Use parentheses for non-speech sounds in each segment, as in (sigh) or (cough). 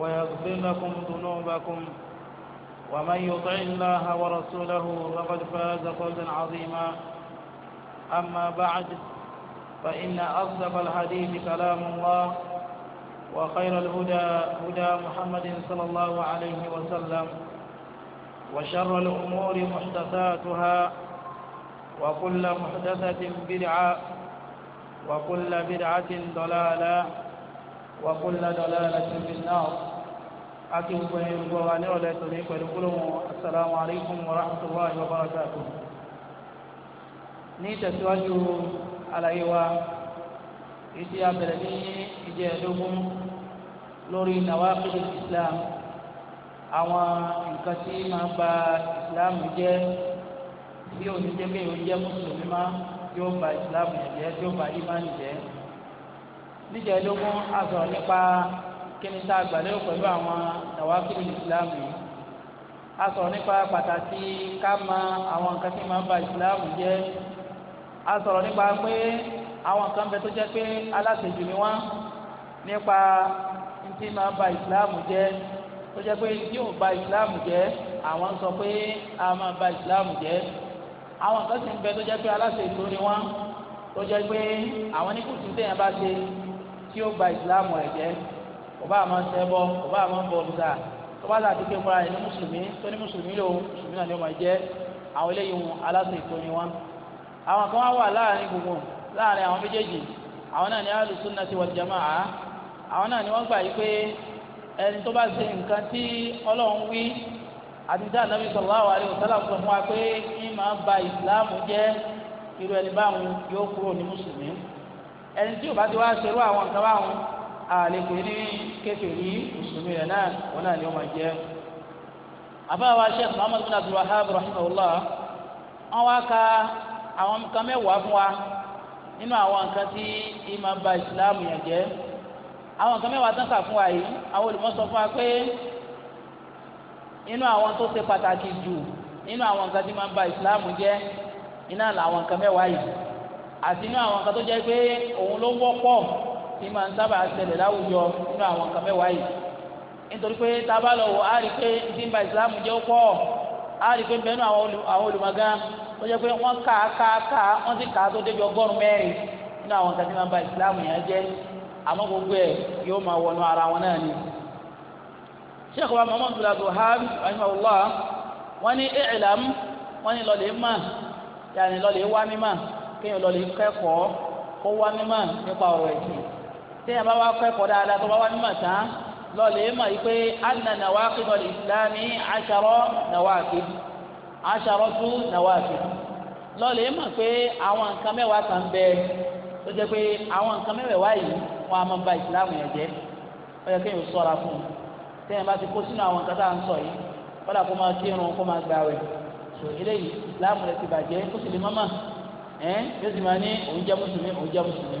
ويغفر لكم ذنوبكم ومن يطع الله ورسوله فقد فاز فوزا عظيما أما بعد فإن أصدق الحديث كلام الله وخير الهدى هدى محمد صلى الله عليه وسلم وشر الأمور محدثاتها وكل محدثة بدعة وكل بدعة ضلالة وكل ضلالة في النار أكيد بني وغواني ولا تبيك السلام عليكم ورحمة الله وبركاته ní tẹ̀síwájú àlàyé wa ìdí abẹ̀rẹ̀ ní ìjẹ́ ẹ̀dógún lórí nawaqid islam àwọn nǹkan tí máa ba islam jẹ́ bí òní jẹ́ bí òní jẹ́ mùsùlùmí má yóò ba islam jẹ́ yóò ba imáni jẹ́ níjẹ́ lógún a sọ̀rọ̀ nípa kíni tá a gbàlérò pẹ̀lú àwọn tàwákìlì ìsìláàmù yìí a sọ̀rọ̀ nípa pàtàkì ká mọ àwọn nǹkan tí máa ń ba ìsìláàmù jẹ́ a nípa pé àwọn kan bẹ tó jẹ́ pé aláṣejù ni wọ́n nípa ntí máa ba ìsìláàmù jẹ́ tó jẹ́ pé tí ò ba ìsìláàmù jẹ́ àwọn sọ pé a máa ba ìsìláàmù jẹ́ àwọn kan sì ń bẹ tó jẹ́ pé aláṣejù ni wọ́n tó jẹ́ pé àwọn ní kùtù téèyàn bá ṣe tí ó gba ìsìlámù a jẹ́ ọba àmọ́ ń sẹ́bọ̀ ọba àmọ́ ń bọ̀ ọba àti mùsùlùmí tó ní mùsùlùmí mùsùlùmí náà ni ó máa àwọn eléyìí wọn aláṣẹ ni wọn. àwọn kan wà láàrin gbogbo láàrin àwọn méjèèjì àwọn náà ni ahlu sunnati àwọn náà ni wọ́n gbà yìí pé ẹni tó bá ṣe nǹkan tí ọlọ́run wí àti tí ànábì ba ìsìlámù jẹ́ ẹni tí o bá ti wá ṣerú àwọn nǹkan báwọn àlèkò ní kékeré mùsùlùmí rẹ náà wọn náà ni wọn máa jẹ. àbáwá sheikh muhammad bin abdul wahab rahimahullah wọn wá ka àwọn nǹkan mẹ́wàá fún wa nínú àwọn nǹkan tí ìmọ̀ ba ìsìláàmù yẹn jẹ́ àwọn nǹkan mẹ́wàá tán kà fún wa yìí àwọn olùmọ̀sọ fún wa pé nínú àwọn tó ṣe pàtàkì jù nínú àwọn nǹkan tí ìmọ̀ ba jẹ́ àti inú àwọn kan tó jẹ pé òun ló wọ́pọ̀ tí máa sábà ṣẹlẹ̀ láwùjọ nínú àwọn kan mẹ́wàá yìí nítorí pé a bá lọ wò á rí i pé ìdínbà ìsìlámù jẹ́ pọ̀ á rí i pé bẹ́ẹ̀ nú àwọn olùmọ̀gán tó ka pé wọ́n kà á kà á kà á wọ́n sì kà á tó débi ọgọ́rùn mẹ́rin ara wọn náà ni. sheikh wa rahimahullah wá kéèyàn lọ lè kẹ́kọ̀ọ́ kó wá mímọ̀ nípa ọ̀rọ̀ ẹ̀sìn téèyàn bá wá kẹ́kọ̀ọ́ dáadáa tó bá wá mímọ̀ tán lọ lè mọ̀ yìí pé anna nawaqid al-islami ashara nawaqid asharatu nawaqid lọ lè mọ̀ pé àwọn nǹkan mẹ́wàá kan bẹ tó jẹ́ pé àwọn nǹkan mẹ́wàá yìí wọ́n á máa ba ìsìláàmù yẹn jẹ́ ó yẹ kéèyàn sọ́ra fún un téèyàn bá ti kó sínú àwọn nǹkan tá à ń sọ yìí kọ́dà kó máa kírun kó máa gbààwẹ̀ so eléyìí ìsìláàmù rẹ̀ ti bàjẹ́ kó sì lè mọ́mọ́ ẹ yóò sì máa ní òun jẹ́ mùsùlùmí òun jẹ́ mùsùlùmí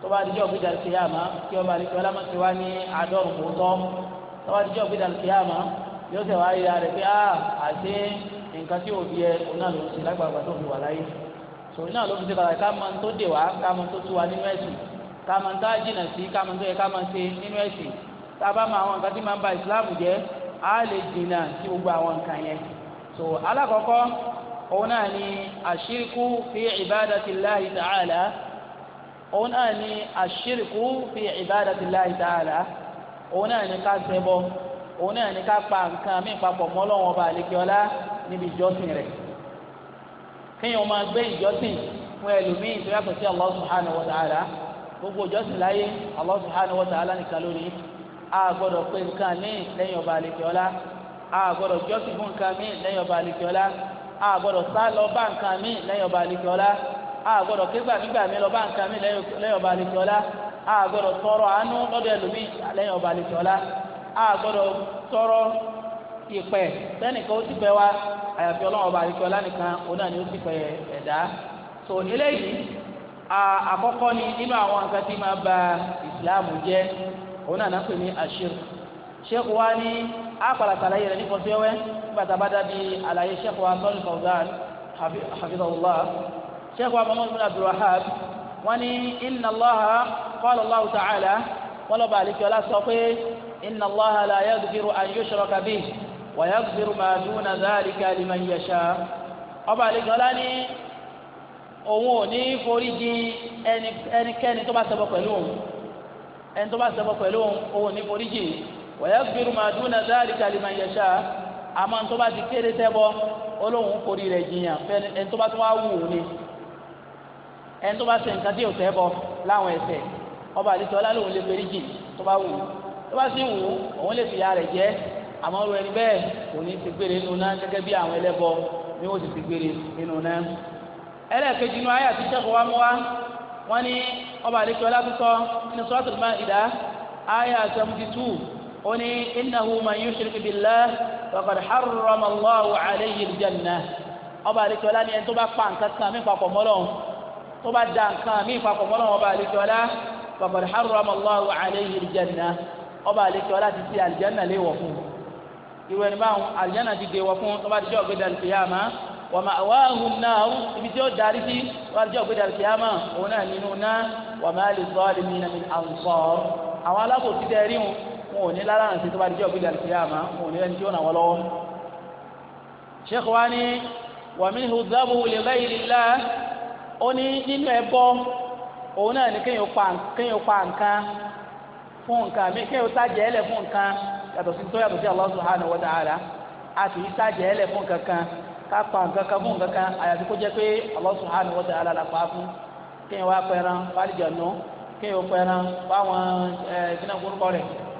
tó bá dijọ́ gbé dàlùkì yá àmà kí ọba àdìsí ọlá máa ti wá ní àádọ́rùn kò tọ́ tó bá dijọ́ gbé dàlùkì yá àmà yóò sì wá yíra rẹ̀ pé a àti nǹkan tí òbí ẹ òun náà ló ń ṣe lágbàgbà tó fi wà láyé sòrí náà ló fi ṣe kàlàyé ká máa ń tó dè wá ká máa ń tó tú wa nínú ẹ̀sìn ká máa ń tó àjìnà sí ká máa ń tó yẹ ká máa ń ṣe nínú ẹ̀sìn tá a bá máa àwọn nǹkan tí máa ń ba ìsìláàmù jẹ́ a lè dènà sí gbogbo àwọn nǹkan yẹn so alákọ̀ọ́kọ́ òun náà ni àṣírikú fi ìbádàtì láàyè tààlà òun náà ni àṣírikú fi ìbádàtì láàyè tààlà òun náà ni ká ṣẹbọ òun náà ni ká pa nǹkan mí papọ̀ mọ́ Ọlọ́hun Ọba àlekíọ́lá níbi ìjọsìn rẹ̀ kéèyàn máa gbé ìjọsìn fún ẹlòmíì tó yàtọ̀ sí Allah subhanahu wa ta'ala gbogbo ìjọsìn láyé Allah subhanahu wa ta'ala nìkan lórí a gbọ́dọ̀ pé nǹkan míì lẹ́yìn ọba àlekíọ́lá a gbọ́dọ̀ jọ́sìn fún nǹkan míì lẹ́yìn ọba àlekíọ́lá a gbọ́dọ̀ sá lọ bá nǹkan mi lẹ́yìn ọba àlekíọ́lá a gbọ́dọ̀ ké gbàmígbà mi lọ bá nǹkan mi lẹ́yìn ọba àlekíọ́lá a gbọ́dọ̀ tọrọ àánú lọ́dọ̀ ẹlòmíì lẹ́yìn ọba àlekíọ́lá a gbọ́dọ̀ tọrọ ìpẹ sẹ́nìkan ó ti pẹ́ wa àyàfi ọlọ́run ọba àlekíọ́lá nìkan òun náà ni ó ti pẹ́ ẹ̀dá so eléyìí àkọ́kọ́ ni nínú àwọn nǹkan tí máa ba ìsìláàmù jẹ́ òun náà náà pè ní àṣírù ṣé kò wá ní á padà sàlàyé rẹ̀ nípa síwẹ́wẹ́ nígbà tá a bá dábì àlàyé sheikh wa sọ́ọ́lù fawzan hafizahullah sheikh wa muhammad bin abdulwahab wọ́n ní inna allaha qala allahu ta'ala wọ́n lọ́ba àlekíọ́lá sọ pé inna allaha la yaghfiru an yushraka wa yaghfiru ma duna dhalika liman yasha ọba àlekíọ́lá ní òun ò ní forí di ẹnikẹ́ni tó bá ṣẹbọ pẹ̀lú òun ẹni tó bá ṣẹbọ pẹ̀lú òun òun ò ní forí jì wọ̀yẹ́fìrù máa dún náà dáàlì kàlímà yẹ̀ṣà àmọ́ tó bá ti kéré tẹ́bọ́ olóhùn kórì rẹ̀ jiyàn fẹ́ni ẹni tó bá tó wá wù ú ni ẹni tó bá ṣe nǹkan tí ò tẹ́bọ́ láwọn ẹsẹ̀ ọba àdìsọ́ lálóhùn lè fẹ́rí jì tó bá wù ú tó bá sì wù ú òun lè fìyà rẹ̀ jẹ́ àmọ́ ru ẹni bẹ́ẹ̀ kò ní ti gbére nínú náà gẹ́gẹ́ bí àwọn ẹlẹ́bọ ni wọ́n ti ti gbére nínú náà ẹlẹ́ẹ̀kejì nu ayé àti sẹ́kọ̀ọ́ wa mú wa wọ́n ní ọba àdìsọ́ lákùsọ nínú sọ́ọ̀tù ó ní innahu man yushrik billah faqad harrama Allahu alayhi al-jannah ọba àlekíọ́lá ni ẹni tó bá pa nǹkan kan mí papọ̀ mọ́lọ́hún tó bá da nǹkan mí papọ̀ mọ́lọ́hún ọba àlekíọ́lá faqad harrama Allahu alayhi al-jannah ọba àlekíọ́lá ti ṣe àlìjánná léwọ̀ fún un irú ẹni báwọn àlìjánná ti dèwọ̀ fún un tó bá ti jẹ́ ọ̀gbẹ́dà qiyama wa ma'wahum nar ibi tí ó darí sí tó ti jẹ́ ọ̀gbẹ́dà qiyama òun náà nínú wa ma li-zalimina min ansar àwọn alábòsí wọn ò ní lára àǹtí tó bá dijọ́ bí lẹ́nu kìlá àmà wọn ò ní lẹ́nu tí ó nà wọ́n lọ́wọ́. sheikh wa ni wàmíhu dábò lè báyìí lílá ó ní nínú ẹbọ òun náà ni kéèyàn pa nǹkan fún nǹkan mi kéèyàn tájẹ ẹlẹ fún nǹkan yàtọ̀ sí tó yàtọ̀ sí Allah subhanahu wa ta'ala a sì í tájẹ ẹlẹ fún kankan ká pa nǹkan kan fún nǹkan kan kó jẹ́ pé Allah subhanahu wa ta'ala la pa fún kéèyàn wá pẹran fálìjọ nù kéèyàn pẹran fáwọn ẹ ìdílé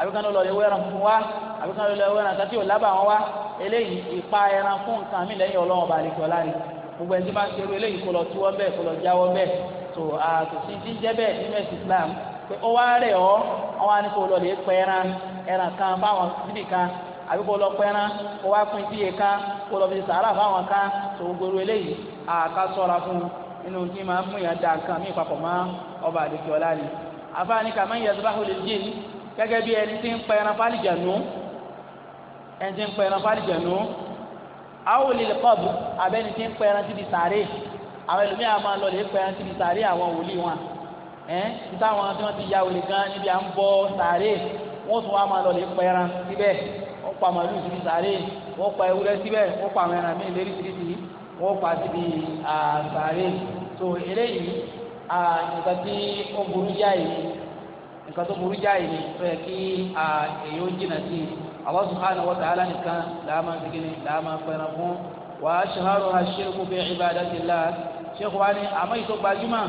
àbí kan lọ ìwé ẹran fún wa àbí kan lọ ìwé ẹran kátí ò lábà wọn wa eléyìí ìpa ẹran fún nǹkan mi lẹ́yìn ọlọ́run ọba àlejò ọlá ni gbogbo ẹni tí máa ń ṣerú eléyìí kó lọ tíwọ́ bẹ́ẹ̀ kó lọ jáwọ́ bẹ́ẹ̀ tó àtòsí ti ń jẹ́ bẹ́ẹ̀ nínú ẹ̀sìn Islam pé ó wá rẹ̀ ọ́ wọ́n wá ní kó lọ lè pẹ́ ẹran ẹran kan báwọn síbì kan àbí kó lọ pẹ́ ẹran kó wá pín sí iye kan kó lọ fi sàárà fáwọn kan tó gbogbo eléyìí àká sọ́ra fún nínú tí máa ń mú yàn dá nǹkan mí papọ̀ mọ́ ọba àdékè ọlá ni àfáàní kàmáyé ẹ̀sùn báwo lè jẹ́ gẹ́gẹ́ bí ẹni tí ń pa ẹran fálìjànú ẹni tí ń pa ẹran fálìjànú àwọn olè kọ́ọ̀bù abẹ́ni tí ń pa ẹran síbi sàárè àwọn ẹlòmíà máa lọ lè pa ẹran síbi sàárè àwọn wòlíì wọn ẹ níta àwọn tí wọ́n ti ya olè gan níbi à ń bọ sàárè wọ́n tún wá máa lọ lè pa ẹran síbẹ̀ wọ́n pa màlúù síbi sàárè wọ́n pa ewúrẹ́ síbẹ̀ wọ́n pa àwọn ẹran míì lérí síbi wọ́n pa síbi sàárè tó eléyìí nǹkan tí ó burú jáì nǹkan tó burú jáì ni tó yẹ kí èyí ó jìnnà sí i Allah subhanahu wa ta'ala nìkan làá máa fi kíni làá máa fẹ́ràn fún wa ashharuha ash-shirku fi ibadatillah ṣéèkù wa ni àmọ́ ìtò gbajúmọ̀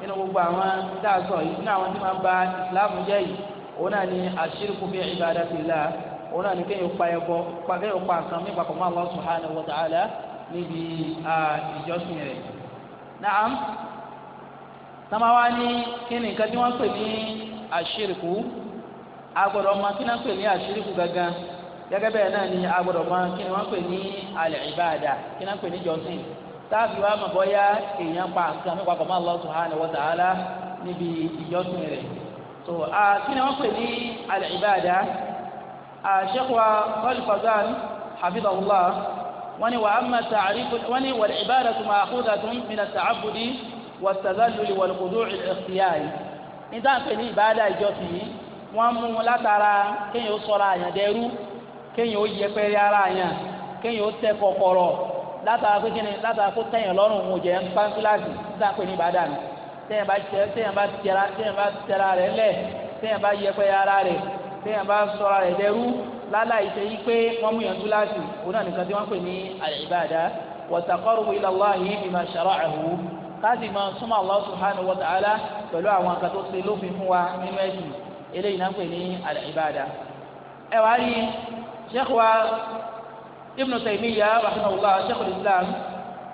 nínú gbogbo àwọn tá a sọ yìí nínú àwọn tí máa ń ba ìsìláàmù jẹ́ yìí òun náà ni ash-shirku fi ibadatillah òun náà ni kéèyàn pa ẹbọ kéèyàn pa nǹkan mí papọ̀ mọ́ Allah subhanahu wa ta'ala níbi ìjọsìn rẹ̀. Naam, sàmáwá ní kí ni nǹkan tí wọ́n pè ní àṣírìkù agbọ́dọ̀ máa kí náà pè ní àṣírìkù gangan gẹ́gẹ́ bẹ́ẹ̀ náà ni agbọ́dọ̀ máa kí náà pè ní alẹ́ ìbáàdà kí náà pè ní jọ́sìn táàbí wa mọ̀ bọ́yá èèyàn pa nǹkan mi papọ̀ mọ́ Allah subhanahu wa ta'ala níbi ìjọ́sìn rẹ̀ tó a kí náà pè ní alẹ́ ìbáàdà Sheikh wa Khalil Fawzan hafidhahullah wọ́n ní wàhámà tààrífù wọ́n ní ìbáàdà tó máa kó ní táǹpẹ̀ ní ìbáradà ìjọsìn yìí wọ́n mú un látara kéèyàn ó sọra àyàn dẹrú kéèyàn ó yẹpẹrẹ ara àyàn kéèyàn ó tẹ kọ̀kọ̀rọ̀ látara pé kíni látara kó tẹ̀yàn lọ́rùn òun jẹ́ pánkíláàsì ní táǹpẹ̀ ní ìbáradà mi tẹ̀yàn bá tẹ̀ tẹ̀yàn bá tẹ̀ra tẹ̀yàn bá tẹ̀ra rẹ̀ lẹ̀ tẹ̀yàn bá yẹpẹrẹ ara rẹ̀ tẹ̀yàn bá sọra rẹ̀ dẹrú láláì ṣe pé wọ́n mú yàn káàsì máa súnmọ́ Allah subhanahu wa ta'ala pẹ̀lú àwọn nǹkan tó ṣe lófin fún wa nínú ẹ̀sìn eléyìí náà ń pè ní al-ibada. ẹ wá rí sheikh wa ibn Taymiyyah rahimahullah sheikhul islam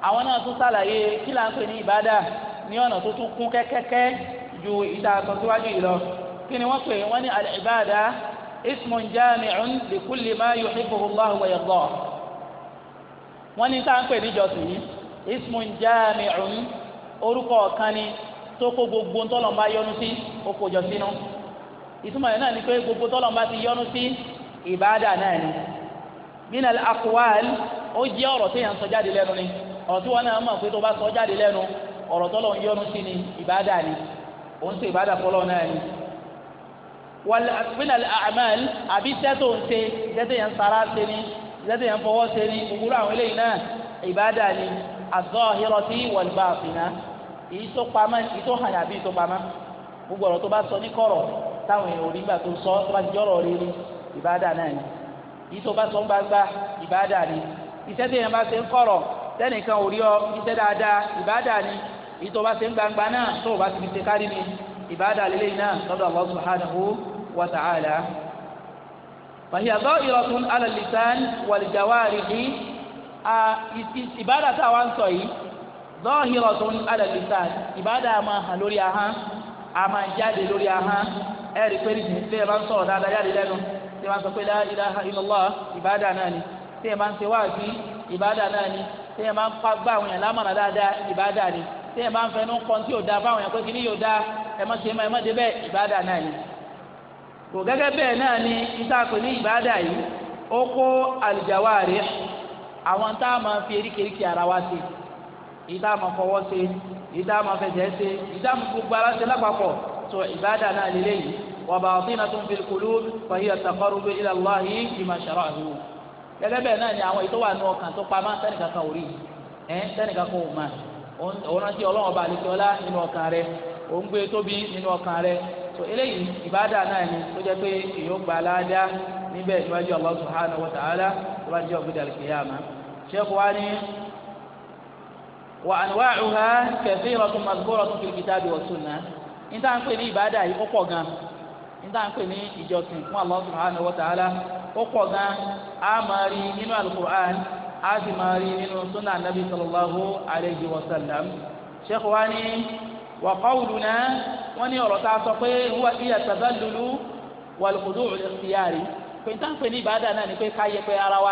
àwọn náà tún sàlàyé kí là ń pè ní ìbádà ní ọ̀nà tó tún kún kẹ́kẹ́kẹ́ ju ìta àtọ̀síwájú yìí lọ kí ni wọ́n pè wọ́n ní al-ibada ismun jami'un li kulli ma yuhibbuhu Allah wa yardah wọ́n ní táà ń pè ní ìjọsìn yìí ismun jami'un orúkọ ọ̀kan ni tó kó gbogbo ntọ́lọ́mbá yọ́nú sí ó kó jọ sínú ìtumọ̀ yẹn náà ni pé gbogbo tọ́lọ́mbá ti yọ́nú sí ìbáàdà náà ni min al aqwal ó jẹ́ ọ̀rọ̀ tí yẹn sọ jáde lẹ́nu ni ọ̀rọ̀ tí wọn náà mọ̀ pé tó bá sọ jáde lẹ́nu ọ̀rọ̀ tọ́lọ̀ ń yọ́nú sí ni ìbáàdà ni òun ṣe ìbáàdà fọlọ́ náà ni wal min al a'mal àbí tẹ́tò ń ṣe tẹ́tò yẹn sara ṣe ni tẹ́tò yẹn fọwọ́ ṣe ni gbogbo àwọn eléyìí náà ìbáàdà ni az-zahirati wal-batina èyí tó pamọ́ èyí tó hàn àbí èyí tó pamọ́ gbogbo ọ̀rọ̀ tó bá sọ ní kọ̀rọ̀ táwọn èèyàn ò rí gbà tó sọ tó bá ti jọ́rọ̀ rere ìbáàdà náà ni èyí tó bá sọ ń gbangba ìbáàdà ni iṣẹ́ tí èèyàn bá ṣe ń kọ̀rọ̀ tẹ́nìkan ò rí ọ iṣẹ́ dáadáa ìbáàdà ni èyí tó bá ṣe ń gbangba náà tó o bá ti fi ṣe kárí ni ìbáàdà lélẹ́yìn náà lọ́dọ̀ Allah subhanahu wa ta'ala. فهي ظاهرة على اللسان والجوارح ìbádà tá a wá ń sọ yìí zahiratun ala lisan ìbádà a máa hàn lórí ahọ́n a máa jáde lórí ahọ́n ẹ rí pé nìyí tí ẹ bá ń sọ̀rọ̀ dáadáa jáde lẹ́nu tí ẹ bá ń sọ pé la ilaha illallah ìbádà náà ni tí ẹ bá ń ṣe wáàsí ìbádà náà ni tí ẹ bá ń gbà àwọn yẹn lámọ̀nà dáadáa ìbádà ni tí ẹ bá ń fẹnu kọ́ tí yóò da fáwọn yẹn pé kí ni yóò da ẹ má ṣe ẹ má dé bẹ́ẹ̀ àwọn tá a máa fi eríkèéríkè ara wa ṣe èyí tá a máa fọwọ́ ṣe èyí tá a máa fẹsẹ̀ ṣe èyí tá a máa gbogbo ara ṣe lápapọ̀ tó ìbádà náà lélẹ́yìí wa baatinatun fil qulub fa hiya taqarrubu ila Allahi bima shara'ahu gẹ́gẹ́ bẹ́ẹ̀ náà ni àwọn èyí wà nù ọkàn tó pamọ́ sẹ́nìkan kan ò rí ẹ́ kan ò mà òun rántí ọlọ́run ọba àlekíọ́lá nínú ọkàn rẹ òun gbé tóbi nínú ọkàn rẹ tó eléyìí ìbádà náà ni tó jẹ́ pé èyí ó gbà ládàá níbẹ̀ níwájú Allah subhanahu wa ta'ala níwájú ọ̀gbẹ́dẹ̀ àlùkìyàmá. شيخ واني وأنواعها كثيرة مذكورة في الكتاب والسنة إنت تان كني إبادة يقوى جان إن تان كني إجوتين ما الله سبحانه وتعالى يقوى جان أماري من القرآن أماري من سنة النبي صلى الله عليه وسلم شيخ واني وقولنا واني ورطع تقي هو هي التذلل والخضوع الاختياري فإن تان كني إبادة أنا نكوي كاية كوي أراوا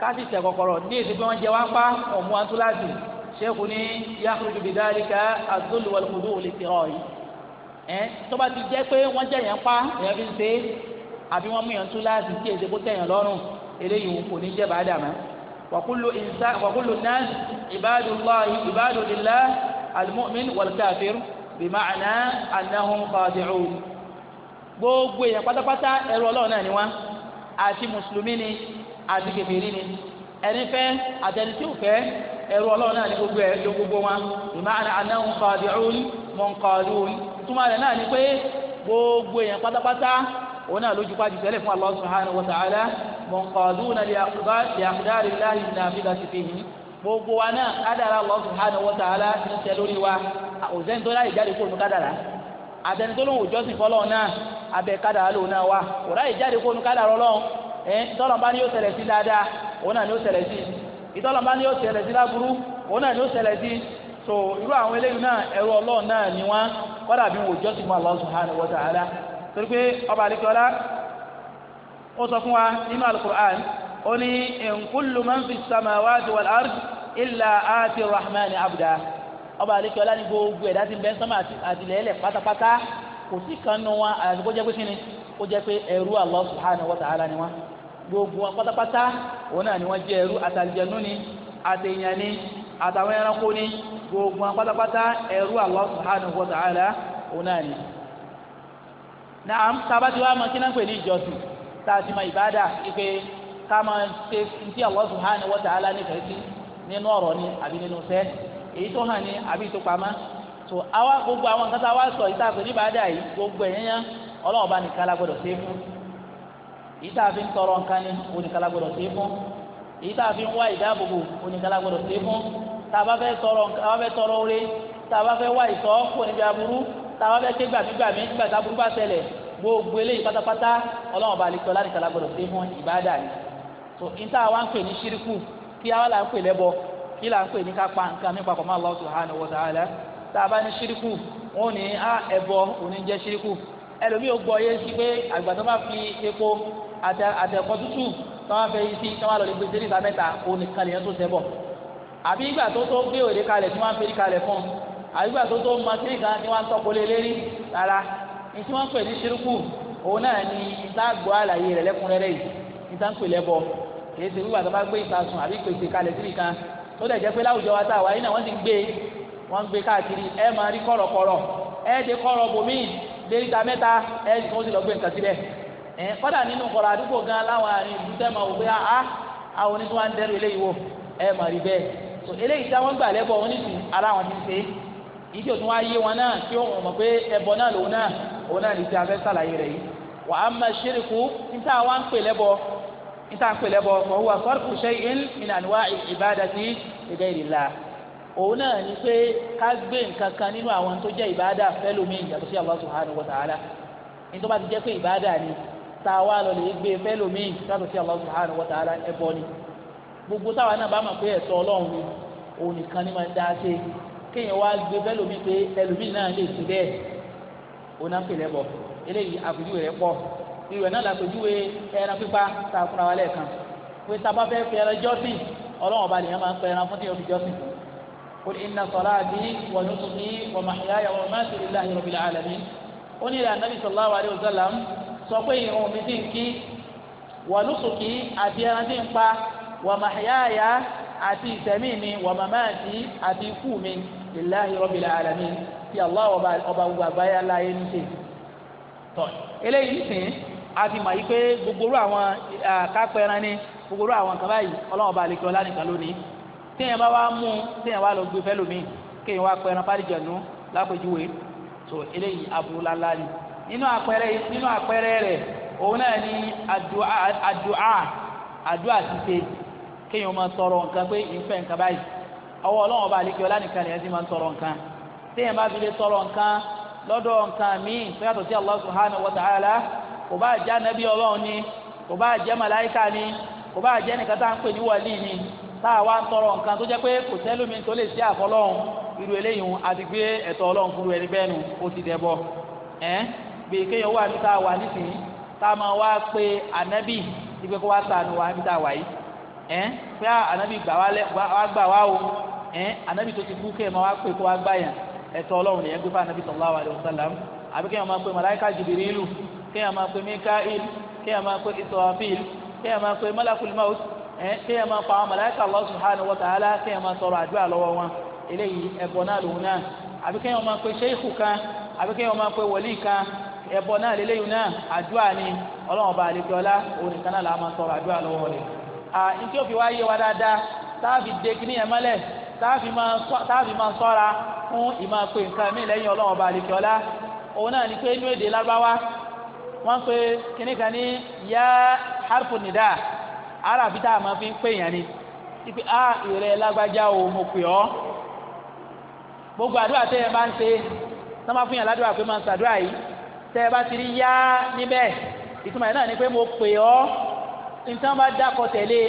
káàsì tẹ kọ́kọ́rọ́ ní èsì pé wọ́n jẹ wá pa ọ̀mú antúláàsì ṣẹ́kù ní yakurudu bidalika azulu walikudu olùkìrọ̀ yìí ẹ tó bá ti jẹ́ pé wọ́n jẹ yẹn pa èèyàn fi ń àbí wọ́n mú yẹn túláàsì tí èsì kó tẹ̀yàn lọ́rùn eléyìí kò ní jẹ́ bàdà mọ́ wàkúlù ìnsá wàkúlù nas ibadullahi ibadulillah almu'min walkafir bima'na annahum khadi'un gbogbo èèyàn pátápátá ẹrú ọlọ́run ni wọ́n àti mùsùlùmí ni àti kèfèrí ni ẹni fẹ́ àtẹni tí ò fẹ́ ẹrú ọlọ́run náà ní gbogbo ẹ̀ ló gbogbo wọn ìmọ̀ àná ń kọ́ àdìrún mọ̀ ń kọ́ àdìrún túmọ̀ rẹ̀ náà ni pé gbogbo èèyàn pátápátá òun náà lójú pàjù tẹ́lẹ̀ fún Allah subhanahu wa ta'ala mọ̀ ń kọ́ àdìrún náà lè àkúdárì láàyè náà fi láti fi yìí gbogbo wa náà kádàrà Allah subhanahu wa ta'ala ń tẹ lórí wa òsèǹtó láyè jáde kó nu kádàrà àtẹnitó lóhùn òjọ́sìn fọlọ́ ẹ ìtọ́lọ́mbá ni sí dáadáa ni o ṣẹlẹ̀ sí ìtọ́lọ́mbá ni yóò sí ni o ṣẹlẹ̀ so irú àwọn eléyìí náà ẹrú ọlọ́run náà ni wọ́n kọ́dà bí wò jọ́sìn mọ́ Allah subhanahu wa ọba àlekọ́lá ó sọ fún wa nínú alukur'an ó ní in kullu fi illa ati rahman abda ọba àlekọ́lá ní gbogbo ẹ̀dá pátápátá kò sí kan nù kó jẹ́ pé ẹrú Allah subhanahu wa ta'ala ni wọ́n gbogbo wọn pátápátá òun náà ni wọ́n jẹ́ ẹrú àtàlìjẹ̀nú ni àtẹ̀yàn ni ni gbogbo wọn pátápátá ẹrú Allah subhanahu wa ta'ala òun náà ni. naam tábàtí wàá mọ kí náà pè ní ìjọsìn tá a ti mọ ìbáàdà ká ṣe ti Allah subhanahu wa ta'ala nífẹ̀ẹ́ sí nínú ọ̀rọ̀ ni àbí nínú sẹ́ èyí tó hàn ní ọlọ́run bá nìkan lágbọ́dọ̀ ṣe é fún èyí tá a fi ń tọrọ nǹkan ni oníkan lágbọ́dọ̀ ṣe é fún èyí tá a fi ń wá ìdáàbòbò oníkan lágbọ́dọ̀ ṣe é fún tá a bá fẹ́ tọrọ nǹkan tá a bá fẹ́ tọrọ oore tá a bá fẹ́ wá ìtọ́ kó níbi aburú tá a bá fẹ́ ké gbàmígbàmí nígbà tá aburú bá ṣẹlẹ̀ gbogbo eléyìí pátápátá ọlọ́run bá nìkan láníkan lágbọ́dọ̀ ṣe é fún ìbáàdà ni so ìta wa ń pè ní ṣíríkù kí a wá là ń a bá ní ṣíríkù ẹlòmíì ó gbọ́ yé sí pé àgbà tó bá fi epo àtẹ̀kọ́ tútù tó bá fẹ́ yí sí tó bá lọ lè gbé sẹ́lẹ̀ ìsàmẹ́ta òun nìkan lè yẹn tó sẹ́bọ̀ àbí ìgbà tó tó gbé òde kalẹ̀ tí wọ́n á fẹ́rí kalẹ̀ fún un àbí ìgbà tó tó mọ sẹ́lẹ̀ kan tí wọ́n á tọ́kọ lé lérí rárá ní tí wọ́n pè ní ṣírúkù òun náà ni ìtàgbọ́ àlàyé rẹ̀ lẹ́kùnrẹ́rẹ́ yìí ìtàǹpè lẹ́bọ kìí ṣe wíwà tó bá gbé ìtàsùn àbí pèsè kalẹ̀ sẹ́lẹ̀ kan tó dẹ̀ jẹ́ pé láwùjọ wa táwa yìí náà wọ́n ti gbé wọ́n gbé káàkiri ẹ máa rí kọ̀rọ̀kọ̀rọ̀ ẹ dé kọ̀rọ̀ bòmíì déríta mẹ́ta ẹ ẹ tó ti lọ gbé nǹkan síbẹ̀ ẹ kọ́dà nínú kọ̀rọ̀ àdúgbò gan láwọn àrùn ìlú tẹ́ máa wò pé a àwọn oníṣẹ́ wa ń dẹ́rù eléyìí wò ẹ mà rí bẹ́ẹ̀ tó eléyìí tí wọ́n gbà lẹ́bọ̀ wọn nìsín ara ti ṣe èyí tí o tún wá yé wọn náà tí ó mọ̀ pé ẹbọ náà lòun náà òun náà ní ti afẹ́ sàlàyé rẹ̀ yìí wà á máa ṣírìkù níta wá ń pè lẹ́bọ níta ń pè lẹ́bọ òun náà ni pé ká gbé nǹkan kan nínú àwọn tó jẹ́ ìbáadà fẹ́lómi yàtọ̀ sí Allah subhanahu wa ta'ala ní tó bá ti jẹ́ pé ìbáadà ni tá a wá lọ lè gbé fẹ́lómi yàtọ̀ sí Allah subhanahu wa ta'ala ẹbọ ni gbogbo táwa náà bá mọ̀ pé ẹ̀tọ́ ọlọ́run ni òun nìkan ni máa ń dá ṣe kéèyàn wá gbé fẹ́lómi pé ẹlòmí náà lè ṣe bẹ́ẹ̀ òun náà pèlè bọ̀ eléyìí àpèjúwe rẹ̀ pọ̀ ìwé náà làpèjúwe ẹran pípa tá a fúnra wa lẹ́ẹ̀kan pé tá a bá fẹ́ fẹ́ ẹran jọ́sìn ọlọ́run ọba nìyẹn máa ń pẹ́ ẹran fún tí yóò fi jọ́sìn fún قل إن صلاتي ونسكي ومحياي ومماتي لله رب العالمين قل إلى النبي صلى الله عليه وسلم سوقي أمتينك ونسكي أتيانتينك ومحياي أتي سميمي ومماتي أتي كومي لله رب العالمين في الله وبا وبايا لا ينسي طيب إليه نسي àti mà yí pé gbogbo àwọn kápẹ́ran ni gbogbo àwọn kan báyìí ọlọ́wọ́n ba téèyàn bá wá mú téèyàn wá lọ gbé fẹ́ lómi kéèyàn wá pẹ́ran pálíjẹ̀nu lápèjúwe tó eléyìí aburú lálá ni nínú àpẹẹrẹ nínú àpẹẹrẹ rẹ òun náà ni àdúà àdúà àdúà àtìsẹ kéèyàn máa tọrọ nǹkan pé ìfẹ́ nǹkan báyìí ọwọ́ ọlọ́run ọba àlekè ọlá nìkan lè ẹ́ ti máa tọrọ nǹkan téèyàn bá fi lè tọrọ nǹkan lọ́dọ̀ nǹkan míì tó sí Allah subhanahu wa ta'ala kò bá jẹ́ anabi ọlọ́run ni kò bá jẹ́ màláìka ni kò bá jẹ́ nìkan tá à ń pè ní wàlíì ni tá a wá ń tọrọ nǹkan tó jẹ́ pé kò sẹ́lómi tó lè ṣe àfọlọ́hún irú eléyìí àti gbé ẹ̀tọ́ ọlọ́run fúru ẹni bẹ́ẹ̀ nu ó ti dẹ̀bọ ẹ́ bíi kéèyàn wà ní tá a wà nísìnyí tá a máa wá pé ànábì ipe kó wá sànù wá níbi tá a wà yìí ẹ́ pé ànábì gbà wá gbà wá o ẹ́ ànábì tó ti kú kéèyàn máa wá pé kó wá gbà yàn ẹ̀tọ́ ọlọ́run nìyẹn gbé fún ànábì sallallahu alaihi wasallam àbí kéèyàn máa pé màláíkà jìbìrìlù kéèyàn máa pé míkáíl kéèyàn máa pé ìsọ̀ràfíl ẹ kéèyàn máa pa àwọn màláíkà Allah subhanahu wa ta'ala sọrọ máa tọrọ àdúrà lọ́wọ́ wọn eléyìí ẹbọ náà lòun náà àbí kéèyàn máa pe sheikh kan àbí kéèyàn máa pe wòlíì kan náà náà àdúrà ni Ọlọ́run bá àlejò ọlá òun nìkan náà máa tọrọ àdúrà lọ́wọ́ rẹ̀ à ó fi wa dáadáa táàbì mọ́lẹ̀ táàbì máa ara fi tá a máa fi ń pè yàn ni ipe a ah, ìrẹ lágbájá o mo pè ọ gbogbo àdúrà tẹ ẹ bá ń ṣe sọ ma fún yàn ládùúrà pé máa ń ṣàdúrà yìí tẹ ẹ bá ti rí yá níbẹ̀ ìtumọ̀ yẹn náà ni pé mo pè ọ nǹkan bá dákọ̀ tẹ̀lé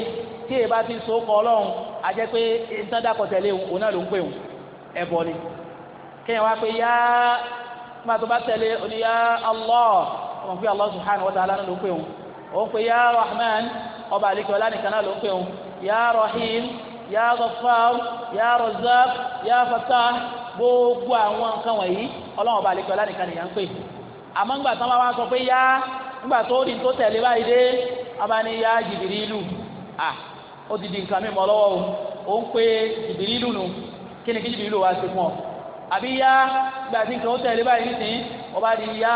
tí èyí bá ti so kọ ọlọ́run a jẹ́ pé nǹkan dákọ̀ tẹ̀lé òun náà ló ń pè òun ẹ̀bọ ni kéèyàn wá pé yá nígbà tó bá tẹ̀lé oníyá Allah ọmọ pé Allah subhanahu wa ta'ala ló ń pè òun. ó pe ya rahman ọba àlekè ọlá nìkan náà ló ya rahim ya ghaffar ya razzaq ya fata gbogbo àwọn nǹkan wọ̀nyí ọlọ́run ọba àlekè ọlá nìkan nìyà ń pè àmọ́ ńgbà tán bá sọ pé ya ńgbà tó ní tó tẹ̀lé báyìí dé ọba ya jìbìrìlù à ó ti di nǹkan o ó ń jìbìrìlù nù kí ni kí jìbìrìlù ọ àbí ya gbàtí nǹkan ó tẹ̀lé báyìí nísìnyí ọba di ya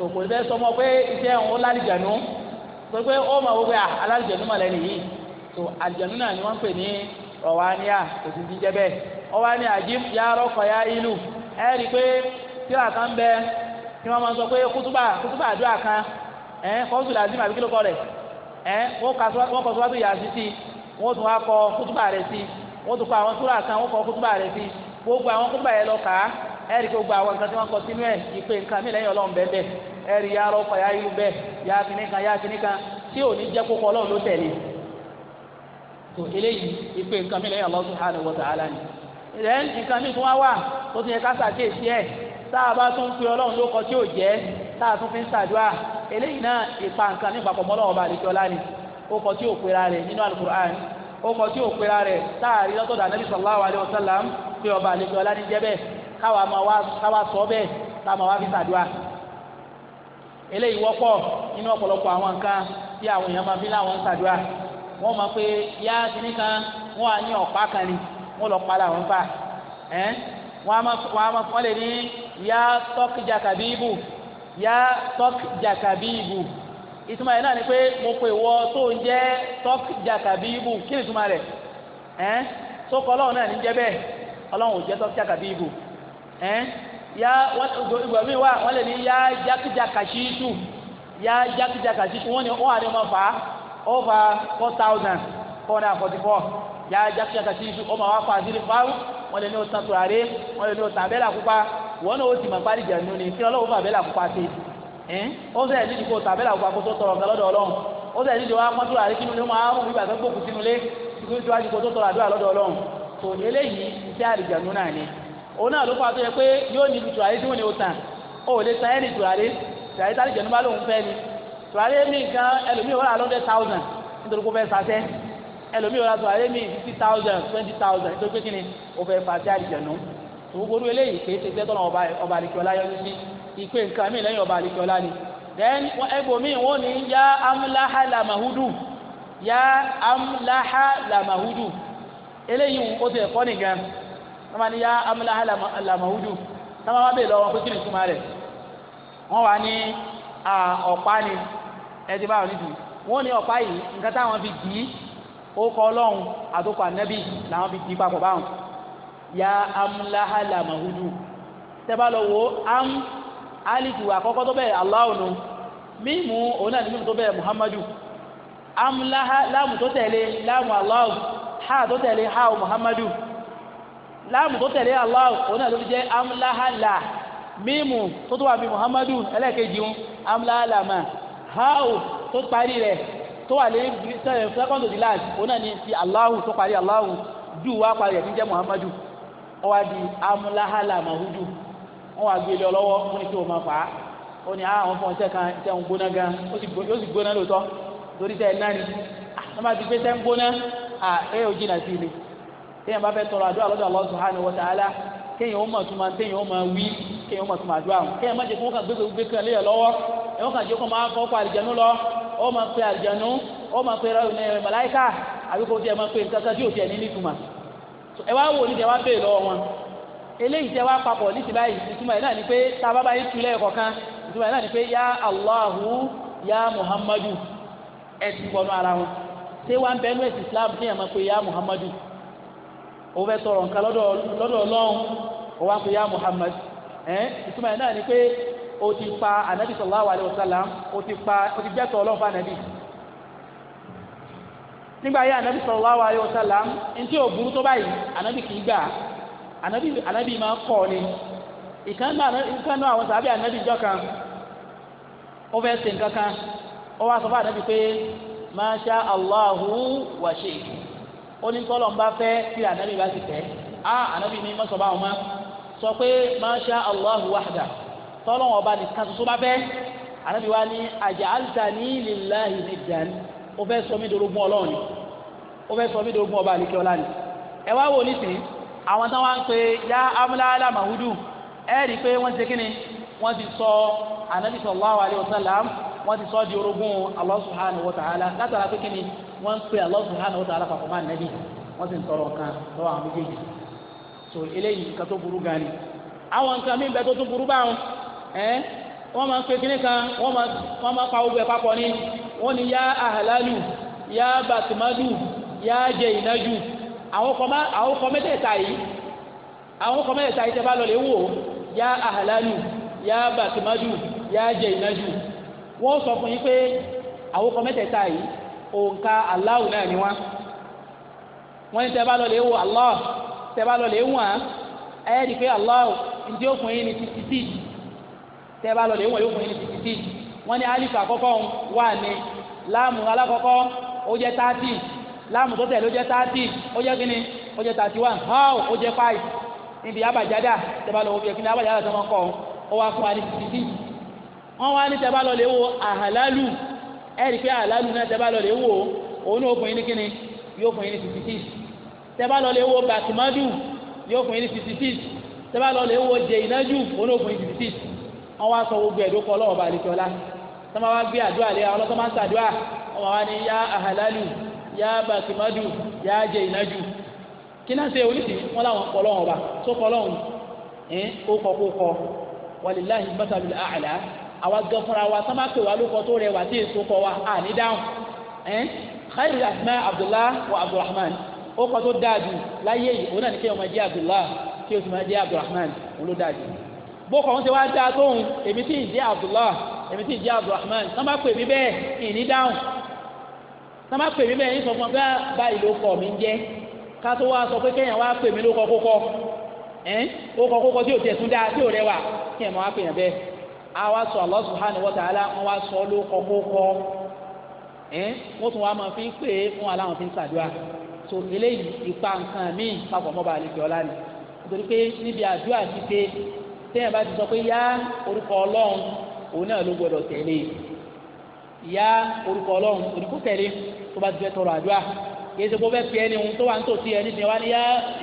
tòkò ìfẹ́ sọmọ pé iṣẹ́ òun lálìjànú sọ pé ó mọ̀ wọ́pẹ́ alálìjànú tó àlìjànú náà ni wọ́n pè ní rọ̀wáníà kò ti jẹ́ bẹ́ẹ̀ ọwọ́ ya rọ́kọ̀ ya ìlú ẹ rí i pé tíra kan bẹ tí wọ́n máa sọ pé kútúbà kútúbà ẹ kílókọ ẹ kọ kútúbà sí tún kọ kọ kútúbà gbogbo àwọn kútúbà yẹn lọ ẹ̀rí kí o gba àwọn nǹkan tí wọ́n kọ sínú ẹ̀ ìpè nǹkan mi lẹ́yìn ọlọ́run bẹ́ẹ̀ bẹ́ẹ̀ ẹ̀rí ya rọ́pò ya irú bẹ́ẹ̀ ya kìíní kan ya kìíní kan tí ò ní jẹ́ kókó ọlọ́run ló tẹ̀lé tó eléyìí ìpè nǹkan mi lẹ́yìn Allah subhanahu wa ta'ala ni rẹ̀ nǹkan mi tún wá wà tó ti yẹ ká sàkéèsí ẹ̀ tá a bá tún fi ọlọ́run ló kọ tí ò jẹ́ tá a tún fi ń sàdúrà káwa máa wá káwa sọ bẹ́ẹ̀ káwa máa wá fi ṣàdúrà eléyìí wọ́pọ̀ nínú ọ̀pọ̀lọpọ̀ àwọn nǹkan tí àwọn èèyàn máa fi láwọn ń ṣàdúrà wọ́n máa pé yá kíní kan wọ́n á ní ọ̀pá kan ni wọ́n lọ pa làwọn fà ẹ́ wọ́n á máa wọ́n lè ní yá tọ́kì jàkàbíìbù yá tọ́kì jàkàbíìbù ìtumọ̀ yẹn náà ni pé mo pè wọ́ tó ń jẹ́ tọ́kì jàkàbíìbù kí ni ìtumọ̀ rẹ̀ ẹ́ sókò ọlọ́run náà ní jẹ́ bẹ́ẹ̀ ọlọ́run ò jẹ́ tọ́kì jàkàbíìbù Ya yá ìgbà mi wà wọ́n lè ní yá jákèjáka sí ya yá jákèjáka sí over four thousand four hundred and forty four ma wa lè ní o san tùràrí wọ́n lè ní o san ti ni kí ọlọ́wọ́ fún abẹ́là pupa ṣe ó sẹ́yìn nídìí kó san abẹ́là pupa kó tó tọrọ nǹkan lọ́dọ̀ ọlọ́run ó sẹ́yìn òun náà ló fà tó yẹ pé yóò ní ibi tùràrí tí wọ́n ní o tàn ó lè tàn ẹ́nì tùràrí tùràrí tá àlìjẹ̀nu bá lóun fẹ́ ni tùràrí mi gan ẹlòmíì wọ́n rà lọ́dẹ̀ thousand nítorí kó fẹ́ sasẹ́ ẹlòmíì wọ́n rà mi fifty thousand twenty thousand nítorí pé kí ni ó fẹ́ fàṣẹ àlìjẹ̀nu gbogbo orú eléyìí kì í ṣe iṣẹ́ tọ́nà ọba àlìkíọ́lá yọ sí ìpè nǹkan mí lẹ́yìn ọba àlìkíọ́lá ni then ẹgbòmíì wọ́n ní yá amúláhà làmàhúdù yá amúláhà làmàhúdù eléyìí ó ti ẹ̀kọ́ nìkan wọ́n máa ní yá amúláhà làmàwùdù wọ́n máa bèèrè lọ́wọ́ pé kí ni ìtumọ̀ rẹ̀ wọ́n wà ní ọ̀pá ni ẹtì báwọn níbi wọ́n ní ọ̀pá yìí nǹkan táwọn fi dì í ókọ ọlọ́run àtòkọ ànẹ́bì làwọn fi dì í papọ̀ báwọn yá amúláhà làmàwùdù tẹ́bá lọ wo am alifu àkọ́kọ́ tó bẹ̀rẹ̀ aláwọ̀nù mímu òun náà ní mímu tó bẹ̀rẹ̀ muhammadu amúláhà láàmù tó tẹ̀lé láàmù aláwọ̀ láàmù tó tẹ̀lé Allahu òun náà ló fi jẹ́ amúláhàlà mímù tó tó wà bí Muhammadu ẹlẹ́ẹ̀kejì ń amúláhàlàmà háù tó parí rẹ̀ tó wà lé sẹ́kọ̀ndì di láàjì òun náà ní ti Allahu tó parí Allahu jù wá parí rẹ̀ ní jẹ́ Muhammadu ó wá di amúláhàlàmà hújù wọ́n wá gbélé ọlọ́wọ́ wọ́n ní kí wọ́n máa fà á ó ní àwọn fún ọ̀sẹ̀ kan tẹ̀ ń gbóná gan ó sì gbóná lóòótọ́ téèyàn bá fẹ́ tọrọ àdúrà lọ́dọ̀ Allah subhanahu wa ta'ala kéèyàn ó mọ̀ tó máa téèyàn ó máa wí kéèyàn ó mọ̀ tó máa dúrà wọn kéèyàn má jẹ́ kó wọ́n kàn gbé gbé kan léyà lọ́wọ́ ẹ̀wọ́n kàn jẹ́ kó máa fọ́ pa àlìjẹ̀nu lọ ó máa pe àlìjẹ̀nu ó máa pe màláìkà àbí kó tiẹ̀ máa pe nǹkan kan tí ò tiẹ̀ ní nítumà ẹ wá wò ní tẹ wá bèè lọ́wọ́ wọn eléyìí tẹ wá papọ̀ ní ti báyìí ìtumọ̀ yìí náà ni pé ó fẹ́ tọrọ nǹkan lọ́dọ̀ ọlọ́run ó ya Muhammad ẹ̀ ìtumọ̀ ẹ̀ náà ni pé o ti pa anabi sallallahu alayhi wa sallam o ti pa ó ti jẹ́tọ̀ ọlọ́run fún anabi nígbà yẹ anabi sallallahu alayhi wa sallam ntí ò burú tó báyìí anabi kì í anabi anabi máa kọ́ ni ìkànnì àwọn anabi jọ kan anabi pé ma sha Allahu washe. ó ní tọ́lọ̀ ń bá fẹ́ tí ànábì bá ti fẹ́ á ànábì ní mọ́sọ̀ bá wọn mọ́ sọ pé masha Allahu wahda tọ́lọ̀ wọn bá nìkan tuntun bá fẹ́ ànábì wa ní aj'altani lillahi niddan ó fẹ́ sọ mí dorogún ọlọ́run ó fẹ́ sọ mí dorogún ọba àlekẹ́ ọlá ni ẹ wá wò nísìnyí àwọn tán wá ń pe yá amúláàlà màhúdù ẹ rí i pé wọ́n ti kíni wọ́n ti sọ ànábì sallallahu alaihi wasallam wọ́n ti sọ di orogún Allah subhanahu wa ta'ala látara pé kíni wọn ń pe Allah subhanahu wa ta'ala máa nẹ́bí wọ́n sì ń tọrọ kan lọ́wọ́ àwọn méjèèjì so eléyìí nǹkan tó burú gan ni àwọn nǹkan mí bẹ tó tún burú báwọn ẹ wọ́n máa ń pe kíní kan máa máa pa ogun papọ̀ ni wọn ní yá ahlalu yá batimadu yá jẹ ìnájú àwọn kọ àwọn kọ yìí àwọn kọ yìí onka Allahu náà ni wọ́n wọ́n ní tẹ́ bá lọ lè wo Allah bá lọ lè wọ̀n ẹ́ di pé òkun yìí ni títí tí bá lọ yìí ni títí tí ní alifu àkọ́kọ́ wà ní láàmù alákọ́kọ́ ó jẹ́ tààtì láàmù tó tẹ̀lé ó jẹ́ tààtì ó jẹ́ kíni ó jẹ́ tààtì wà hàn ó fáì níbi abajada bá abajada tó wá fún wa ní títí tí ẹ̀rí pé àlálù náà tẹ́bá lọ lè wò òun náà fún yín ní kíni yóò fún yín ní fifty six tẹ́bá lọ lè wò bàtìmọ́dù yóò fún yín ní fifty six tẹ́bá lọ wò jẹ ìnájú òun náà yín fifty six wọ́n wá sọ gbogbo ẹ̀dókọ̀ ọlọ́wọ́ bá àlejò ọlá tọ́mọ wá gbé àdúrà lé àwọn ọlọ́tọ́ máa ń sàdúrà ọmọ wa ní yá àhàlálù yá bàtìmọ́dù yá jẹ kí náà ṣe àwa gan fúnra wa sábà pè wá lóko tó rẹwà tí èso kọ wa à ní dáhùn ẹ́n khairul asma abdullah wa abdulrahman ó kọ́ tó dáa láyé yìí òun náà ní kéèyàn máa jẹ́ abdullah kí o sì máa jẹ́ abdulrahman òun ló dáa jù bókọ wọn ti wá dáa tóun èmi tí ì jẹ́ abdullah èmi tí ì jẹ́ abdulrahman sábà pè mí bẹ́ẹ̀ ìní dáhùn sábà pè mí bẹ́ẹ̀ ní sọ fún ọ pé ah, báyìí ló kọ mi ń jẹ́ ká tó wá sọ pé kéèyàn wá pè mí ló kọ kókọ ẹ́n ó kọ kókọ tí ò tẹ̀ tún dáa àwa sọ Allah subhanahu wa ta'ala wọn wá sọ ló kọkọkọ ẹ wọn tún wá máa fi ń pè é wọn aláwọn fi ń ṣàdúrà so eléyìí ipa nǹkan míì papọ̀ mọ́ba àlejò ọlá ni nítorí pé níbi àdúrà ti pé téèyàn bá ti sọ pé yá orúkọ ọlọ́run òun náà ló gbọdọ̀ tẹ̀lé yá orúkọ ọlọ́run òdìkú tẹ̀lé tó bá ti fẹ́ tọrọ àdúrà kì í ṣe kó fẹ́ pe ẹni tó wà ń ẹni tí wọ́n á ní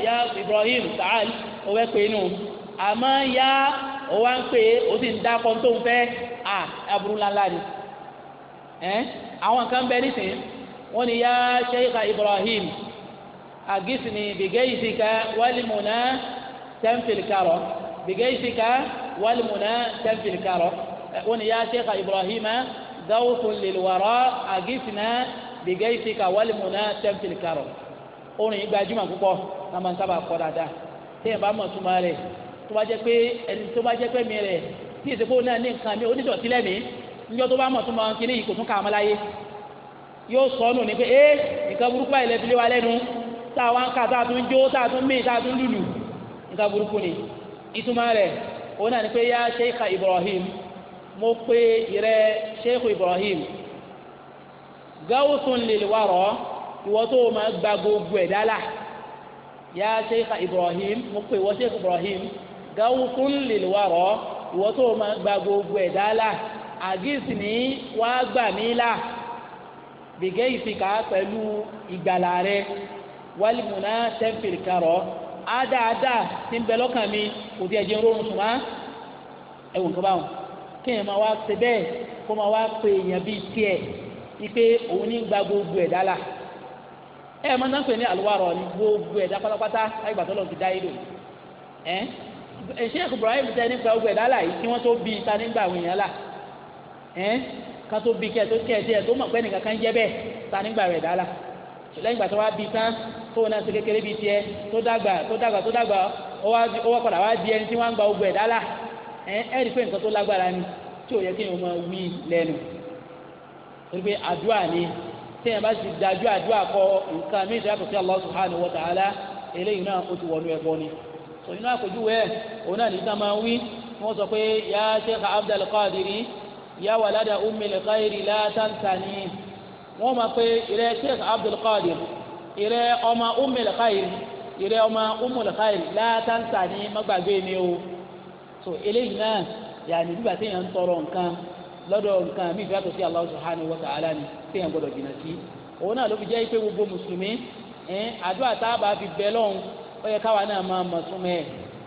yá Ibrahim sahal ó fẹ́ pe inú àmọ́ yá ó wá ń pè é ó sì ń dákọ́ tó ń fẹ́ à aburú ńláńlá ni àwọn kan bẹ yá sheikha Ibrahim agisini bigeisika walimuna tẹ́ǹfìlìkarọ walimuna tẹ́ǹfìlìkarọ wọ́n ní yá sheikha Ibrahim dawusun lilwara agisina bigeisika walimuna tẹ́ǹfìlìkarọ orin gbajúmọ̀ púpọ̀ náà máa na kọ́ dáadáa téèyàn bá mọ̀ túmọ̀ rẹ̀ tó bá jẹ́ pé ẹni tó bá jẹ́ pé mi rẹ̀ tí èsèpó náà ní nǹkan mi onídọ̀tí lẹ́mí níjọ́ tó bá mọ̀ tó máa ń kíní yìí kò tún kàmọ́ láyé yóò sọ ọ́nù ní pé ee nǹkan burúkú báyìí lẹ́bi lé wa lẹ́nu tá a wá ń ká tá a tún jó tá a tún mí tá a tún lùlù nǹkan burúkú ni ìtumọ̀ rẹ̀ òun náà ni pé yá sheikha Ibrahim mo pe ìrẹ sheikha Ibrahim gawusun lil wara ìwọ tó o máa gba gbogbo ẹ̀ dálà yá sheikha Ibrahim mo pe ìwọ sheikha Ibrahim. gawukun lilwarọ ìwọ tó gba gbogbo ẹ̀dá là àgísì ní wàá gbà mí là gbègé ìfikà pẹ̀lú ìgbàlà rẹ wàlìmùnà tẹ́ǹpìlìkarọ̀ ádáadáa ti ń bẹ lọ́kàn mi kéèyàn pe ipe òun gba gbogbo la gbogbo Eh, Sheikh Ibrahim tẹ nípa ogun ẹ̀dá là yìí kí wọ́n tó bí ta nígbà àwọn èèyàn là ẹ́ ká tó bí kẹ́ tó kẹ́ tiẹ̀ tó mọ̀ pé nìkan kan jẹ́ bẹ́ẹ̀ ta nígbà rẹ̀ dá là lẹ́yìn ìgbà tó wá bí tán tó náà ṣe kékeré bíi tiẹ̀ tó dàgbà tó dàgbà tó dàgbà ó wá padà wá di ẹni tí wọ́n ń gba ogun ẹ̀dá là ẹ́ ẹ́ rí pé nǹkan tó lágbára ni tí ò yẹ kí èèyàn máa wí lẹ́nu torí pé àdúrà ni téèyàn bá ti dájú àdúrà kọ nǹkan mí tó inú àpèjúwe ẹ̀ òun náà nìkan máa ń wí wọ́n sọ pé yá sheikh abdul qadiri yá walada ummi lkhairi la tansani wọ́n máa pe ìrẹ́ sheikh abdul qadiri ìrẹ́ ọmọ ummi lkhairi ìrẹ́ ọmọ ummi lkhairi la tansani má mi o tó eléyìí náà yàní bíbà téèyàn ń tọrọ nǹkan lọ́dọ̀ nǹkan mi ìfẹ́ àtọ̀sí Allah subhanahu wa ta'ala ni téèyàn gbọ́dọ̀ jìnnà sí òun náà ló fi jẹ́ pé gbogbo mùsùlùmí àdúrà tá a bá fi bẹ lọ́hùn ó yẹ káwa náà máa mọ̀ súnmọ́ ẹ̀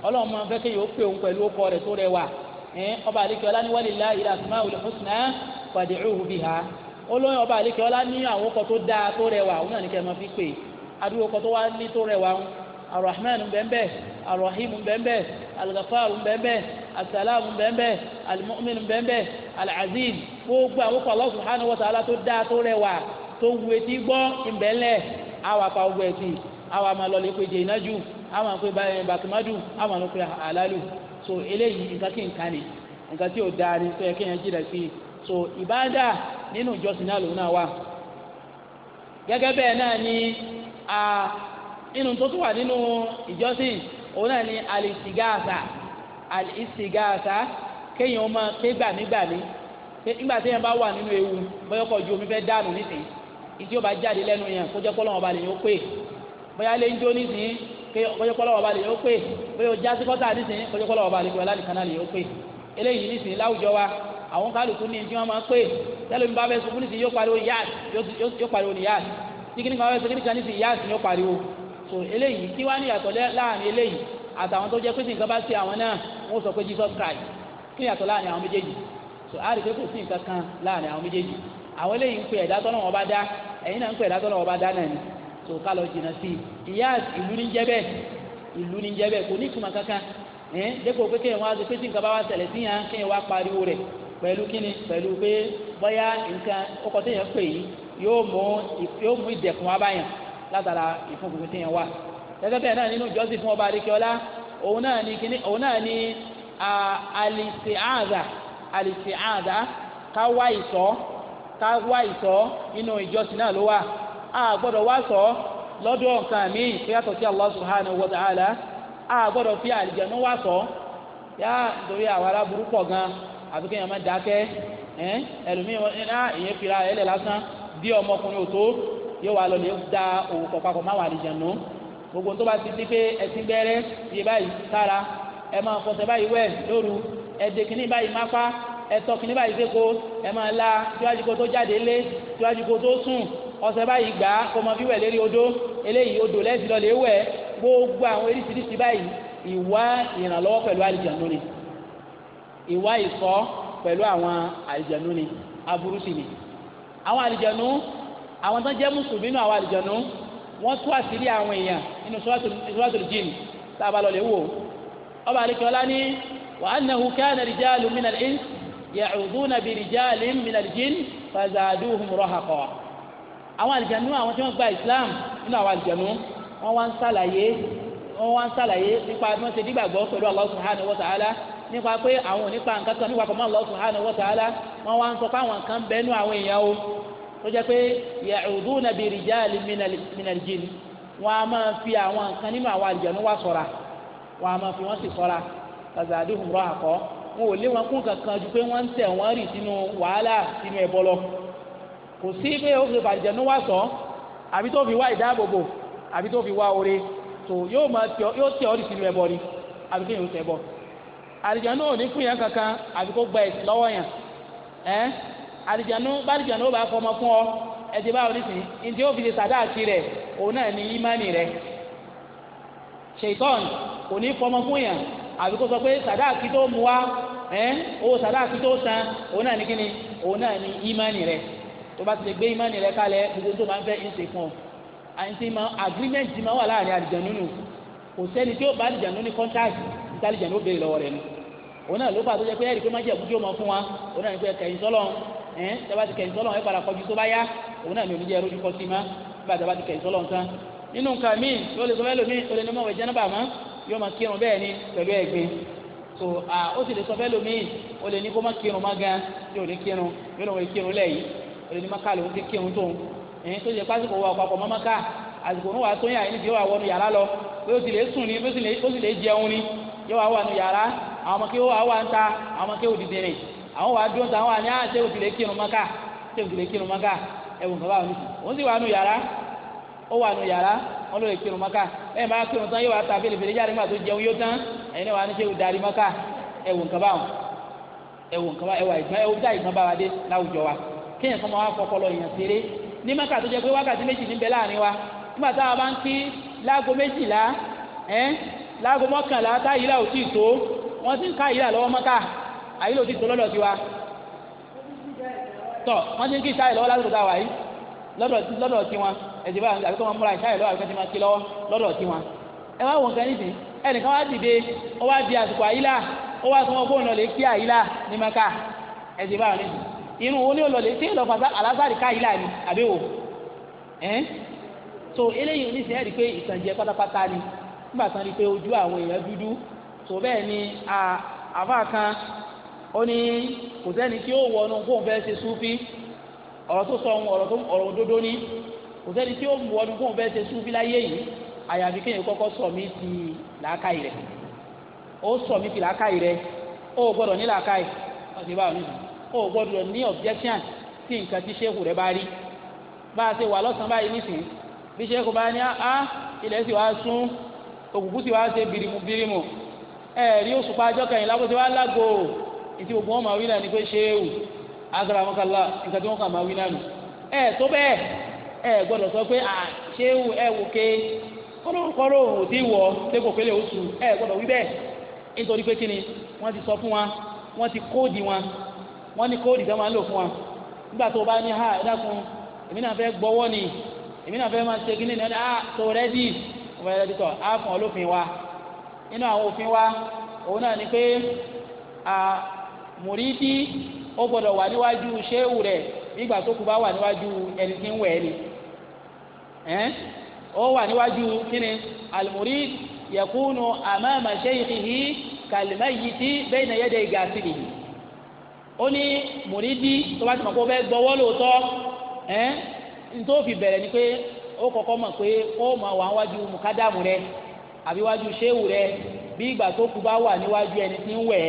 ọlọ́run máa fẹ́ kéèyàn ó pè òun pẹ̀lú ọkọ rẹ̀ tó rẹwà ọba àlekè ọlá ní wàlílá ìlà asmaul husna fad'uhu biha olóyún ọba àlekè ọlá ní àwọn ọkọ tó dáa tó rẹwà òun náà ní kẹ́ ẹ máa fi pè àdúgbò ọkọ tó wá ní tó rẹwà ń arahman bẹ́ẹ̀ arahim bẹ́ẹ̀ algafar bẹ́ẹ̀ asalam bẹ́ẹ̀ almu'min bẹ́ẹ̀ alaziz gbogbo àwọn ọkọ Allah tó dáa tó rẹwà tó wù àwọn àmà lọlẹ pé jẹnájú àwọn àpè eh, bàtìmádù àwọn àpè àlálù so eléyìí nǹkan kí nǹkan ni nǹkan tí ò dáa ni tó yẹ kéèyàn jìnnà sí i so ibada nínú ìjọsìn náà lòun wa wà gẹ́gẹ́ bẹ́ẹ̀ náà ni inú tó tún wa nínú ìjọsìn òun náà ni alìsìgáàsà alìsìgáàsà kéèyàn máa ké gbàmígbàmí nígbà téèyàn bá wà nínú ewu bọ́yọ̀kọ̀ ju omi fẹ́ dànù nísìnyí ìdí ó bá jáde lẹ́nu yẹn kó jẹ́ kọ́ lọ́wọ́ balẹ̀ yẹn ó pè bóyá lé ń jó nísìnyí pé kọjọpọlọ ọba lè yóò pè bóyá ojá sí kọta nísìnyí kọjọpọlọ ọba lè yóò lálìkan náà lè yóò pè eléyìí nísìnyí láwùjọ wa àwọn kálukú ní tí wọn máa pè tẹlifí bá fẹ́ sunkún nísìnyí yóò pariwo yáàs yóò pariwo ní yáàs sikini kan fẹ́ sikini kan nísìnyí yáàs yóò pariwo so eléyìí kí wá ní yàtọ̀ láàrin eléyìí àtàwọn tó jẹ́ pé tí bá ṣe àwọn náà wọ́n sọ pé Jesus Christ kí yàtọ̀ láàrin àwọn méjèèjì so a rí pé kò sí nǹkan kan láàrin àwọn méjèèjì àwọn eléyìí ń pè ẹ̀dá tọ́lọ́wọ́n bá dá ẹ̀yin náà ń pè ẹ̀dá tọ́lọ́wọ́n bá dá náà ni tó ká lọ jìnnà sí i ìyá ìlú ní jẹ́ bẹ́ẹ̀ ìlú ní jẹ́ bẹ́ẹ̀ kò ní ìtumọ̀ kankan ẹ̀ dẹ́kun pé kéèyàn wá ṣe pé tí nǹkan bá wá ṣẹlẹ̀ sí yàn kéèyàn wá pariwo rẹ̀ pẹ̀lú kíni pẹ̀lú pé bóyá nǹkan ọkọ̀ téèyàn pè yìí yóò mú yóò mú ìdẹ̀kùn wá látara ìfúnfún téèyàn wà gẹ́gẹ́ bẹ́ẹ̀ náà nínú ìjọsìn fún ọba adékẹ́ọ́lá òun náà ni kíní òun náà ni alìsíáàdà alìsíáàdà ká wá ìsọ́ ká wá ìsọ́ nínú ìjọsìn náà ló wà a gbọ́dọ̀ wá sọ lọ́dọ̀ nǹkan mi tó yàtọ̀ sí Allah subhanahu wa ta'ala a gbọ́dọ̀ fi àlìjẹ̀nu wá sọ yá nítorí àwọn aláburú pọ̀ gan àfi kéèyàn má dákẹ́ ẹ ẹlòmíì iná ah, ìyẹn fira ẹlẹ́ lásán bí ọmọkùnrin òtó yóò wá lọlé da òwò kọ̀pàkọ̀ má wà àlìjẹ̀nu gbogbo tó bá ti di pé ẹtí gbẹrẹ yé báyìí sára ẹ máa fọṣẹ báyìí wẹ̀ lóru ẹdè kìíní báyìí má pa ẹtọ kìíní báyìí fẹ́ ẹ máa la síwájú kó tó jáde lé síwájú kó tó sùn ọ̀sẹ̀ báyìí gbà á kó mọ bí wẹ̀ lérí odó eléyìí odò lẹ́sìn lọ lè wẹ̀ gbogbo àwọn eríṣiríṣi báyìí ìwá ìrànlọ́wọ́ pẹ̀lú àlìjànú ni ìwá ìsọ pẹ̀lú àwọn àlìjànú ni aburú sì ni àwọn àlìjànú àwọn tó jẹ́ mùsùlùmí nù àwọn àlìjànú wọ́n tú àṣírí àwọn èèyàn nínú suratul jinn tá a bá lọ lè wò ọba àlekèọlá ní wa annahu kana àwọn àlìjànú àwọn tí wọ́n gba islam nínú àwọn àlìjànú wọ́n wá ń sàlàyé wọ́n wá ń sàlàyé nípa bí wọ́n ṣe dígbàgbọ́ pẹ̀lú Allah subhanahu wa ta'ala nípa pé àwọn onípa nǹkan kan nípa kọ́mọ́ Allah subhanahu wa ta'ala wọ́n wá ń sọ pé àwọn nǹkan bẹ́ẹ̀ nú àwọn èèyàn o tó jẹ́ pé ya'uduna bi rijali minal jinn wọ́n á máa fi àwọn nǹkan nínú àwọn àlìjànú wá ṣọ́ra wọ́n á máa fi wọ́n sì ṣọ́ra fazaduhum rahaqa wọn ò lé wọn kún kankan ju pé wọ́n ń tẹ̀ wọ́n rì sínú wàhálà sínú ẹ̀bọ lọ kò sí pé ó fi bàjẹ́ ní wá àbí tó fi wá ìdáàbòbò àbí tó fi wá oore tó yóò ọ yóò tẹ bọ àlìjánu ò ní fún yẹn kankan àbí kó gba ẹsìn lọ́wọ́ yẹn ẹ àlìjánu bàlìjánu ó bá fọmọ fún ọ ẹtì báwo ní ǹjẹ́ ó fi rẹ òun náà ní rẹ ní fọmọ fún yẹn àbí kó sọ pé tó ẹ tó bá ti lè gbé ìmánì rẹ kalẹ̀ gbogbo tó bá ń fẹ́ ìṣe fún ọ àyìntì máa agreement máa wà láàrin àlìjànnú nù kò sẹ́ni tí ó bá àlìjànnú ní contact níta àlìjànnú ó béèrè lọ́wọ́ rẹ nù òun náà ló fà tó jẹ pé ẹ̀rí pé má jẹ́ ìbújú ọmọ fún wa òun náà ní pé kẹ̀yìn sọ́lọ́ ẹ̀ tẹ́bá ti kẹ̀yìn sọ́lọ́ ẹ̀ padà kọjú tó bá yá òun náà ní oníjẹ́ ẹ̀rọ ojúkọ sí ma nígbà tẹ́bá ti kẹ̀yìn sọ́lọ́ nǹkan nínú nǹkan míì yóò lè sọ fẹ́ olè ní mọ̀wé jẹ́nàbà mọ́ yóò máa kírun bẹ́ẹ̀ ni pẹ̀lú ẹ̀gbin so ó sì lè sọ fẹ́ olè ní kó má kírun má gan yóò ní kírun yóò lè wọ èyí ni maka lòun ti kírun tóun ẹ̀yìn tó yẹ pásítọ̀ wà papọ̀ mọ́ maka àsìkò òun wà tó yà ẹni tí yóò wà wọnú yàrá lọ bí ó sì lè sùn ni bí ó sì lè jẹun ni yóò wà wọnú yàrá àwọn ọmọ kéwò wà ń ta àwọn ọmọ kéwò dìde rìn àwọn wà dúró ta àwọn àní àti èwò tìlẹ̀ kírun maka èwò tìlẹ̀ kírun maka ẹ̀wò nǹkan bá wọn nìyí òun sì wà nù yàrá ó wà nù yàrá wọn ló lè kírun maka ẹ̀ máa kírun tán yóò wà ta fèlèfèlè bá wa dé láwùjọ wa kéèyàn kan máa wá fọpọlọ èèyàn ṣeré ní mẹ́kà tó jẹ́ pé wákàtí méjì níbẹ̀ láàrin wa nígbà táwa bá ń kí láago méjìlá ẹ́ láago mọ́kànlá táyìlá ò tíì tó wọ́n ti ń ká ìlà lọ́wọ́ mọ́kà àyílò tíì tó lọ́dọ̀ tiwa tọ̀ wọ́n ti ń kí ìṣáyẹ̀ lọ́wọ́ lásìkò táwa yìí lọ́dọ̀ tiwọn ẹ̀jẹ̀ báyìí àbíkọ́ wọn múra ìṣáyẹ̀ lọ́wọ́ àbíkọ́ ti máa kí lọ́wọ́ lọ́dọ̀ tiwọn ẹ wá wọn kan irun wo ni olóòlè tí èèlọ fàtà alásàrì káyìí láàyè àbí wò ẹn so eléyìí oníṣẹ́ ẹ̀rí pé ìtànjẹ pátápátá ni nígbà tán ni pé ojú àwọn èèyàn dúdú tó bẹ́ẹ̀ ni àbá kan ó ní kò sẹ́ni ó wọnú fẹ́ ṣe ọ̀rọ̀ tó sọ ọ̀rọ̀ tó ni kò sẹ́ni tí ó wọnú kóun fẹ́ ṣe láyé yìí àyàfi kéèyàn kọ́kọ́ sọ mí ti làákàyè rẹ̀ ó sọ mí ti làákàyè rẹ̀ ó gbọ́dọ̀ ní làákàyè ọ̀sẹ̀ o gbọ́dọ̀ ní objection tí nǹkan tí sẹ́kù rẹ bá rí bá a ṣe wà lọ́sàn-án báyìí nísìnyí bí sẹ́kù bá ní á ah, ah, ilẹ̀ sì wá sún òkùnkùn sì wá ṣe birimu birimu ẹ̀ẹ́dì òṣùpá ajọ́ kẹyìnlá bó ti wá lágbo ìtì gbogbo wọn máa wí náà ni pé ṣéwù agbáramọ́kànlá nǹkan tí wọ́n kà máa wí náà nù ẹ̀ tó bẹ́ẹ̀ ẹ̀ gbọ́dọ̀ sọ pé à ṣéwù ẹ̀ wò ké kọ́lọ́kọ́lọ́ ò tí wọ̀ lẹ́kọ̀ọ́ pélé oṣù ẹ̀ gbọ́dọ̀ wí bẹ́ẹ̀ nítorí pé kíni wọ́n ti sọ fún wa wọ́n ti kóòdì wọn wọ́n ní kóòdì tó máa ń lò fún wa nígbà tó o bá ní ha ẹ dákun èmi náà fẹ́ gbọ́wọ́ ni èmi náà fẹ́ máa ṣe kí ní ní ah tó rẹ́dì ọmọ ẹ̀rọ títọ̀ á fún olófin wa nínú àwọn òfin wa òun náà ni pé mùrídì ó gbọ́dọ̀ wà níwájú ṣéwù rẹ̀ nígbà tó kù bá wà níwájú ẹni tí ń wẹ̀ ẹ́ ni ó wà níwájú kí ni al-murid yakunu amama shaykhihi kal-mayyiti bayna yaday ghasilihi ó ní mùrídìí tó bá ti mọ̀ pé ó fẹ́ gbọ́wọ́ lóòótọ́ ẹ́ nítorí fi bẹ̀rẹ̀ ni pé ó kọ́kọ́ mọ̀ pé ó máa wà wájú mùkádàmù rẹ àbí wájú ṣéwù rẹ bí ìgbà tó kú bá wà níwájú ẹni tí ń wẹ̀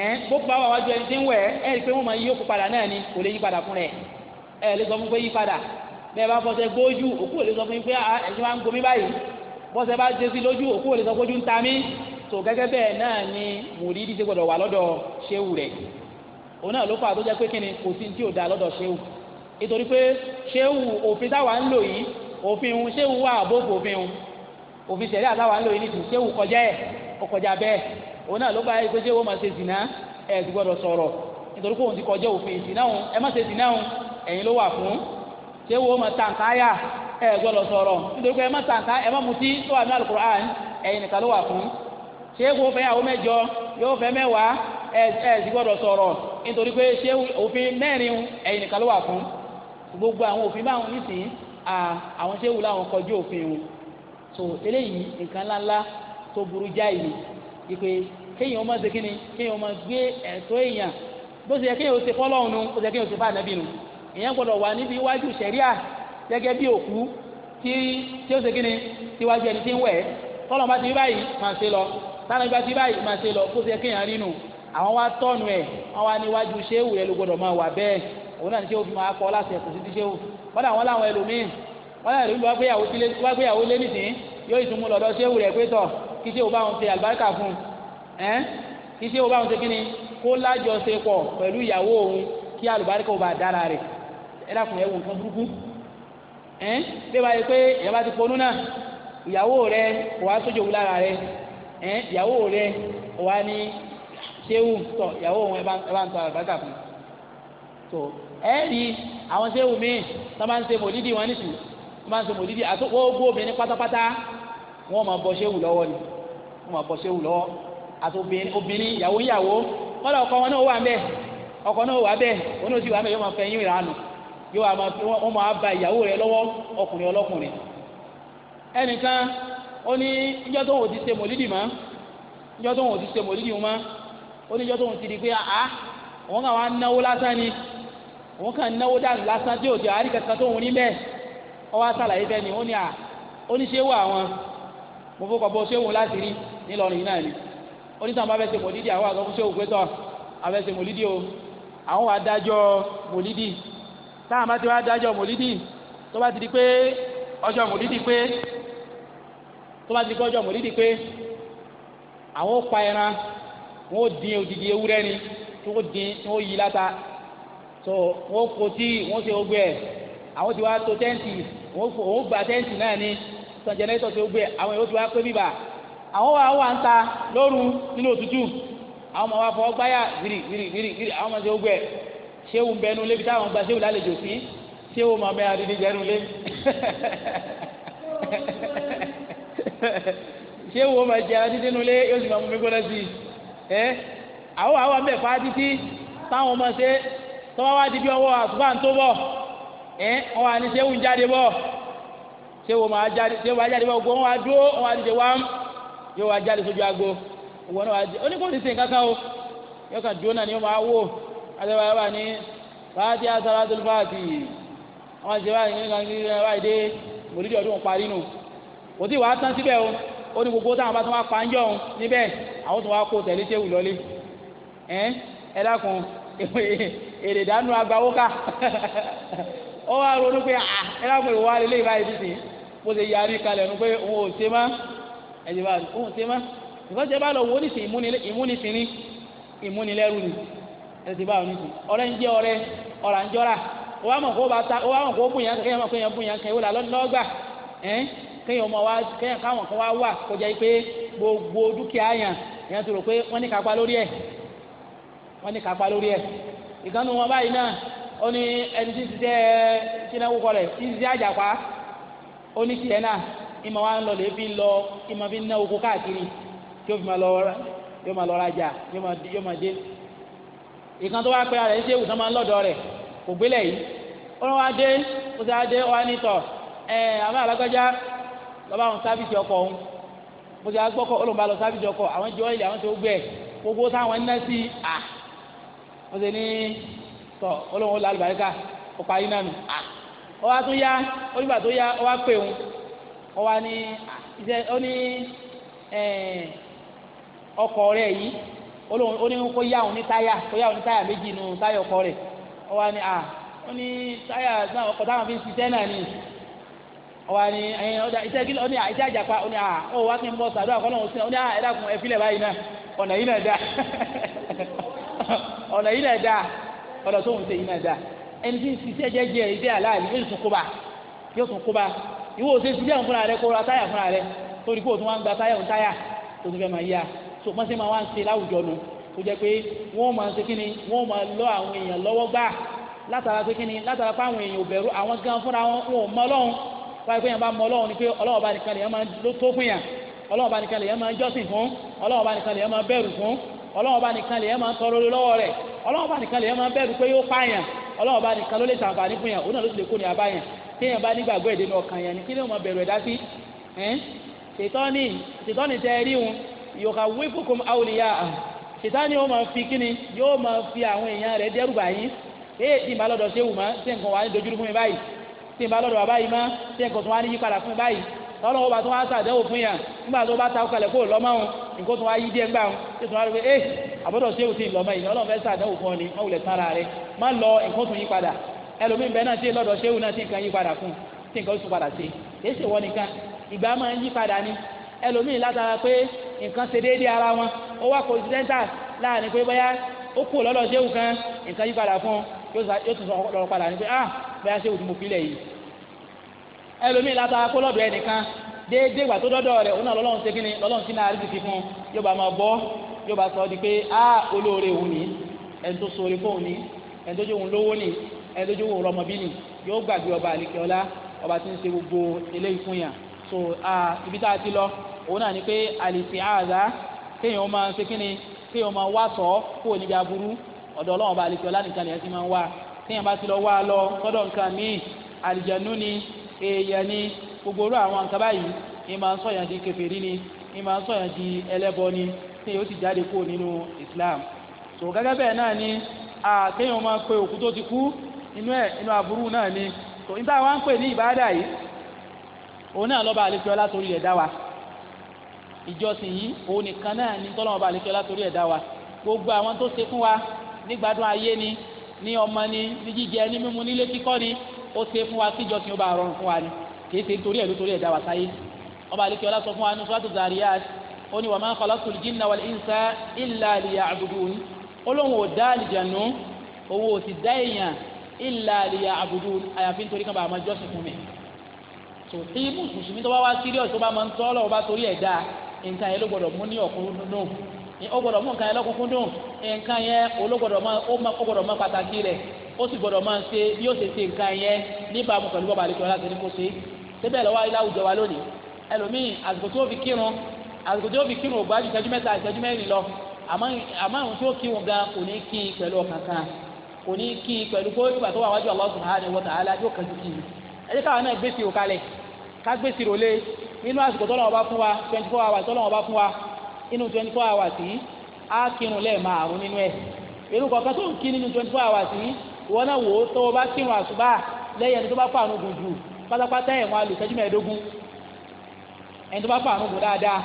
ẹ́ ẹn gbogbo àwọn àwájú ẹni tí ń wẹ̀ ẹ́ rí i pé wọ́n máa yí ni kò lè yí padà fún rẹ̀ ẹ lè sọ fún pé yí padà bẹ́ẹ̀ bá fọṣẹ gbójú òkú ò lè sọ fún yín pé ẹ̀yin máa ń gomi báyìí bọ́sẹ̀ bá jẹ sí lójú òkú ò lè sọ fún ojú ń ta mí tó gẹ́gẹ́ bẹ́ẹ̀ náà ni mùrídìí ti gbọ́dọ̀ wà lọ́dọ̀ ṣéwù rẹ̀ òun náà ló fà tó jẹ́ pé kíni kò sí tí ò da lọ́dọ̀ ṣéwù nítorí pé ṣéwù òfin táwa ń lò yìí òfin òun ṣéwù wà àbófò òfin òun òfin ṣẹ̀ríà táwa ń lò yìí nìtú ṣéwù kọjá ti gbọ́dọ̀ sọ̀rọ̀ nítorí pé òun ti kọjá òfin ìsìnà òun ẹ má ṣe zìnà òun ẹ̀yin ló wà fún ṣéwù máa nítorí pé ẹ má nítorí pé ṣé òfin mẹ́rin ẹ̀yìn nìkan ló wà fún gbogbo àwọn òfin báwọn nísìnyí àwọn ṣé wù láwọn kọjú òfin wọn so eléyìí nǹkan ńláńlá tó burú jáì ni ìpè kéèyàn máa ṣe kíni kéèyàn máa gbé ẹ̀tọ́ èèyàn bó ṣe yẹ kéèyàn ó ṣe fọ́lọ́run nu ó ṣe kéèyàn ó ṣe fún ànábì nu èèyàn gbọ́dọ̀ wà níbi iwájú sẹ̀ríà gẹ́gẹ́ bí òkú tí tí ó ṣe kíni tíwájú ẹni tí ń wẹ̀ tọ́lọ̀ bá ti báyìí máa ṣe lọ tánà bá ti báyìí máa ṣe lọ bó ṣe yẹ kéèyàn rí nu àwọn wa tọ́nu ẹ̀ wọ́n wá níwájú ṣéwù rẹ̀ ló gbọ́dọ̀ máa wà bẹ́ẹ̀ òun náà ní ṣéwù fi máa kọ́ láti ẹ̀kọ́ sí ti ṣéwù kọ́dà wọn làwọn ẹlòmíì wọn làwọn ẹlòmíì wá gbéyàwó lé nìsín yóò ìtumú lọ́dọ̀ ṣéwù rẹ̀ pé tọ̀ kí ṣéwù báwọn ṣe àlùbáríkà fún un ẹ́n kí ṣéwù báwọn ṣe kí ni kó lájọṣepọ̀ pẹ̀lú ìyàwó òun kí àlùbáríkà ò bá dára rẹ̀ ẹ dákun ẹ wò nǹkan burúkú ẹ́n bí wàá yẹ pé ẹ bá ti ponú náà ìyàwó rẹ kò wá sójò wù lára rẹ ẹ́n ìyàwó rẹ kò wá ní ṣéwù tọ ìyàwó òun ẹ bá ń tọ àlùbáṣà fún tó ẹ rí àwọn ṣéwù míì tó máa ń ṣe mòdídì wọn nìtú tó máa ń ṣe mòdídì àti gbogbo obìnrin pátápátá wọn máa bọ ṣéwù lọ́wọ́ ni wọn máa bọ ṣéwù lọ́wọ́ àti obìnrin ìyàwó ìyàwó wọn lọ ọkọ wọn náà wà ń bẹ ọkọ náà wà bẹ òun náà sì wà ń bẹ yóò máa fẹ́ yín ìranù yóò máa ba ìyàwó rẹ lọ́wọ́ ọkùnrin ọlọ́kùnrin ẹnìkan ó ní ìjọ tó wọn ò ti ṣe mòlídì mọ́ ìjọ tó wọn ò ti ṣe mòlídì mọ́ ó níjọ́ tóun ti di pé a, ah, ah, òun kàn wá náwó lásán ni òun kàn náwó dànù lásán tí òjò àárí kankan tóun rí bẹ́ẹ̀ ọwọ́ àtàlàyé bẹ́ẹ̀ ni ó ní à ah, ó ní ṣé wà àwọn mo fọkàn bọ́ ṣé láti rí nílọrin náà ni ó ní sàmú abẹ́sẹ̀ mòlídìí àwọn àgọ́ fún ṣé òun pé o àwọn wà dájọ́ mòlídìí táwọn bá ti wá dájọ́ mòlídìí tó bá ti di pé ọjọ́ mòlídìí pé tó bá ti di pé ọjọ́ mòlídìí pé àwọn ó pa ẹran wọ́n dín odidi ewúrẹ́ ni tí wọ́n dín tí wọ́n yí láta tó wọ́n kó tí wọ́n ṣe gbogbo ẹ̀ àwọn ti wá tó tẹ́ǹtì wọ́n gba tẹ́ǹtì náà ni sàn jẹ́nẹ́tọ̀ ṣe gbogbo ẹ̀ àwọn èèyàn ti wá pé bíbà àwọn wa wà ń ta lóru nínú òtútù àwọn ọmọ wa fọ gbáyà gírì gírì gírì gírì àwọn ọmọ ṣe gbogbo ẹ̀ ṣéwù ń bẹnu lébi táwọn gba ṣéwù lálejò sí ṣéwù máa mẹ́ adidi jẹ́nu lé (laughs) ṣéwù ó máa jẹ adidi nulẹ̀ yóò sì máa mú mi gbọ́dọ̀ sí i ẹ àwọn àwọn bẹ̀ fà á títí táwọn ọmọ ṣe tọ́wọ́ wá di bí ọwọ́ àtúbà ń tó bọ̀ ẹ wọn wà ní sẹ́wù ń jáde bọ̀ sẹ́wù máa jáde sẹ́wù máa jáde bọ̀ gbogbo wọn wá dúró wọn wá dìde wá yóò wá jáde sójú agbo òwò náà wá jẹ oníkóòtù sí nǹkan kan o yóò kàn dúró náà ni yóò máa wò àtẹwà yóò wà ní fàájì asalatul fàájì wọn ti wá ní nǹkan kí wọn wá dé mòlídìí ọdún parí nù kò tí wàá tán síbẹ̀ o ó ní gbogbo táwọn bá tún wá pa ń jọ òun níbẹ̀ àwọn tún wá kó tẹ̀lé ṣéwù lọ́lé ẹ dákun (laughs) èrè dànù agbawó ká (laughs) ó wá ronú pé ah, ẹ dákun ìwà lélẹ́yìn báyìí títì bó ṣe yarí kalẹ̀ nu pé òun ò ṣe má ẹ̀jẹ̀ bá òun ò ṣe má ìfọ́sẹ̀ bá lọ wo ní sìn ìmúnisìn ní ìmúnilẹ́rù ni ẹ̀sìn bá òun ní sìn ọ̀rẹ́ ń jẹ́ ọ̀rẹ́ ọ̀rà ń jọ́ra ó wá mọ̀ kó bá ta ó wá mọ̀ kó bùnyàn kẹ́yìn mọ̀ kó yẹn bùnyàn kẹ́yìn ó là lọ́gbà ẹ̀ kéèyàn ọmọ wa kéèyàn káwọn kan wá wà kọjá jẹ́ pé gbogbo dúkìá yàn èèyàn ti rò pé wọ́n ní kápá lórí ẹ̀ wọ́n ní lórí ẹ̀ ìkànnì wọn báyìí náà ó ní ẹni tí ń tí àjàpá ó ní tiẹ̀ náà ìmọ̀ wa ń lọ ń lọ ìmọ̀ fi ń ná oko káàkiri tí fi máa lọ yóò máa lọ yóò máa dé tó wá pé ara ṣe ìwòsàn máa ń lọ́dọ̀ rẹ̀ kò gbélé yìí ó wá dé ó lọ́ba àwọn sábìsì ọkọ̀ ọ̀hún mo ti agbọ́kọ̀ olùbá lọ sábìsì ọkọ̀ àwọn jọ ilẹ̀ àwọn tó gbẹ gbogbo táwọn ń ná sí à mo ti ní tọ olóhùn ó lálùbáyé ká ó parí náà nù à ó wá tún yá onígbà tó yá ó wá pè òun ó wá ní iṣẹ́ ó ní ọkọ̀ rẹ̀ yìí olóhùn ó ní kó yá òun ní táyà kó yá òun ní táyà méjì nù táyà ọkọ̀ rẹ̀ ó wá ní à ó ní táyà náà táwọn fi ń ṣiṣẹ́ náà nìyí ọwọ ni ẹyin ọdà iṣẹ kí ọni iṣẹ àjàpá ọni à ọ wá kí n bọ sàdó àkọlọ òsín ọni à ẹ dàkún ẹ filẹ̀ báyìí náà ọ̀nà yìí náà dá (laughs) ọ̀nà yìí náà dá ọ̀nà tó ń ṣe yìí náà dá ẹni tí ń ṣiṣẹ́ jẹ́jẹ́ iṣẹ́ aláàlú yóò tún kóba yóò tún kóba ìwọ òṣè ṣiṣẹ́ àwọn fúnra rẹ kó ra táyà fúnra rẹ torí kó o tún wá ń gba táyà òun táyà tó tún fẹ́ máa yá so pọ́n sí máa wá ń ṣe láwùjọ nù tó jẹ́ pé wọ́n máa ṣe kíni wọ́n máa lọ àwọn èèyàn lọ́wọ́ gbà látara pé kíni látara pé àwọn èèyàn ò bẹ̀rù àwọn gan fúnra wọn wọn ò mọ ọlọ́run wáyé pé yẹn bá mọ ọlọ́run ni pé ọlọ́run bá nìkan lè yẹn máa ló tó fún yàn ọlọ́run bá nìkan lè yẹn máa jọ́sìn fún ọlọ́run bá nìkan lè yẹn máa bẹ̀rù fún ọlọ́run bá nìkan lè yẹn máa tọrọ lọ́wọ́ rẹ̀ ọlọ́run bá nìkan lè yẹn máa bẹ̀rù pé yóò pààyàn ọlọ́run bá nìkan ló lè sàǹfààní fún yàn òun náà ló sì lè kó ní abáyàn téèyàn bá nígbàgbọ́ èdè náà kàn yàn ní kí tí n bá lọ́dọ̀ bàbá yìí má tí nǹkan tó wá ní yípadà fún báyìí lọ́nà ọba tó wá sàdéhùn fún yà nígbà tó bá ta ọkàlẹ̀ kó lọ́mọ òun nǹkan tó wá yí díẹ̀ gbà òun tí tó wá rí pé ẹ eh, àbọ̀dọ̀ ṣé o ti lọ́mọ yìí lọ́nà ọbẹ̀ sàdéhùn fún ọ ni má wulẹ̀ tán ara rẹ má lọ nǹkan tó yípadà ẹlòmíín bẹ́ẹ̀ náà tí lọ́dọ̀ ṣé o náà tí nǹkan yípadà fún tí bẹ́ẹ̀ ṣé òtún mo filẹ̀ yìí ẹlòmíì látara kó lọ́dọ̀ ẹnìkan déédéé ìgbà tó dọ́dọ̀ rẹ̀ òun náà lọ́lọ́run ṣe kíni lọ́lọ́run sí náà rìsìkì fún yóò bá máa bọ́ yóò bá sọ di pé á olóore òun ni ẹni tó ṣoore fóun ni ẹni tó jẹ́ òun lówó ni ẹni tó jẹ́ òun rọmọbí ni yóò gbàgbé ọba àlekèọlá ọba tí ń ṣe gbogbo eléyìí fún yàn so ibi tá a ti lọ òun náà ni pé àlìsí àdá kéèyàn máa ṣe kíni kéèyàn máa wá sọ kó o níbi aburú ọ̀dọ̀ ọlọ́run ọba àlekèọlá nìkan ni ẹ ti máa ń wá téèyàn bá ti lọ wá a lọ sọ́dọ̀ nǹkan míì àlìjẹ̀nú ni èèyàn ni gbogbo orú àwọn nǹkan báyìí ni máa ń sọ̀yàn di kèfèrí ni ni máa ń sọ̀yàn di ẹlẹ́bọ ni téèyàn ó sì jáde kúrò nínú Islam tó gẹ́gẹ́ bẹ́ẹ̀ náà ni téèyàn máa pe òkú tó ti kú inú ẹ̀ inú aburú náà ni tó níta wá ń pè ní ìbáàdà yìí òun náà lọ́ba àlejò ọlá torí wa ìjọsìn yìí òun nìkan náà ni tọ́lọ́mọba àlejò ọlá torí wa gbogbo àwọn tó ṣe fún wa nígbádùn ayé ni ní ọmọ ni ní jíjẹ ní mímu nílé kíkọ́ ni ó ṣe fún wa kíjọsìn ó bá rọrùn fún wa ni kìí ṣe nítorí ẹ̀ ló torí ẹ̀ dá wa sáyé ọba àlekí ọlá sọ fún wa ní sọ́tò Zariyat ó ní wa ma khalaqtul jinna wal insa illa liya'budun olóhùn ò dá àlìjànú owó ò sì dá èèyàn illa liya'budun àyàfi nítorí kan bá a máa jọ́sìn fún mi tó tí mùsùlùmí tó bá wá sírí ọ̀tún bá máa ń tọ́ ó gbọ́dọ̀ mú nǹkan yẹn lọ́kùnkún dùn nǹkan yẹn ológbọ́dọ̀ máa ó máa ó gbọ́dọ̀ máa pàtàkì rẹ̀ sì gbọ́dọ̀ máa ṣe bí ó ṣe ṣe nǹkan yẹn níbàámu pẹ̀lú bọ́ba àlejò aláṣẹ ní kò ṣe síbẹ̀ lọ́wọ́ ayé láwùjọ wa lónìí ẹlòmíì àsìkò tó fi kírun àsìkò tó fi kírun ògbà ju ìṣẹ́jú mẹ́ta ìṣẹ́jú mẹ́rin lọ àmọ́ àwọn tó kírun gan kò ní kí i pẹ̀lú ọkàn kan kò ní kí i pẹ̀lú kó ìgbà tó wà wájú Allah subhanahu wa ta'ala yóò kàn ju kí i ẹ jẹ́ káwọn náà gbèsè òkalẹ̀ twenty four hours tọ́lọ́wọ́ bá fún inú 24 four hours yìí á kírun lẹ́ẹ̀márùn nínú ẹ̀ pẹ̀lú kọ̀ọ̀kan tó ń kí nínú twenty four hours yìí ìwọ náà wò ó tó o bá kírun àsùbá lẹ́yìn ẹni tó bá fàánù gùn jù pátápátá ẹ̀ wọn àlùsẹ́jú mẹ́ẹ̀ẹ́dógún ẹni tó bá fàánù gùn dáadáa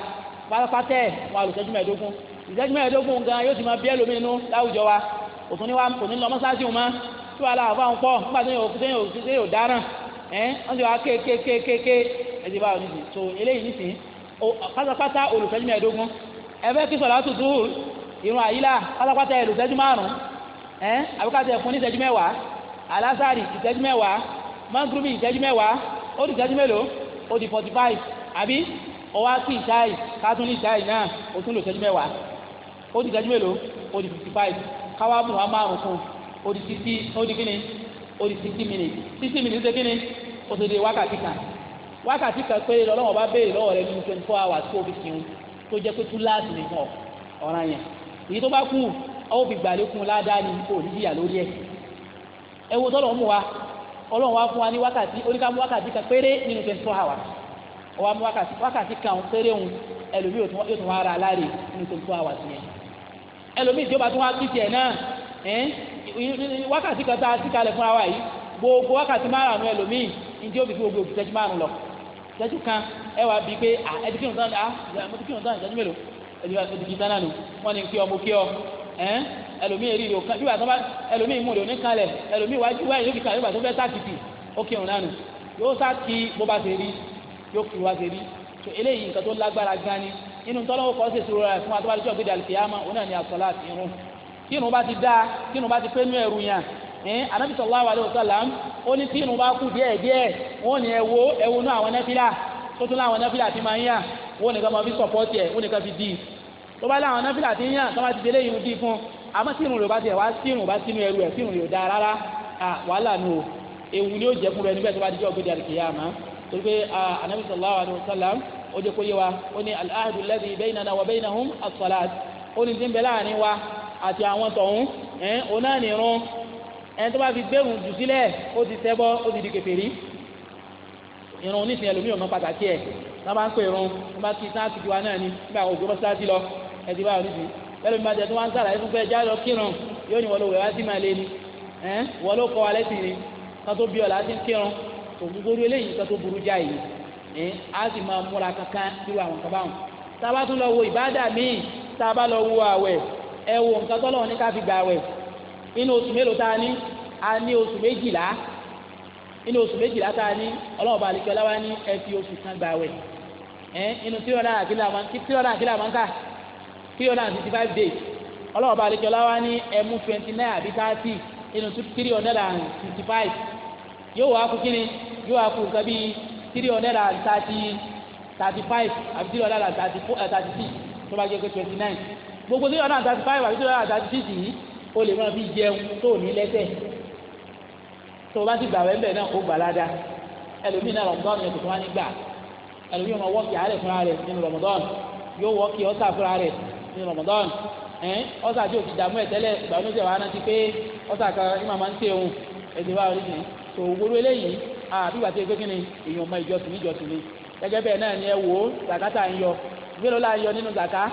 pátápátá ẹ̀ wọn àlùsẹ́jú mẹ́ẹ̀ẹ́dógún ìṣẹ́jú mẹ́ẹ̀ẹ́dógún gan yóò ti máa bí ẹlòmíín nú láwùjọ wa òtún ní wa kò ní lọ mọ́sáàsì wọn tí wàá láàbá wọn pọ̀ nígbà tó yóò fi sẹ́yìn òfin sẹ́yìn ọ̀daràn ẹ̀ wọ́n ti wá kéékéékéé ẹ̀sìn báwọn nìsín so eléyìí nìsín pátápátá olùsẹ́jú mẹ́ẹ̀ẹ́dógún ẹ̀fẹ́ kí sọ̀lá tutù irun àyílà pátápátá ẹ̀lú ìṣẹ́jú márùn-ún ẹ̀ àbíkátà ẹ̀fún ní ìṣẹ́jú mẹ́wàá alásàrì ìṣẹ́jú mẹ́wàá mọ́gúrúmì ìṣẹ́jú mẹ́wàá ó di ìṣẹ́jú mélòó ó di forty five àbí ọwọ́ á kí ìṣáì kátún ní ìṣáì náà ó tún lò ìṣẹ́jú mẹ́wàá ó di ìṣẹ́jú mélòó ó di fifty five káwá bùn wá márùn fún ó di sixty ó di kíni ó di sixty minutes sixty minutes ṣe kíni ó ti di wákàtí kan wákàtí kan péré lọ́wọ́ bá béèrè lọ́wọ́ rẹ ní twenty four hours kó o fi kí un tó jẹ́ pé túláàsì nìkan ọ̀ràn yẹn èyí tó bá kù ọwọ́ fi gbàlékun ládàá ni kò ní jìyà lórí ẹ̀ ẹ wo tọ́lọ̀ mú wa ọlọ́run wa fún wa ní wákàtí oníkà mú wákàtí kan péré nínú twenty four hours ọwọ́ mú wákàtí kan péré òun ẹlòmíì yóò tún wá ra aláre nínú twenty four hours yẹn ẹlòmíì tí ó bá tún wá kí tiẹ̀ náà wákàtí kan tá a ti kalẹ̀ fúnra wa yìí gbogbo wákàtí márùn-ún ẹlòmíì ní tí ó fi gbogbo òkùtẹ́jú márùn-ún lọ ìṣẹ́jú kan ẹ wàá bíi pé ẹ ti kírun tán ni ah mo ti kírun tán ìṣẹ́jú mélòó ẹ ti kí tán náà nù wọ́n ní kí ọ mo kí ọ ẹ́n ẹlòmíì èrì rè òkan bíbà tó bá ẹlòmíì mú rè òní kalẹ̀ ẹlòmíì wájú wáyé lókè kalẹ̀ bíbà tó fẹ́ sákìtì ó kírun náà nù yóò sákì bó bá ṣe rí yóò kí wá ṣe rí tó eléyìí nǹkan tó lágbára gan ni inú tọ́lọ́wọ́ kọ́ ṣèṣirò rẹ̀ fún wa tó bá dé ẹ eh, anabi sallallahu alaihi wasallam ó ní tí irun bá kú díẹ̀ díẹ̀ wọn ni ẹ wo ẹ wo nú àwọn nẹfìlà tó ti máa ń yà wọn nìkan fi sọpọ́tì ẹ wọn nìkan fi dì í tó bá ti ń yà tó ti délé irun dì í fún àmọ́ tí irun rẹ̀ bá tiẹ̀ wá tí irun bá sínú ẹrù ẹ̀ tí irun rẹ̀ ò o ewu ni ó jẹ́ fún rẹ̀ níbẹ̀ tó bá di jọ́ gbé dàrí kìyà mọ́ torí pé anabi sallallahu alaihi wasallam ó jẹ́ kó yé wa ó ní al-ahdu wa baynahum as-salat ti ń bẹ láàrin wa àti àwọn tọ̀hún ẹ̀ ọ náà nìrún ẹni tó bá fi gbẹ̀rùn jù sílẹ̀ ó ti ṣẹbọ ó ti di kèfèrí irun oníṣẹ́ ẹlòmíràn mọ́ pàtàkì ẹ̀ náà bá ń pè irun wọ́n bá kí sáà tìjú wa náà ni nígbà ògbó mọ́sálásí lọ ẹtì bá oníṣẹ́ bẹ́ẹ̀ lómi bá jẹ tó wá ń sàlàyé fún pé ẹja lọ kírun yóò ní wọlé wẹ̀wá sí máa lé ni wọ́n ló kọ́ wa lẹ́sìn ni kan tó bí ọ̀la ti ń kírun ògúngóru eléyìí kan tó burú jáì á sì máa múra kankan inú oṣù mélòó tá a ní a ní oṣù méjìlá inú oṣù méjìlá tá a ní ọlọ́run bá alikẹ́ ọlọ́wà ní ẹ fi oṣù kan gbà wẹ̀ ẹ inú tí ọ̀dà àkìlà máa kí tí ọ̀dà àkìlà máa ń kà kí ọ̀dà sixty five days ọlọ́run bá alikẹ́ ọlọ́wà ní ẹ mú twenty nine àbí thirty inú three hundred and fifty five yóò wá kú kíni yóò wá kú nǹkan bíi three hundred and thirty thirty five àbí three hundred and thirty four eh, thirty six tó bá jẹ́ pé twenty nine gbogbo three hundred and thirty five àbí three hundred and thirty six yìí o lè máa fi jẹun tó ní lẹ́tẹ̀ tó o bá ti gbà wẹ́ńbẹ̀ náà kó gbà ládàá ẹlòmíì náà rọmọdọ́n yẹn tuntun wá nígbà ẹlòmíì ọmọ wọ́ọ̀kì àárẹ̀ fúnra rẹ̀ nínú rọmọdọ́n yóò wọ́ọ̀kì ọ̀sà fúnra rẹ̀ nínú rọmọdọ́n ẹn ọ̀sà tí o ti dààmú ẹ̀ tẹ́lẹ̀ ìgbà wọn ó jẹ́ wàá rántí pé ọ̀sà kan ìmọ̀ máa ń tẹ̀ òun ẹ̀sìn wa oríṣi tó gbogbo eléyìí àbígbà tí egbé kínní èèyàn ọmọ ìjọsìn níjọsìn ni gẹ́gẹ́ bẹ́ẹ̀ náà ni ẹ wò ó zakata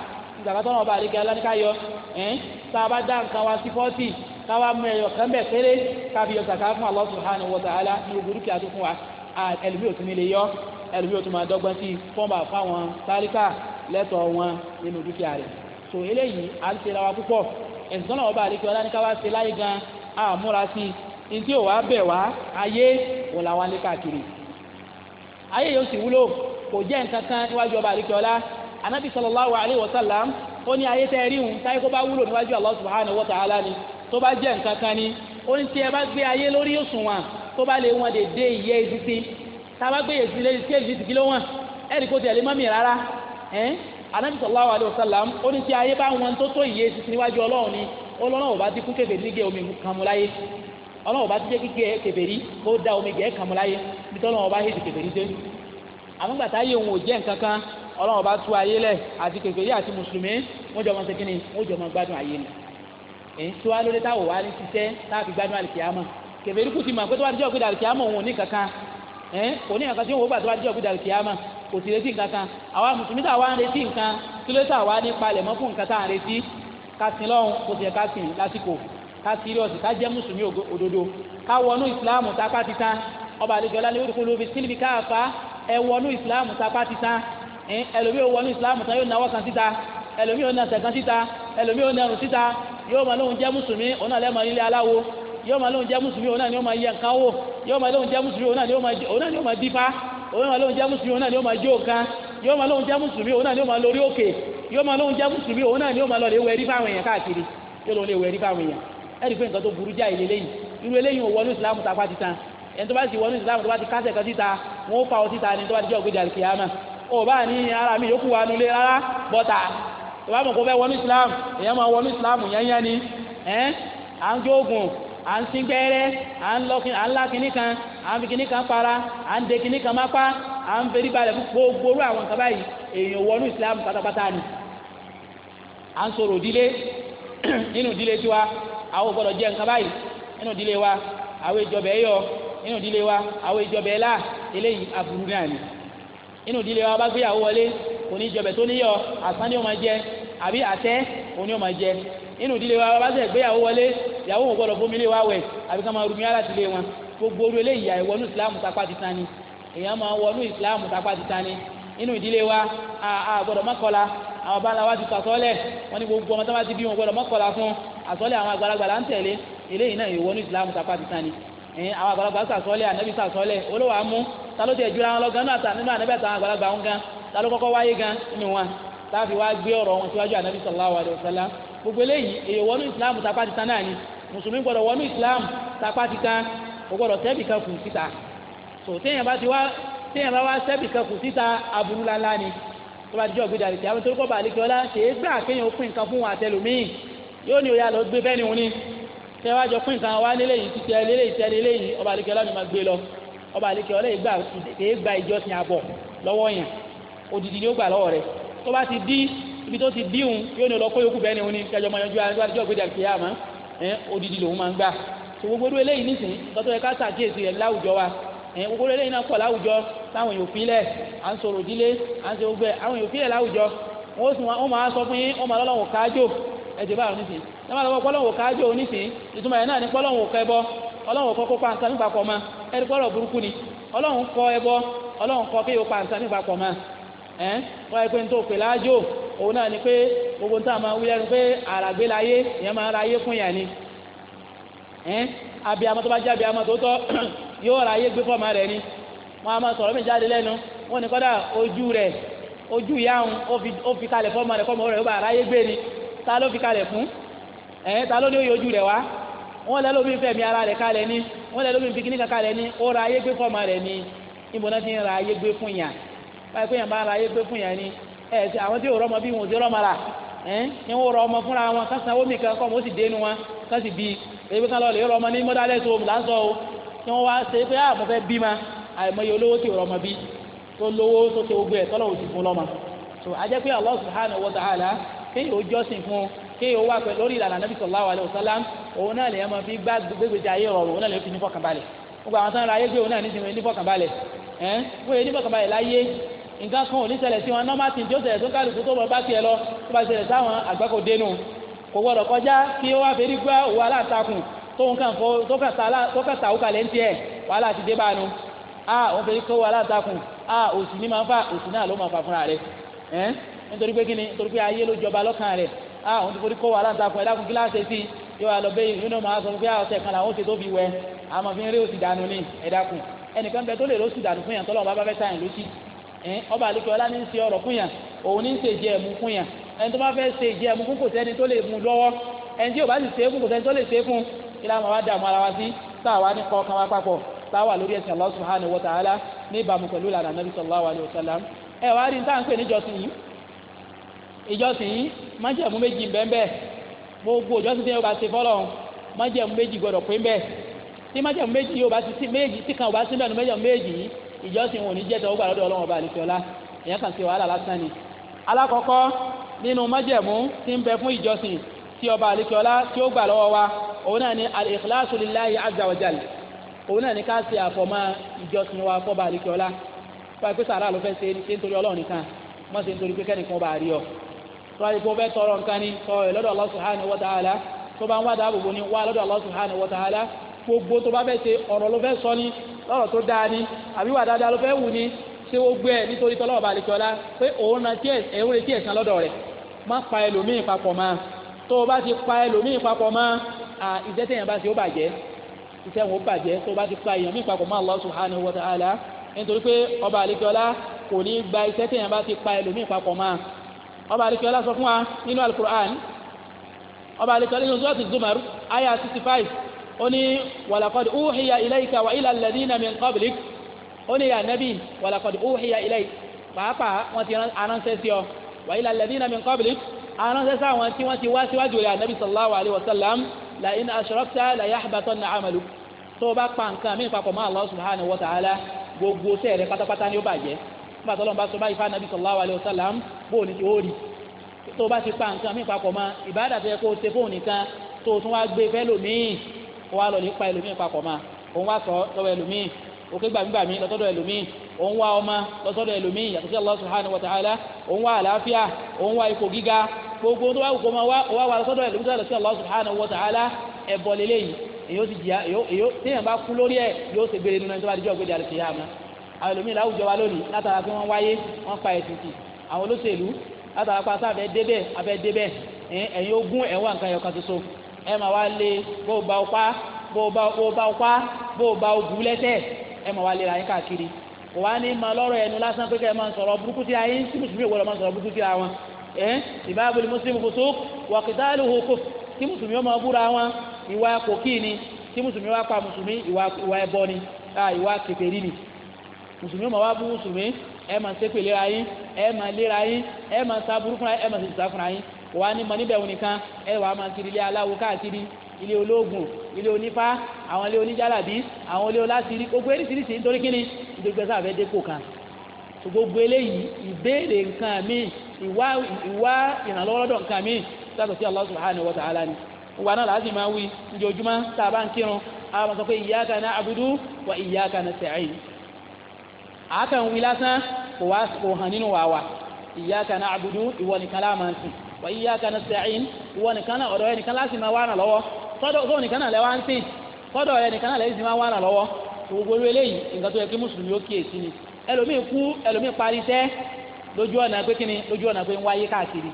zaka tọ́nà ọba àlejò aláníká yọ ẹ́n tá a bá dá nǹkan wa sí fọ́tì káwa mú ẹyọ kan bẹ̀ péré kábi yọ zaka fún Allah subhanahu wa ta'ala ní ogun dúkìá tó fún wa ẹlòmí ò tún ní lè yọ ẹlòmí ò tún máa dọ́gbọ́n sí fọ́ọ̀mù àfáwọn tálíkà lẹ́tọ̀ọ́ wọn nínú dúkìá rẹ̀ so eléyìí à ń ṣe lawa púpọ̀ ẹ̀sìn tọ́nà ọba àlejò aláníká wa ṣe láyé gan àmúra sí i ní tí ò wá bẹ̀ wá ayé wọn anabi sallallahu alayhi wa sallam ó ní ayé tẹ́ rí hun táyé kó bá wúlò níwájú allah subhanahu wa ta'ala ni tó bá jẹ́ nǹkan kan ni ó ní tiẹ̀ bá gbé ayé lórí òṣùwọ̀n tó bá lè wọn dédé ìyẹ́ ìdíje tá a bá gbé yèsí lé sí èyí ìdíje ló wọn ẹ̀rí kó tiẹ̀ lè mọ́ mi rárá anabi sallallahu alayhi wa sallam ó ní tiẹ̀ ayé bá wọn tó tó ìyẹ́ ìdíje níwájú ọlọ́run ni ọlọ́run ò bá dín kún ọlọ́run bá tú ayé lẹ̀ àti kèfèrí àti mùsùlùmí wọ́n jọ máa ṣe kínní wọ́n jọ máa gbádùn ayé ni èyí tí wàá lórí táwọn wà ní ṣiṣẹ́ láàbí gbádùn àlìkìyàmọ̀ kèfèrí kù ti mọ̀ pé tó bá dijọ́ gbéra àlìkìyàmọ̀ òun ò ní kankan ẹ̀ kò ní kankan tí wọ́n gbà tó bá dijọ́ gbéra àlìkìyàmọ̀ kò sì retí nǹkankan àwa mùsùlùmí tá a wá ń retí nǹkan kí ló tà wá ní palẹ̀ mọ́ fún nǹkan tá ń retí ká sin lọ́hùn kó sì yẹ ká sin lásìkò ká sírìọ̀sì ká jẹ́ mùsùlùmí òdodo ká wọnú ìsìláàmù tápá ti ọba àlejò ọlá ni ó dúkú lóbi sílíbi káàfá ẹ wọnú ìsìláàmù tápá ti Eh, ẹlòmíì ò wọnú Islam tán yóò náwó kan síta ẹlòmíì ò náṣẹ kan síta ẹlòmíì ò nẹrù síta yóò máa lóun jẹ́ mùsùlùmí òun náà lẹ́mọ̀ ilé aláwo yóò máa lóun jẹ́ mùsùlùmí òun náà ni ó máa yẹ nǹkan wò yóò máa lóun jẹ́ mùsùlùmí òun náà ni ó máa dífá òun náà lóun jẹ́ mùsùlùmí òun náà ni ó máa jó nǹkan yóò máa lóun jẹ́ mùsùlùmí òun náà ni ó máa lórí òkè yóò máa lóun jẹ́ mùsùlùmí òun náà ni ó máa lọ wẹ̀rí fáwọn èèyàn káàkiri yóò lọ wẹ̀rí fáwọn èèyàn ẹ̀rí pé nǹkan tó burú jáì lélẹ́yìn irú eléyìí ò wọnú ìsìlámù tapá ti tan ẹni tó bá ti wọnú ìsìlámù tó bá ti kásẹ̀ kan síta wọn ó fa ọtí ta ni tó bá ti jẹ́ ògbéjà kìámà o bá ní ara mi yòókù wa nulẹ̀ rárá bọ́tà tó bá mọ̀ kó fẹ́ wọnú islam èèyàn máa wọnú islam yányá ni ẹ́ à ń jóògùn à ń sin gbẹ́rẹ́ à ń lọ́kìn à ń lá kinní kan à ń fi kinní kan para à ń de kinní kan mápá à ń feri balẹ̀ fún gbogbo àwọn nǹkan báyìí èèyàn wọnú islam pátápátá ni à ń sọ̀rọ̀ òdílé (clears throat) nínú ìdílé tiwa àwọn ò gbọ́dọ̀ jẹ nǹkan báyìí nínú ìdílé wa àwọn ìjọba ẹ̀yọ nínú ìdílé wa àwọn ìjọba ẹ̀là eléyìí aburú náà ni inú ìdílé wa bá gbéyàwó wọlé kò ní jọbẹ̀ tó níyọ̀ àsán ni ó máa jẹ àbí àtẹ kò ní ó máa jẹ inú ìdílé wa bá sẹ̀ gbéyàwó wọlé ìyàwó wọn gbọdọ̀ fómi lé wa wẹ̀ àbí ká máa rumi aláti lé wọn gbogbo orí eléyìí àìwọ inú ìsìlámù tapá ti tani èèyàn máa wọ inú ìsìlámù tapá ti tani inú ìdílé wa a gbọdọ̀ àwọn bá ńlá wa ti tọ àsọ́lẹ̀ wọn ní gbogbo ọmọ tó bá ti bí wọn gbọdọ̀ mọ́kọlá fún àsọ́lẹ̀ àwọn àgbàlagbà là ń tẹ̀lé eléyìí náà èèwọ inú ìsìlámù ti tani àwọn àgbàlagbà sàsọ́lẹ̀ ànábì sàsọ́lẹ̀ olówó àmú ta ló tiẹ̀ jura wọn lọ gan náà ta nínú ànábì àtàwọn àgbàlagbà wọn gan ta ló kọ́kọ́ wáyé gan nínú wọn láti wá gbé ọ̀rọ̀ wọn síwájú ànábì sallallahu alaihi wasallam gbogbo eléyìí èyí wọnú islam tapá ti tán náà ni mùsùlùmí gbọdọ̀ wọnú islam tapá ti tán o gbọdọ̀ sẹ́bì kan kù síta so téèyàn bá ti wá téèyàn bá wá sẹ́bì kan kù síta aburú lánlá ni tó bá dijọ́ gbéjà lìkì àwọn tó kọ́ bàálí kí ọlá ṣe é gbà kéèyàn ó pín nǹkan fún wọn àtẹlómìn yóò ní òye àlọ́ gbé ọba àlekè ọlẹ́ ìgbà kèé gba ìjọsìn àbọ̀ lọ́wọ́ yẹn òdìdí ni ó gbà lọ́wọ́ rẹ̀ tó bá ti dí ibi tó ti dí òun yóò ní ọlọ́kọ́ yòókù bẹ́ẹ̀ ni òun ní kẹjọ mọ yanjú àti àdìjọ́ gbé dàgbé àmọ́ òdìdí lòun máa ń gbà tó gbogbo irú eléyìí nísìnyí tọ́tọ́ ẹ̀ka sàkíyèsí rẹ̀ láwùjọ wa gbogbo irú eléyìí náà pọ̀ láwùjọ táwọn èèyàn òfilẹ̀ à ń sọ̀rọ̀ òdílé à ń ṣe gbogbo ẹ̀ àwọn èèyàn òfilẹ̀ láwùjọ wọ́n sì wọ́n máa sọ fún yín wọ́n máa lọ́lọ́wọ́ káájò ẹ̀jẹ̀ báwọn nísìnyí ọlọ́run kọ́ kó pàǹtà nípa pọ̀ mọ́ ẹni gbọ́dọ̀ burúkú ni ọlọ́run kọ́ ẹbọ ọlọ́run kọ́ kéèyàn pàǹtà nípa pọ̀ mọ́ ẹ wọ́n yẹ pé nítorí pé láàjò òun náà ni pé gbogbo máa wí fún ni abiyamọ tó bá jẹ́ abiyamọ tó tọ́ (clears throat) yóò ra ayé gbé fọ́ọ̀mà rẹ̀ ni wọ́n máa sọ̀rọ̀ mi jáde lẹ́nu wọ́n ojú ojú ìyá wọ́n lẹ́ lómi fẹ̀mí ara rẹ̀ kalẹ̀ ni wọ́n lẹ́ lómi fi kíní kalẹ̀ ni ó ra ayé gbé fọ́ọ̀mà rẹ̀ ni níbo náà ti ń ra ayé gbé fún yàn báyìí ra fún yàn ni ẹ ṣe àwọn tí yóò rọmọ bí wọn ò ti rọmọ ra ẹ ni wọn rọ ọmọ fúnra wọn ká sanwó mi kan kọ́ wọn wọn sì bí ebi kan rọmọ ní tó o ni wọn wá ṣe pé a ah, mọ̀ fẹ́ bí ma àìmọye olówó tí rọmọ bí kéèyàn ó jọ́sìn fún kéèyàn ó wà pẹ̀ lórí ìlànà nàbì sallallahu alaihi wasallam òun náà lèyàn máa fi gbá gbégbèjì ayé rọrùn òun náà lèyàn fi nífọ̀kànbalẹ̀ gbogbo àwọn sáńra ayé gbé òun náà nísìnyí nífọ̀kànbalẹ̀ ẹ̀ wọ́n yẹ nífọ̀kànbalẹ̀ láyé nǹkan kan ò ní ṣẹlẹ̀ sí wọn nọ́ọ̀mà tí tí ó ṣẹlẹ̀ tó kálukú tó bọ̀ bá tiẹ̀ lọ tó bá ṣẹlẹ̀ sáwọn àgbákòdénú kò gbọdọ̀ kọjá kí ó wá fẹ́rí a òun fẹ́rí a òsì ní máa ń fà òsì nítorí pé kíni nítorí pé ayé ló jọba lọ́kàn rẹ̀ a ah, òun ti forí kó wàhálà ta fún ẹ dákun kíláàsì sí yóò wá lọ bẹ́ẹ̀ yóò náà máa sọ fún pé ah, ọ̀sẹ̀ kan làwọn ti tó fi wẹ àmọ́ fi ń rí òsì dànù ní ẹ dákun ẹnìkan bẹ tó lè lóṣù dànù fún yàn tọ́lọ́ bá bá fẹ́ sáyìn lóṣì ọba àlùkò ọlá ní ń ṣe ọ̀rọ̀ fún yàn òun ní ń ṣe ìjẹ́ ẹ̀mú fún yàn ẹni tó bá fẹ́ ṣe ìjẹ́ ẹ̀mú fún kò sẹ́ni tó lè mú lọ́wọ́ Allah subhanahu wa ta'ala ní ìbámu pẹ̀lú ìlànà Nabi sallallahu alaihi wasallam ẹ ìjọsìn yìí májẹ̀mú méjì ń bẹ ńbẹ̀ gbogbo ìjọsìn tí yóò bá ṣe fọ́lọ́run májẹ̀mú méjì gbọ́dọ̀ pé ńbẹ̀ tí májẹ̀mú méjì yóò bá ti sí méjì tí kan ò bá sí bẹ́ẹ̀ nu májẹ̀mú méjì yìí ìjọsìn wò ní jẹ́ tọ́wọ́ gbàlódé ọlọ́run ọba àlefẹ́ọ́lá èèyàn kàn sí wàhálà lásán ni. alákọ̀ọ́kọ́ nínú májẹ̀mú tí ń bẹ fún ìjọsìn tí ọba àlefẹ́ọ́lá tí ó gbà lọ́wọ́ wa òun náà ni al-ikhlasu lillahi azza wa jal òun náà ni ká ṣe àfọ̀mọ́ ìjọsìn wa fọ́ba àlefẹ́ọ́lá pàṣẹ sàrà ló fẹ́ ṣe nítorí ọlọ́run nìkan mọ́ ṣe nítorí pé kẹ́nìkan ọba àríyọ̀ tó wáyé kó fẹ́ tọrọ nǹkan ni tọrọ ẹ̀ lọ́dọ̀ Allah subhanahu wa ta'ala tó bá ń wá dáàbò bò ní wá lọ́dọ̀ Allah subhanahu wa ta'ala gbogbo tó bá fẹ́ ṣe ọ̀rọ̀ ló fẹ́ sọ ni lọ́rọ̀ tó dáa ni àbí wà dáadáa ló fẹ́ wù ni ṣé ó gbé ẹ nítorí tọ́lọ́wọ́ bá àlejò ọlá pé òun retí ẹ̀san lọ́dọ̀ rẹ̀ má pa ẹlòmíì papọ̀ mọ́ tó o bá ti pa ẹlòmíì papọ̀ mọ́ iṣẹ́ tẹ̀yàn bá ṣe ó bàjẹ́ iṣẹ́ wọn ó bàjẹ́ tó o bá ti pa èèyàn míì papọ̀ mọ́ Allah subhanahu wa ta'ala nítorí pé ọba àlejò ọlá kò ní gba iṣẹ́ tẹ̀yàn bá ti pa ẹlòmíì papọ̀ mọ́ ọba àlekẹ́ ọlá sọ fún wa nínú alukur'an ọba àlekẹ́ ọlá nínú sọ́ọ̀tì zumar aya sixty five ó ní walaqad uhiya ilayka wa ila alladhina min qablik ó ní ya nabi walaqad uhiya ilayka pàápàá wọ́n ti aránṣẹ́ sí ọ wa ila alladhina min qablik aránṣẹ́ sí gbogbo sẹ́ẹ̀rẹ̀ pátápátá ni ó bàjẹ́ nígbà tó lọ́n bá sọ báyìí fún anabi sallallahu alayhi wa sallam bóun ni ó rí tó bá ti pa nǹkan mí papọ̀ mọ́ ìbáàdà tó yẹ kó o ṣe fóun nìkan tó o tún wá gbé fẹ́ lòmíì kó wá lọ lè pa ẹlòmíì papọ̀ mọ́ òun wá sọ lọ́wọ́ ẹlòmíì òkè gbàmígbàmí lọ́sọ́dọ̀ ẹlòmíì òun wá ọmọ lọ́sọ́dọ̀ ẹlòmíì yàtọ̀ sí Allah subhanahu wa ta'ala òun wá àlàáfíà òun wá ipò gíga gbogbo tó wá wù kó ma wá wá lọ́sọ́dọ̀ ẹlòmíì yàtọ̀ sí Allah subhanahu wa ta'ala ẹ̀bọ̀ lélẹ́yìn àwọn ẹlòmíì láwùjọ wa lónìí látara pé wọ́n wáyé wọ́n pa ẹ̀sìn tì àwọn olóṣèlú látara pé asáfẹ́ débẹ̀ abẹ́ débẹ̀ ẹ̀yin ogún ẹ̀wọ̀n nǹkan ẹ̀yọ̀kan ṣoṣo ẹ̀ máa wá lé bó o bá o pa bó o bá o pa bó o bá o bú lẹ́sẹ̀ ẹ̀ máa wá lé ra yín káàkiri kò wá ní ma lọ́rọ̀ ẹnu lásán pé kẹ́ ẹ máa ń sọ̀rọ̀ burúkú tí a yín tí mùsùlùmí ìwọ́lọ́ máa ń sọ̀rọ̀ burúkú tí a wọn ẹ̀ ìbáàbòlì mùsùlùmí kò tó wà kìtàlù hokò tí mùsùlùmí ọmọ búra wọn ìwà kòkí ni tí mùsùlùmí wá pa mùsùlùmí ìwà ẹbọ ni ìwà kèfèrí ni mùsùlùmí ọmọ wa bú mùsùlùmí ẹ máa ṣépè léra yín ẹ máa léra yín ẹ máa sa burúkú ẹ máa sèṣìṣà fúnra yín wà á ní mọ níbẹ̀ nìkan ẹ wà á máa kiri ilé aláwo káàkiri ilé olóògùn ilé onífá àwọn ilé oníjàlábí àwọn ilé olásìrí gbogbo eréṣiríṣi nítorí kíni nítorí pé sáà fẹ́ dé kò kan gbogbo eléyìí ìbéèrè nǹkan mi ìwá ìwá ìrànlọ́wọ́ lọ́dọ̀ nǹkan mi sátọ̀ sí Allah subhanahu wa ta'ala ni ìwà náà láti máa wí ní ojoojúmọ́ tá a bá ń kírun a máa sọ pé iyyaka na'budu wa iyyaka nasta'in àákàn wí lásán kò wá kò hàn nínú wa wa iyyaka na'budu ìwọ nìkan láàmà ń sìn wà iyyaka nasta'in ìwọ nìkan náà ọ̀dọ̀ ẹ nìkan láti máa wà ràn lọ́wọ́ tọ́dọ̀ tó nìkan náà lẹ́wà ń sìn tọ́dọ̀ ẹ nìkan náà lẹ́yìn sì máa wà ràn lọ́wọ́ gbogbo orí eléyìí nǹkan tó yẹ kí mùsùlùmí ó kíyèsí ni ẹlòmíì kú ẹlòmíì parí iṣẹ́ lójú ọ̀nà pé kíni lójú ọ̀nà pé ń wáyé káàkiri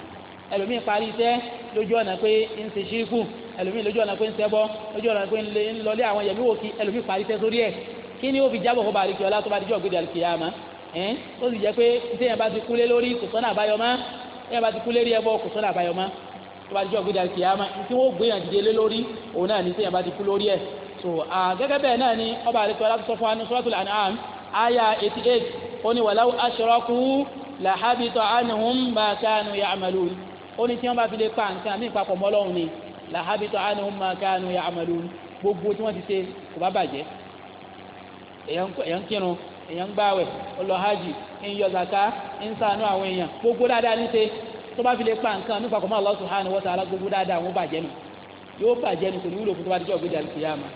ẹlòmíì parí iṣẹ́ lójú ọ̀nà pé ń ṣe ṣíríkù ẹlòmíì lójú ọ̀nà pé ń ṣẹbọ lójú ọ̀nà pé ń lọlé àwọn yẹ̀mí wò kí ẹlòmíì parí iṣẹ́ kí ni ó fi jábọ̀ fọba àríkè ọlá tó bá dijọ́ gbéde àríkè yá ma ẹ́n ó sì jẹ́ pé téèyàn bá ti kúlé lórí kò sọ́nà àbáyọ mọ́ téèyàn bá ti kúlé rí ẹbọ kò sọ́nà àbáyọ mọ́ tó bá dijọ́ gbéde àríkè ma tí wọ́n gbé dìde lé lórí òun náà ni téèyàn bá ti kú lórí ẹ̀ so gẹ́gẹ́ bẹ́ẹ̀ náà ni ọba àríkè ọlá tó sọ fún wa ní suratul an'am aya eighty eight ó ní walau ashraku lahabita anhum ma kanu ya'malun ó ní tí wọ́n bá fi lè lahabita anhum ma kanu ya'malun gbogbo tí wọ́n ti èèyàn kírun èèyàn gbààwẹ̀ ó lọ hajj ń yọ zaka ń ṣàánú àwọn èèyàn gbogbo dáadáa ní ṣe tó bá fi lè pa nǹkan nípa kọ́mọ́ Allah subhanahu wa ta'ala gbogbo dáadáa àwọn bàjẹ́ nù yóò bàjẹ́ nù kò ní wúlò fún tó bá dijọ́ ògbéjà lùkìyà mà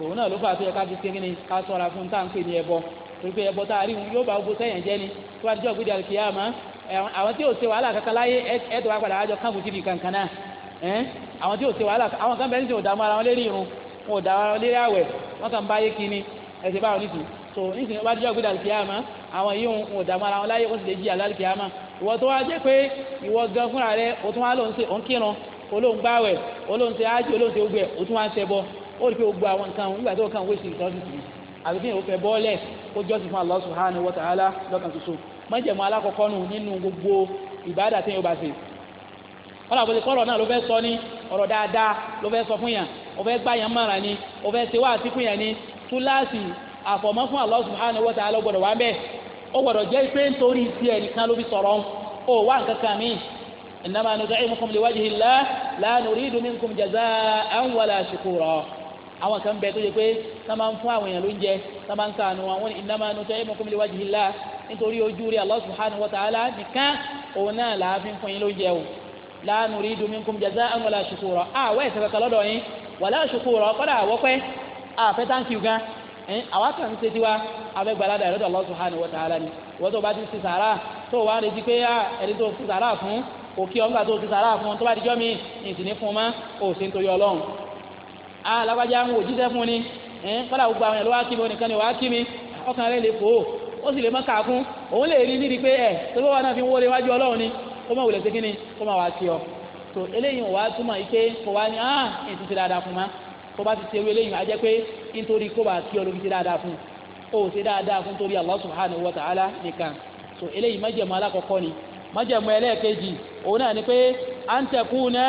òun náà ló fà á tó yẹ ká fi ṣe kíni ká sọ̀ra fún tá à ń pè ní ẹbọ torí pé ẹbọ tá a rí wọn yóò bá gbogbo sẹ́yìn jẹ́ ni tó bá dijọ́ ògbéjà lùkìyà mà àwọn tí ò ṣe wàhálà kankan láyé ẹ tó wá padà wájọ káàbù tí ò ẹ̀sẹ̀ báwọn nìkú so nísìnyí wọ́n bá díjọ́ gbéra kìáma àwọn yìí ń dààmú ara wọn láyé ó sì lè jí àlálì kìáma ìwọ tó wá jẹ́ pé ìwọ gan fúnra rẹ o tún wá lóun ṣe òun kírun olóun gbáwẹ̀ olóun ṣe ájì olóun ṣe ogbẹ̀ o tún wá ń ṣẹ bọ ó rí pé àwọn nǹkan nígbà tó kàn wéṣì ìtọ́jú sí àbí fi ìwòfẹ́ bọ́ọ̀lẹ̀ ó jọ́sìn fún Allah subhanahu wa lọ́kàn tuntun májẹ̀mú alákọ̀ọ́kọ́ nínú gbogbo ìbádà tí yóò ṣe wọn àbòsí kọ́rọ̀ náà ló fẹ́ sọ ní ọ̀rọ̀ dáadáa ló fẹ́ sọ fún yàn ó fẹ́ gbá yàn mọ́ra ni ó fẹ́ ṣe wá àti yàn ni túláàsì àfọ̀mọ́ fún Allah subhanahu wa ta'ala gbọ́dọ̀ wá bẹ́ẹ̀ ó gbọ́dọ̀ jẹ́ pé nítorí tiẹ̀ nìkan ló fi sọ̀rọ̀ ó wá nǹkan kan mí innama nut'imukum liwajhi Allah la nuridu minkum jaza'an wala shukura àwọn kan bẹ tó yẹ pé tá ń fún àwọn èèyàn lóúnjẹ tá ń sànù àwọn innama nut'imukum liwajhi Allah nítorí ojú rí Allah subhanahu wa ta'ala nìkan òun náà làá fún yín lóúnjẹ o la nuridu minkum jaza'an wala shukura àwọn ẹ̀sẹ̀ kankan lọ́dọ̀ yín wala shukura kọ́dà àwọ̀pẹ́ àfẹ́ ah, táǹkì gan ẹ̀ eh, àwa kàn ń ṣe tiwa abẹ́gbàládà ìrọ́dọ̀ Allah subhanahu wa ta'ala ni wọ́n tó bá ti ṣe sàárà tó wàá retí pé ah, ẹni tó ṣe sàárà fún òkè ọ̀ngbà tó ṣe sàárà fún tó bá dijọ́ mi ìsìn ní fún ma ò sí nítorí ọlọ́run alágbájá ah, ń wò jíṣẹ́ fún ni ẹ̀ eh, kọ́dà gbogbo àwọn ẹ̀ ló wá kí mi onìkan ni wàá kí mi ọkàn rẹ̀ lè fò ó ó sì lè má kà á fún òun lè rí nídìí pé ẹ̀ eh, tó bá wà náà fi ń wọlé wájú ọlọ́run ni ó má wulẹ̀ ah ètùtù dáadáa fún ma tó bá ti ṣe ewé lẹ́yìn ajẹ́ pé nítorí kó bá kí ọlọ́run ti dáadáa fún ó ṣe dáadáa fún torí Allah subhanahu wa ta'ala nìkan so eléyìí májẹ̀mú alákọ̀ọ́kọ́ ni májẹ̀mú ẹlẹ́ẹ̀kejì òun náà ni pé an takuna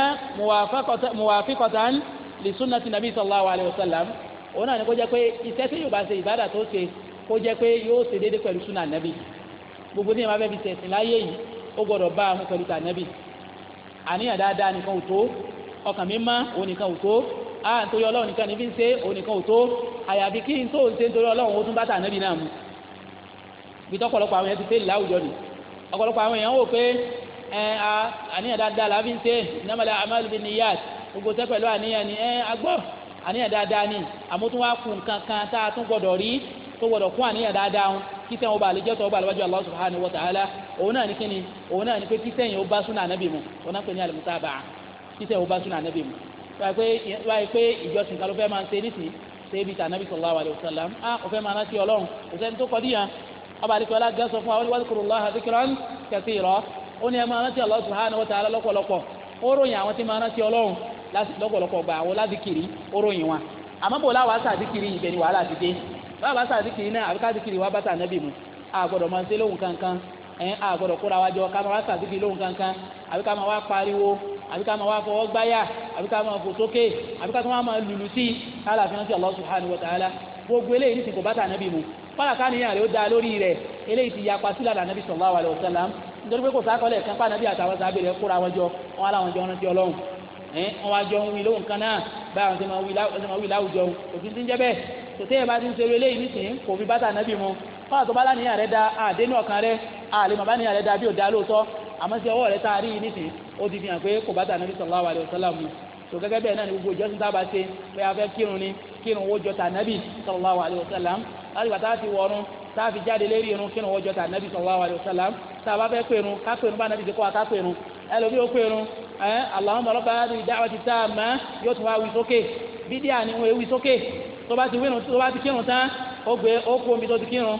muwafiqatan li sunnati nabi sallallahu alayhi wa sallam òun náà ni kó jẹ́ pé iṣẹ́ tí yóò bá ṣe ìbádà tó ṣe kó jẹ́ pé yóò ṣe déédéé pẹ̀lú sunna nabi gbogbo ní ìmọ̀ abẹ́bí tẹ̀sìn láyé yìí ó gbọ́dọ̀ bá àwọn pẹ̀lú tà nabi àníyàn dáadáa nìkan ò tó ọkàn mímọ́ òun nìkan ò tó á ah, nítorí ọlọ́run nìkan ní fi ń ṣe òun nìkan ò tó kí n tó ń ṣe nítorí ọlọ́run tún níbi náà mu àwọn èèyàn ti fẹ́ẹ̀lì láwùjọ ni ọ̀pọ̀lọpọ̀ àwọn èèyàn wò pé ẹ a àníyàn dáadáa la fi ń ṣe innamal n'i binniyat gbogbo pẹ̀lú àníyàn ni ẹ agbọ́ àníyàn ni àmótún a tún gbọdọ̀ rí tó gbọdọ̀ àníyàn dáadáa wa ta'ala òun náà ní kíni òun náà báyìí pé ìjọsìn kan ló fẹ́ máa ń ṣe nísìnyí ṣe ibi tà nàbí sallallahu alaihi wasallam á kò fẹ́ máa rántí ọlọ́run kò sẹ́ni tó kọ́dí yàn ọba àdìpẹ́ ọlá gán sọ fún wa wọ́n kúrò lọ́hà dhikran kathira ó ní ẹ máa rántí Allah subhanahu wa ta'ala lọ́pọ̀lọpọ̀ ó ròyìn àwọn tí máa rántí ọlọ́run lọ́pọ̀lọpọ̀ gbà wọ́n ládìkiri ó ròyìn wọn àmọ́ bò láwàá sàdìkiri ibẹ̀ ni wàhálà ti dé báwa sàdìkiri náà àbíká dìkiri wa bá tà nàbì mu àgbọ̀dọ̀ máa ń ṣe lóhùn kankan àbí ká máa wá fọwọ́ gbáyà àbí ká máa fò sókè àbí ká máa lùlù sí káàlàfin rántí Allah subhanahu wa ta'ala gbogbo eléyìí nísìnyí kò bá tà nábì mu pàlàkà nìyẹn àlè ó da lórí rẹ̀ eléyìí ti yapa sílẹ̀ àná nábì sallallahu alaihi wasallam nítorí pé kò sákọlẹ̀ kan pa nábì àtàwọn sábẹ̀rẹ̀ kóra wọn jọ wọn aláwọn jọ rántí ọlọ́run ẹ̀ wọn jọ ń wí lóhùn kan náà báyọ̀ ṣe máa wí láwùjọ òfin ti ń jẹ́ bẹ́ẹ̀ tòtẹ́ àmọ́ sí ọwọ́ rẹ̀ tá a rí nísìnyí ó ti fi hàn pé kò bá tà nàbí sallallahu alaihi wasallam mu tó gẹ́gẹ́ bẹ́ẹ̀ náà ni gbogbo ìjọsìn tá a bá ṣe pé a fẹ́ kírun ni kírun owó jọta nàbí sallallahu alaihi wasallam láti gbà tá a ti wọrun tá a fi jáde lérí irun kírun owó jọta nàbí sallallahu alaihi wasallam tá a bá fẹ́ pèrun ká pèrun bá nàbí ti kọ́ wa ká pèrun ẹlòmí ó pèrun ẹ Allahumma rabba hadhihi da'wati tamma yóò tún wá wí sókè bídíà ni wọ́n ewì sókè tó bá ti kírun tán ó gbé ó kú omi tó ti kírun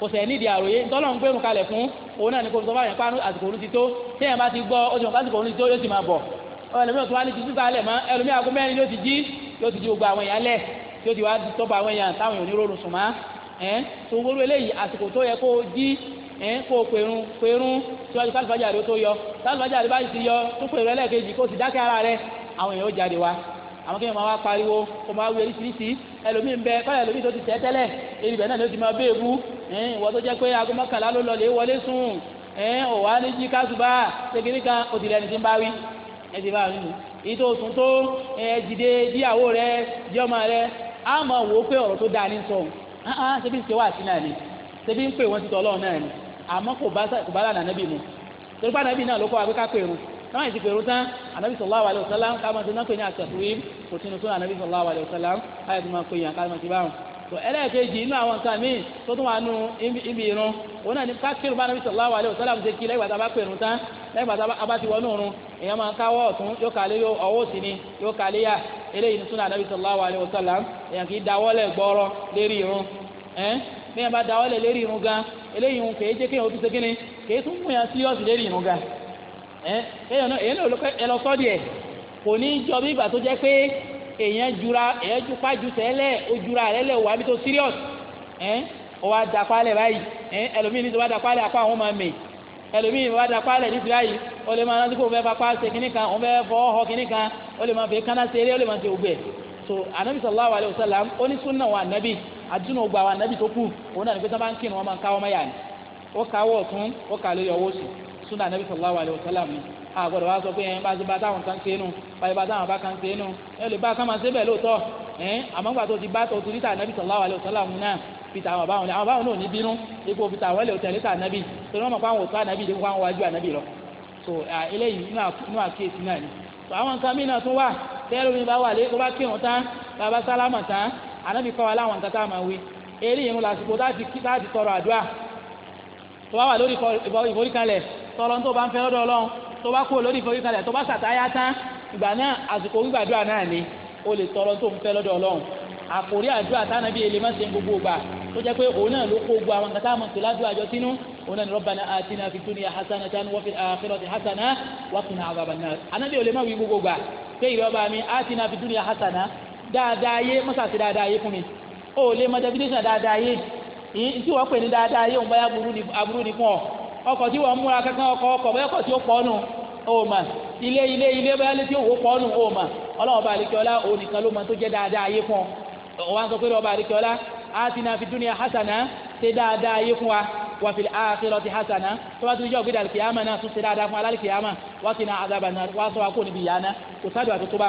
kò sẹ̀ nídìí àròyé ntọ́lọ́ ń gbẹ̀rù kalẹ̀ fún òun náà ní kò sọ fún àyànfà àsìkò òun ti tó téèyàn bá ti gbọ́ ó ti mọ̀ kásìkò òun ti tó yóò sì máa bọ̀ ẹlòmíràn tó wá ní ti tú kalẹ̀ mọ́ ẹlòmíràn aago mẹ́rin yóò ti jí yóò ti ju gbogbo àwọn èèyàn lẹ̀ yóò ti wá tọ́ba àwọn èèyàn táwọn èèyàn onírúurú sùn má ẹ̀ tó gbogbo eléyìí àsìkò tó yẹ kó jí ẹ̀ kó pèrún pèrún síwájú kálífàjà àwọn kéèyàn máa wá pariwo kó máa wí oríṣiríṣi ẹlòmíì ń bẹ báyọ̀ ẹlòmíì tó ti tẹ́ tẹ́lẹ̀ eré ibẹ̀ náà ló ti máa béèbú ìwọ tó jẹ́ pé aago mọ́kànlá ló lọlé wọlé sùn ọ̀wá ní jí kásùbà ṣèkìní kan òtìlẹ̀ ẹni tí ń bá wí ẹ ti bá wí nù ìtò òtún tó jìde díyàwó rẹ jọmọ rẹ á máa wò ó pé ọ̀rọ̀ tó dáa ní sọ ṣe bí ń ṣe wá sí náà ni ṣe bí ń pè wọ́n ti tọ́ ọlọ́run náà ni àmọ́ kò bá lànà nábì mu torípàá nábì náà ló kọ́ wa káwọn yìí ti pèrò tán anabi sallallahu alayhi wa sallam káwọn ti náà pè ní àtẹ̀kùrí kò sínú tó anabi sallallahu alayhi wa tun káyọ̀ tó máa ya yàn káwọn ti báwọn. tó ẹlẹ́ẹ̀kejì inú àwọn nǹkan míì tó tún wà nù ibi irun òun náà ní kákìrù bá anabi sallallahu alayhi wa sallam ṣe kí lẹ́gbàtà bá pèrò tán lẹ́gbàtà bá ti wọnú òrun yóò yóò ni yóò kéèyàn náà èyàn náà olùkọ́ ẹ lọ sọ́ díẹ̀ kò ní jọ bí ìgbà tó jẹ́ pé èyàn jura èyàn jupa ju tẹ́lẹ̀ ó jura lẹ̀ wà serious báyìí ẹlòmíì ní ti wa àwọn ẹlòmíì ní ní ti báyìí lè máa ṣe kínní kan kínní kan lè máa kánná so anabi sallallahu alayhi wa sallam ó ní sunna wa anabi adúnà ògbà wa anabi tó kù òun náà ní pé súnà nàbí sallallahu alaihi wasallam ni àgbọ̀dọ̀ wa sọ pé ẹ̀ ń bá ti bá táwọn kan ṣe é nu báyìí bá táwọn bá kan ṣe é nu ẹ lè bá kama ṣe bẹ́ẹ̀ lóòótọ́ ẹ̀ àmọ́ gbà tó ti bá tó ti tà nàbí sallallahu alaihi wasallam náà fi àwọn báwọn ni àwọn báwọn náà ní bínú ipò fi àwọn ẹlẹ́ òtẹ̀lẹ́ tà nàbí tó ní wọ́n pé àwọn òtún ànàbí ìdí wọn wájú ànàbí lọ so eléyìí inú àkíyèsí náà ni so àwọn nǹkan mí náà tún wà tẹ́lẹ̀ mi bá wà lé tó bá kírun tán bàbá sálámà tán ànábì kọ́ wa láwọn nǹkan tá a máa wí eléyìí ń lásìkò láti tọrọ àdúrà tó bá wà lórí ìforíkalẹ̀ tọ́lọ́ tó bá ń fẹ́ lọ́dọ̀ ọlọ́run tó bá kúrò lórí ìforíkalẹ̀ tó bá sàtáyà tán ìgbà náà àsìkò gbígbàdúrà náà ni o lè tọrọ tó ń fẹ́ lọ́dọ̀ ọlọ́run àkórí àdúrà táwọn bíi èlé mọ́sẹ̀ gbogbo gbà tó jẹ́ pé òun náà ló kó gbogbo àwọn nǹkan mọ̀tò ládùúgbò àjọ sínú òun náà ni rabbana atina fid dunya hasanatan wa fil akhirati hasanatan wa qina adhaban nar anábì olè má wí gbogbo gbà pé ìrẹ́ ọba mi atina fid dunya hasana. dáadáa yé mọ́sàsì dáadáa yé fún mi ó lè mọ definition dáadáa yé tí wọ́n pè ní dáadáa yóò bá aburú ni fún ọ ọkọ̀ tí wọ́n múra kankan ọkọ̀ ọkọ̀ bẹ́ẹ̀ kọ̀ tí ó pọ̀ ọ̀ọ́mà ilé ilé ilé bẹ́ẹ̀ lé tí ó wò ọ̀ọ́mà ọlọ́wọ́n bá àlekẹ́ ọlá òun nìkan ló mọ tó jẹ́ dáadáa ayé fún ọ wọn sọ pé lọ́wọ́ bá ọlá atina fi dunya hasana ṣe dáadáa ayé fún wa wa fil akhirati hasana tó bá tún jẹ́ ògbé dàlùkìyàmà náà tún ṣe dáadáa fún alálùkìyàmà sọ wa kó níbi ìyá náà kò sádùn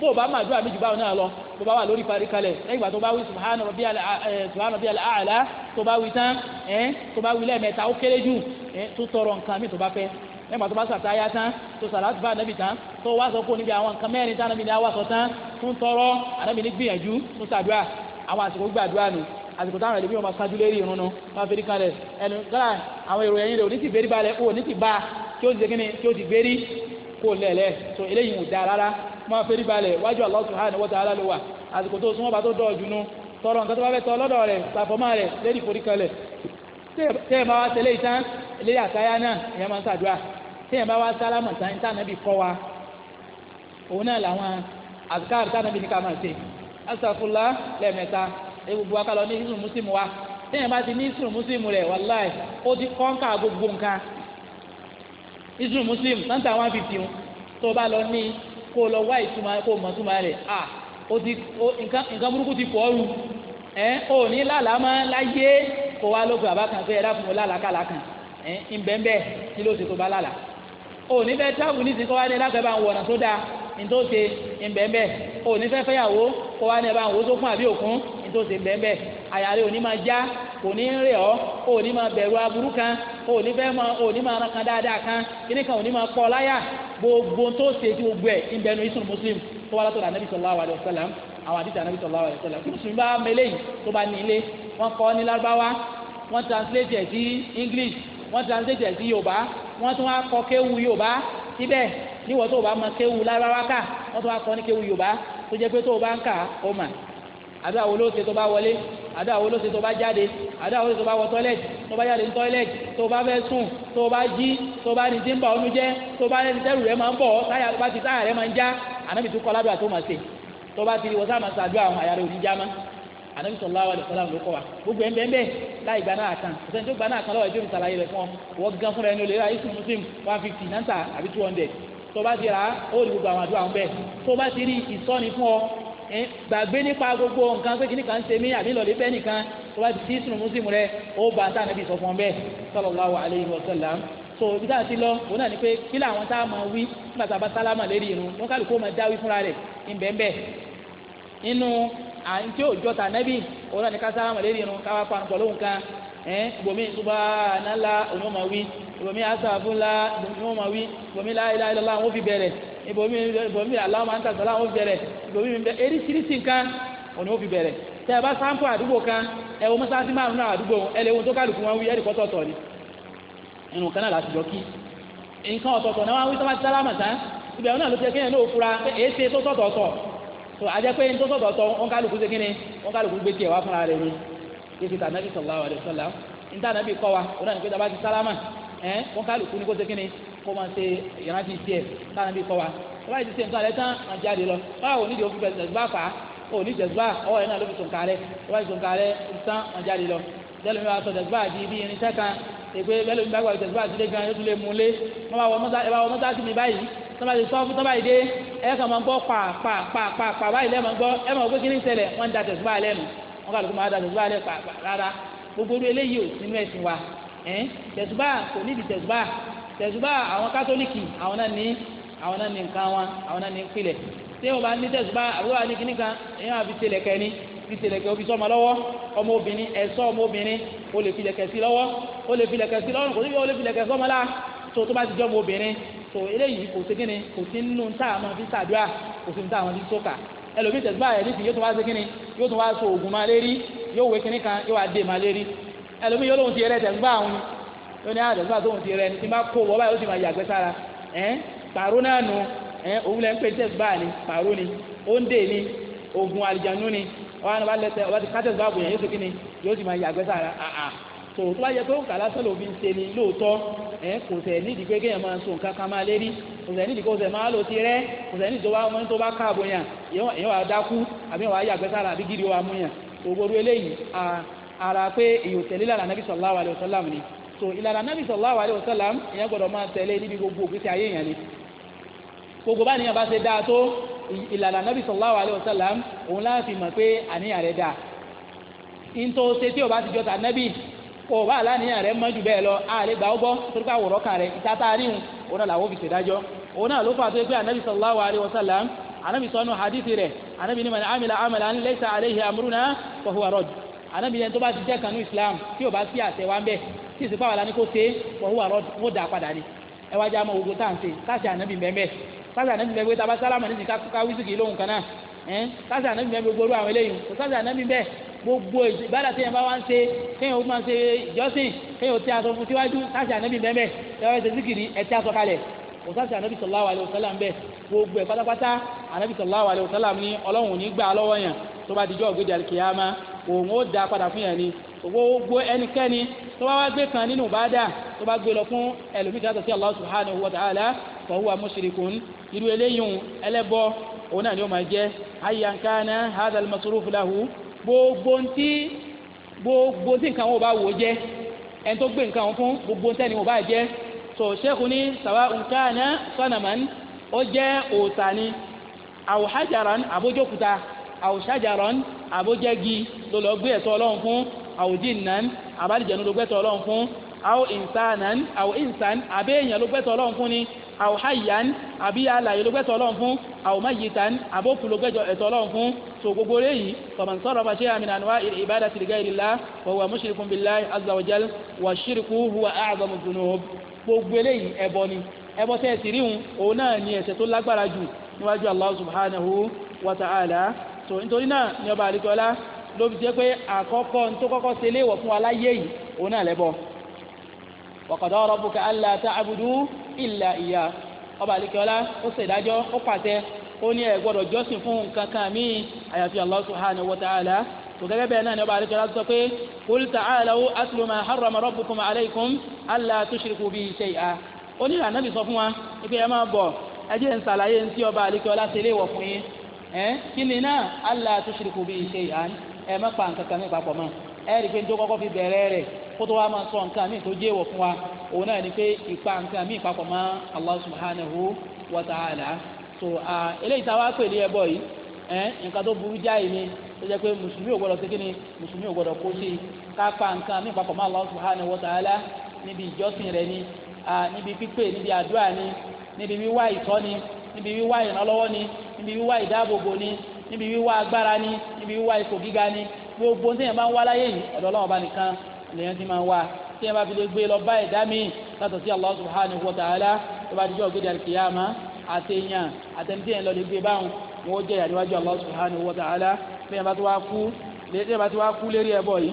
bó o bá máa dúró àmì jù báwọn náà lọ tó bá wà lórí parí kalẹ̀ lẹ́yìn ìgbà tó bá wí subhana rabbiyal a'la tó bá wí tán tó bá wí lẹ́ẹ̀mẹ́ta ó kéré jù tó tọrọ nǹkan mi tó bá fẹ́ nígbà tó bá sàtáyà tán tó sàlátì bá ànábì tán tó wá sọ pé níbi àwọn nǹkan mẹ́rin tán ànábì ní awàsọ tán tó ń tọrọ ànábì ní gbìyànjú tó sàdúrà àwọn àsìkò gbàdúrà nù àsìkò táwọn ẹlòmíràn máa sájú lérí ìrun nu máa fẹ́rí kalẹ̀ ẹnu gbára àwọn èrò ẹ̀yìn rẹ̀ ò ní ti bẹ́rí balẹ̀ ò ní ti bá kí ó ti ṣe kí ni kí ó ti bẹ́rí kó lẹ̀lẹ̀ tó eléyìí wù dáa rárá máa fẹ́rí balẹ̀ wájú Allah subhanahu wa ta'ala ló wà àsìkò tó súnmọ́ bá tó jùnú tọrọ nǹkan tó bá fẹ́ tọ lọ́dọ̀ rẹ̀ pàfọ́mà rẹ̀ lẹ́ni forí kalẹ̀ tẹ́ ẹ̀ bá wá ìtàn ilé àtayá náà ìyẹn máa ń ẹ̀ bá wá sálámà tán ìtàn náà bí kọ́ wa òun náà làwọn náà bí Isu muslim santa one fifty tó o bá lọ ní kó o lọ wá ìtumọ̀ kó o mọ̀ túmọ̀ rẹ̀ à o ti o nǹkan nǹkan burúkú ti pọ̀ ọ́rù ẹ̀ o ní lálàámá láyé kó wa ló fún abákan pé ẹ̀dá fún o lálàákàlà kan ẹ̀ ńbẹ́ńbẹ́ kí ló ṣe tó bá lálà o ní fẹ́ tábù ní ti kọ́ wa ní ẹ̀dá bá ń wọ̀nà tó dáa nítorí ṣe ńbẹ́ńbẹ́ o ní fẹ́ fẹ́yàwó kó wa ní ẹ̀bá ń wo tó àbí òkun nítorí ṣe ńbẹ́ńbẹ́ àyà rẹ ò ní máa já kò ní rẹ̀ ọ́ ò ní máa bẹ̀rù aburú kan ò ní fẹ́ máa ò ní máa kan dáadáa kan kíní kan ò máa kọ́ láyà gbogbo tó ṣe tí gbogbo ẹ̀ ń bẹnu isun muslim tó wá látọ̀ ànábì sallallahu alaihi wasallam àwọn àdìsí ànábì sallallahu alaihi wasallam kí mùsùlùmí bá mẹlẹ́ yìí tó bá ní ilé wọ́n ní lárúbáwá wọ́n translate ẹ̀ sí english wọ́n translate ẹ̀ sí yorùbá wọ́n tún wá kọ́ kéwu yorùbá síbẹ̀ níwọ̀n tó bá mọ kéwu lárúbáwá kà wọ́n tún wá kọ́ ní kéwu yorùbá tó jẹ́ pé tó bá ń kà ó mà àdúrà wo ló ṣe tó bá wọlé àdúrà wo ló ṣe tó bá jáde àdúrà wo ló ṣe tó bá wọ tọ́lẹ̀tì tó bá jáde ní tọ́lẹ̀tì tó bá fẹ́ sùn tó bá jí tó bá ní dínbà ọdún jẹ́ tó bá ní tẹ́rù rẹ̀ máa ń bọ̀ táyà bá ti táyà rẹ̀ máa ń já ànábì tó kọ́ ládùúgbà tó máa ṣe tó bá ti wọ́sá máa ṣàdúrà àwọn àyàrá òní já máa ànábì sallallahu alaihi wasallam ló kọ́ wa gbogbo ẹ̀ láì isu muslim one fifty náà àbí two hundred tó bá ti rà ó rí gbogbo àwọn àdúrà ń gbàgbé nípa gbogbo nǹkan pé kìnnìkan ń ṣe mí àbí lọ́lẹ́ bẹ́ẹ̀ nìkan tó bá ti sí sùn mùsùlùmù rẹ ó bá tá ànábì sọ fún ọ bẹ́ẹ̀ sallallahu alaihi wasallam so ibi tá a ti lọ òun náà ni pé kí làwọn tá a máa wí nígbà tá a bá sálámà lérí irun wọn kálukú máa dáwí fúnra rẹ̀ ìbẹ̀ǹbẹ̀ inú àǹtí òjọ tànẹ́bì òun náà ni ká sálámà lérí irun káwá pa àǹkọ̀ lóhùn kan ibomi subhanallah òun ó máa wí ibomi asafunla òun ó máa wí ibomi la ilaha illallah òun ibomi ibomi aláwọ̀ máa ń tàgbà láwọn bẹ̀rẹ̀ ibomi mi bẹ̀ eríṣiríṣi nǹkan òní ó fi bẹ̀rẹ̀ tẹ́ ẹ bá sáńpù àdúgbò kan ẹ wo mọ́sáàsì márùn náà àdúgbò ẹ lè wo tó kálukú wọn wí ẹ̀rí kọ́ tọ̀tọ̀ ni ẹnu kan náà láti jọ kí nǹkan ọ̀tọ̀ọ̀tọ̀ náà wọ́n wí sọ́mà sálámà tán ibẹ̀ wọn náà ló ti kéèyàn náà fura èé ṣe tó tọ̀tọ̀ọ̀tọ̀ tó àjẹ́ pé tó tọ̀tọ̀ọ̀tọ̀ wọn kálukú ṣe kíni wọn kálukú gbé tiẹ̀ wá fúnra rẹ̀ ni yéṣu tànàbí sallallahu alaihi wasallam níta nàbí kọ́ wa wọn náà ní pé tá a bá ti sálámà ẹ wọn kálukú ní kó ṣe kíni kó máa ṣe ìrántí tiẹ̀ táwọn ibi kọ́ wa tó bá ti ṣe nǹkan rẹ tán máa jáde lọ báwo ní ìdíwọ́ fífẹ́ tẹ̀síwá fà á ò ní tẹ̀síwá ọwọ́ yẹn náà ló fi sònkà rẹ tó bá ti sònkà rẹ tán máa jáde lọ tẹ́lẹ̀ mi wá sọ tẹ̀síwá di ibi irin tẹ́ kan èpè bẹ́ẹ̀ lómi bá gbà tẹ̀síwá ti lé gan yóò tún lè mú lé wọ́n bá wọ mọ́tà sí mi báyìí tọ́ba ti sọ́ fún tọ́ba yìí dé ẹ kàn máa ń gbọ́ pa pa pa pa pa báyìí lẹ́ẹ̀ máa ń gbọ́ ẹ máa ń gbé kíní ṣẹlẹ̀ wọ́n ń da tẹ̀síwá lẹ́nu wọ́n kà lóko máa da tẹ̀síwá lẹ́ pa pa rárá gbogbo eléyìí ò sínú ẹ̀sìn wa ẹ̀ tẹ̀síwá kò níbi tẹ̀síwá tẹ̀sùbá àwọn kátólíkì àwọn náà ní àwọn náà ní nǹkan wọn àwọn náà ní pìlẹ̀ tí wọn bá ní tẹ̀sùbá àbúrò wa ní kíní àfi tẹlẹkẹ ni fi tẹlẹkẹ òbí sọmọ lọ́wọ́ ọmọ obìnrin ẹ̀sọ́ ọmọ obìnrin o lè filẹ̀kẹ̀ sí lọ́wọ́ o lè filẹ̀kẹ̀ sí lọ́rùn kò síbi o lè filẹ̀kẹ̀ sọmọ la tó tó bá ti jẹ́ ọmọ obìnrin tó eléyìí kò sí kíni kò sí nínú tá àwọn fi sàdúrà kò sí nínú tá àwọn fi sókà ẹlòmíì tẹ̀síbá ẹ̀ yóò tún wá sí kíni yóò tún wá so oògùn máa lérí yóò wé kíní kan yóò wá dé máa lérí ẹlòmíì yóò lóun ti yẹrẹ tẹ̀síbá àwọn ó ní àdọ̀tí bá tóun ti rẹ ẹni tí bá kó wọ́n báyìí ó sì máa yàgbẹ́ sára ẹ̀ pàró náà nù ẹ̀ òun lẹ́ ń tẹ́sí báà ni pàró ni óńdè ni oògùn àlìjànú ni ọ̀hán bá lẹ́sẹ̀ ọba ti kátẹ́sí báà bòyàn yóò ṣe kí ni yóò sì máa yàgbẹ́ sára àà tó tó bá yẹ pé òǹkà lásán ló fi ṣe ni lóòótọ́ ẹ̀ kò tẹ̀ nídìí pé kéèyàn máa so nǹkan kan máa lérí kò tẹ̀ nídìí kò tẹ̀ máa lò ti rẹ́ kò tẹ̀ nídìí tó bá mọ́ tó bá káàbọ̀ yàn èèyàn wà á dákú àbí wà yàgbẹ́ sára àbí gidi wà mú yàn ògbóró eléyìí ara pé èèyàn tẹ̀lé lára nàbí sallallahu alaihi wasallam ni so ìlànà nabi sallallahu alayhi wa sallam ìyẹn gbọ́dọ̀ máa tẹ̀lé níbi gbogbo òkúta ayé yẹn ni gbogbo bá nìyẹn bá ṣe dáa tó ìlànà nabi sallallahu alayhi wa sallam òun láti mọ̀ pé àníyàn rẹ̀ dáa ntọ́ ṣe tí o bá ti jọ ta nabi kò bá aláníyàn rẹ̀ mọ́jú bẹ́ẹ̀ lọ àlẹ́ gbà ó bọ́ torí pé àwòrán kan rẹ̀ ìtata ríhun òun náà làwọn fi ṣèdájọ́ òun náà ló fà tó pé anabi sallallahu alayhi wa anabi sọnù hadithi rẹ̀ anabi ni man anabi yẹn tó bá ti jẹ́ kanú islam tí o bá sí àṣẹ wa ń bẹ́ẹ̀ tí ìsìnkú àwọn alání kò ṣe wọ́n wà wọ́n dà padà ni ẹ wá já mọ́ gbogbo tá à ń ṣe káṣí ànábì bẹ́ẹ̀ káṣí ànábì bẹ́ẹ̀ tá a bá sálámà ní ìsìnká káwí sìkì lóhùn kan náà káṣí ànábì bẹ́ẹ̀ gbogbo orú àwọn eléyìí kò káṣí ànábì bẹ́ẹ̀ gbogbo ìbádà téèyàn bá wá ń ṣe kéèyàn ó máa ṣe ìjọsìn kéèyàn ó tẹ aṣọ fún síwájú káṣí ànábì bẹ́ẹ̀ bẹ́ẹ̀ ẹ ṣèṣìkìrì ẹ tẹ aṣọ kalẹ̀ kò sáṣì ànábì sallallahu alaihi wasallam bẹ́ẹ̀ gbogbo ẹ̀ pátápátá ànábì sallallahu alaihi wasallam ní ọlọ́run ò ní gbà lọ́wọ́ yàn tó bá dijọ́ ògbéjà kìyàmá òun ó da padà fún yàn ni gbogbo ẹnikẹ́ni tó bá wá gbé kan nínú ìbádà tó bá gbé lọ fún ẹlòmíì kan sí Allah subhanahu wa ta'ala fa huwa mushrikun irú eléyìí ẹlẹ́bọ òun náà ni ó máa jẹ́ ayyan kana hadha al gbogbo ntí gbogbo ntí nǹkan wọn ò bá wò jẹ́ ẹni tó gbé nǹkan wọn fún gbogbo ntẹ́ni wọn ò bá jẹ́ so sheikh ni sawa nkana sanaman ó jẹ́ òòtà ni aw àbójókúta aw àbójẹ́gi ló ẹ̀tọ́ ọlọ́run fún àwòjìnnàn àbálìjẹ̀nu ló gbẹ́tọ̀ ọlọ́run fún àwò ìnsánàn àwò ìnsán àbẹ́yẹn ló gbẹ́tọ̀ ọlọ́run fún ni àwò hayyan àbí alàyè ló gbẹ́tọ̀ ọlọ́run fún àwò mayitan àbókù ló gbẹ́tọ̀ ọlọ́run fún so gbogbo eléyìí faman sarrafa shay'an min anwa'i al-ibadati li ghayri Allah wa huwa mushrikun billahi azza wa jal wa shirku huwa a'zamu dhunub gbogbo eléyìí ẹbọ ni ẹbọ tẹ́ ẹ sì ríhun òun náà ni ẹ̀ṣẹ̀ tó lágbára jù níwájú Allah subhanahu wa ta'ala so nítorí náà ni ọba àlìkọ́lá ló fi jẹ́ pé àkọ́kọ́ tó kọ́kọ́ ṣe léèwọ̀ fún wa láyé yìí òun náà lẹ́bọ wa qada rabbuka alla ta'budu illa iya ọba àlekẹ́ọ́lá ó ṣèdájọ́ ó pàṣẹ ó ní ẹ gbọ́dọ̀ jọ́sìn fún nǹkan kan míì àyàfi Allah subhanahu wa ta'ala tó gẹ́gẹ́ bẹ́ẹ̀ náà ni ọba àdéjọ́lá sọ pé qul ta'alaw atlu ma harrama rabbukum alaykum alla tushriku bihi shay'a ó ní ànábì sọ fún wa pé ẹ máa bọ̀ ẹ jẹ́ ń ṣàlàyé ọba àdéjọ́lá ṣe léèwọ̀ fún yín ẹ kí ni náà alla tushriku bihi shay'an ẹ má pa nǹkan kan ní ìpapọ̀ mọ́ ẹ rí i pé ní tó kọ́kọ́ fi bẹ̀rẹ̀ rẹ̀ kó tó wá máa sọ nǹkan míì tó jẹ́ ìwọ̀ fún wa òun náà ni pé ìpa nǹkan míì papọ̀ mọ́ Allah subhanahu wa ta'ala so eléyìí tá a wá pè ní ẹbọ yìí ẹ nǹkan tó burú jáì ni tó jẹ́ pé mùsùlùmí ò gbọ́dọ̀ sí kíni mùsùlùmí ò gbọ́dọ̀ kó sí ká pa nǹkan míì papọ̀ mọ́ Allah subhanahu wa ta'ala níbi ìjọsìn rẹ̀ ni níbi pípé níbi àdúrà ni níbi wíwá ìtọ́ni níbi wíwá ìrànlọ́wọ́ ni níbi wíwá ìdáàbòbò ni níbi wíwá agbára ni níbi wíwá ipò gíga ni gbogbo tí yẹn bá ń wá láyé yìí ọ̀dọ̀ Ọlọ́run bá nìkan lèyàn ti máa ń wá tí yẹn bá fi lè gbé lọ bá ẹ̀dá mi látọ̀ sí Allah subhanahu wa ta'ala tó bá dijọ́ gbé dàrí kìyàmá àtẹ̀yàn àtẹ̀mí tí yẹn lọ lè gbé báwọn wọ́n jẹ́ ìyàníwájú Allah subhanahu wa ta'ala bí yẹn bá ti wá kú bí yẹn bá ti wá kú lérí ẹbọ yìí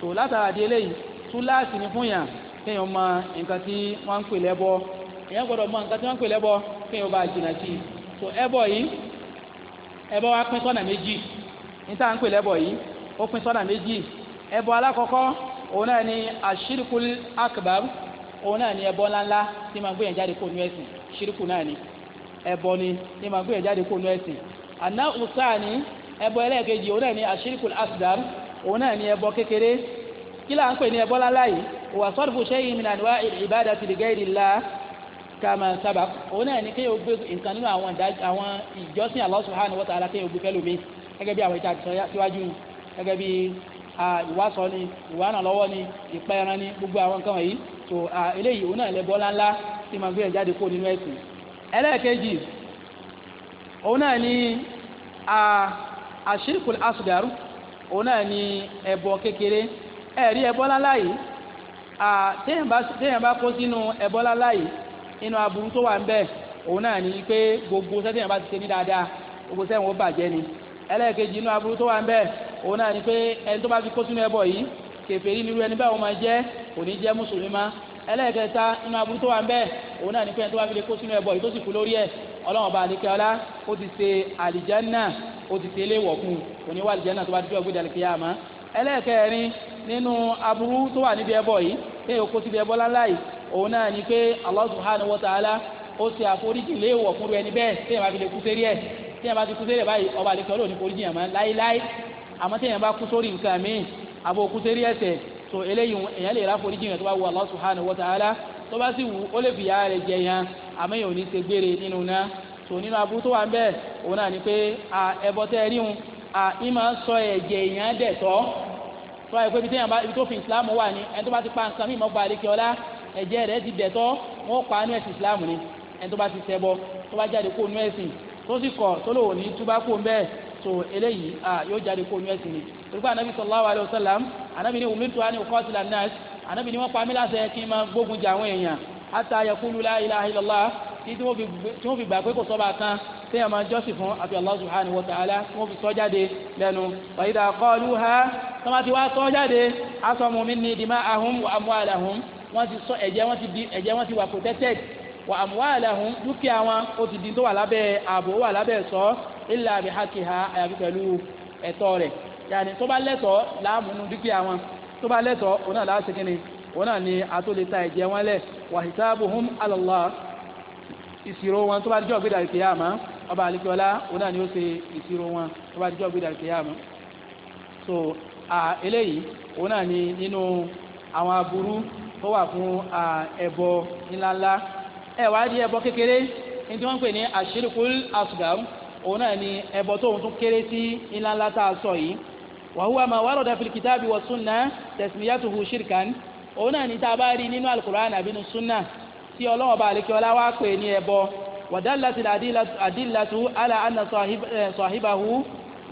so látara di eléyìí túláàsì ni fún yàn èèyàn gbọ́dọ̀ mọ nǹkan tí wọ́n ń pè lẹ́bọ kí èèyàn bá jìnnà sí i so ẹbọ yìí ẹbọ wa pín sọ́nà méjì níta ń pè lẹ́bọ yìí ó pín sọ́nà méjì ẹbọ alákọ̀ọ́kọ́ òun náà ni àṣírìkù akbar òun náà ni ẹbọ ńláńlá tí máa gbéyàn jáde kó nu ẹ̀sìn náà ni ẹbọ ni tí máa gbéyàn jáde kó nu ẹ̀sìn àná òsáàní ẹbọ ẹlẹ́ẹ̀kejì òun náà ni àṣírìkù asdar òun náà ni ẹbọ kékeré kí là ń pè ní ẹbọ ńláńlá yìí òwà sọ́dọ̀fù shay'in min anwa'i al-ibadati li ghayri Allah kama sábà òun náà ni kéèyàn gbé nǹkan nínú àwọn àwọn ìjọsìn Allah subhanahu wa ta'ala kéèyàn gbé fẹ́lómi gẹ́gẹ́ bí àwọn ìta àti sọ́yà síwájú ni gẹ́gẹ́ bí ìwásọ ni ìwánàlọ́wọ́ ni ìpẹ́ran ni gbogbo àwọn nǹkan wọ̀nyí tó eléyìí òun náà lè bọ́lá ńlá tí màá gbé ẹ̀ jáde kó nínú ẹ̀sìn. ẹlẹ́ẹ̀kejì òun náà ni àṣírkùl asghar òun náà ni ẹ̀bọ kékeré ẹ̀rí ẹ̀bọ́lá láyìí téèyàn bá kó inú aburú tó wà ń bẹ òun náà ní pé gbogbo sẹ́tẹ̀ yẹn bá ti ṣe ní dáadáa gbogbo sẹ́tẹ̀ wọn bàjẹ́ ni ẹlẹ́ẹ̀kejì inú aburú tó wà ń bẹ òun náà ní pé ẹni tó bá fi kó sínú ẹbọ yìí kèfèrí nírú ẹni bẹ́ẹ̀ wọ́n máa jẹ́ kò ní jẹ́ mùsùlùmí má ẹlẹ́ẹ̀kẹta inú aburú tó wà ń bẹ òun náà ní pé ẹni tó bá fi kó sínú ẹbọ yìí tó sì kú lórí ẹ̀ ọlọ́run ọba àdékẹ́ọ́lá ó ti ṣe àlìjánná ó ti ṣe ilé kò ní wà àlìjánná tó bá ti jẹ́ ògbé ẹlẹ́ẹ̀kẹrin nínú aburú tó wà níbi ẹbọ yìí kéèyàn kó síbi ẹbọ láńlá yìí òun náà ni pé Allah subhanahu wa ta'ala ó ṣe àforíjì léèwọ̀ fún ẹni bẹ́ẹ̀ téèyàn bá fi lè kú sérí ẹ̀ téèyàn bá ti kú sérí ẹ̀ báyìí ọba àlekẹ́ olóòní foríjì yàn máa láíláí àmọ́ téèyàn bá kú sórí nǹkan míì àbò kú sérí ẹ̀ṣẹ̀ so eléyìí èèyàn lè ráforíjì yàn tó bá wù Allah subhanahu wa ta'ala tó bá sì wù ó lè fìyà rẹ̀ jẹ yàn àmọ́ èèyàn ò ní ṣe gbére nínú náà so nínú aburú tó wà ń bẹ́ẹ̀ òun náà ni pé ẹbọ tẹ́ ẹ ríhun ìmọ̀ sọ ẹ̀jẹ̀ èèyàn dẹ̀ tọ́ tó wáyé pé ibi tó fi ìsìlámù wà ní ẹni tó bá ti ẹ̀jẹ̀ rẹ̀ ti dẹ̀tọ́ wọ́n pa nú ẹ̀sìn islam ni ẹni tó bá ti ṣẹbọ tó bá jáde kó nú ẹ̀sìn tó sì kọ̀ tó lò ní túbá kó bẹ́ẹ̀ so eléyìí à yóò jáde kó nú ẹ̀sìn ni torípa anabi sallallahu alayhi wa sallam anabi ni umirtu ani uqatila nas anabi ni wọ́n pa mí láṣẹ kí n máa gbógun jà àwọn èèyàn hatta yaqulu la ilaha illallah tí wọ́n fi gbà pé kò sọ́ba kan tí a máa jọ́sìn fún àfi Allah subhanahu wa ta'ala tí wọ́n fi sọ jáde lẹ́nu wa idha qaluha tọ́mátì wá sọ jáde asamu minni dima'ahum wa amwalahum wọ́n ti sọ ẹ̀jẹ̀ wọ́n ti di ẹ̀jẹ̀ wọ́n ti wà protected wà amwalahum dúkìá wọn ó ti di tó wà lábẹ́ ààbò wà lábẹ́ ẹ̀sọ́ illa bi haqiha àyàfi pẹ̀lú ẹ̀tọ́ rẹ̀ yàní tó bá lẹ́tọ̀ọ́ láàmúnú dúkìá wọn tó bá lẹ́tọ̀ọ́ òun náà láti kíni òun náà ni àtòlétà ẹ̀jẹ̀ wọn lẹ̀ wa hisabuhum ala Allah ìṣirò wọn tó bá dijọ́ gbé dàrí kìyàmá ọba àlekíọ́lá òun náà ni ó ṣe ìṣirò wọn tó bá dijọ́ gbé dàrí kìyàmá so eléyìí òun náà ni nínú àwọn aburú ó wà fún ẹbọ ńláńlá ẹ wá di ẹbọ kékeré ní tí wọ́n ń pè ní àṣírìkul asghar òun náà ni ẹbọ tóun tún kéré sí ńláńlá tá a sọ yìí wa huwa ma warada fil kitabi wa sunna tasmiyatuhu shirkan òun náà ní tá a bá rí nínú alukur'an àbí nínú sunna tí ọlọ́wọ́n bá àlekí ọlá wá pè ní ẹbọ wàdálàtì àdìlàtù àlà àna sọ̀híbàhù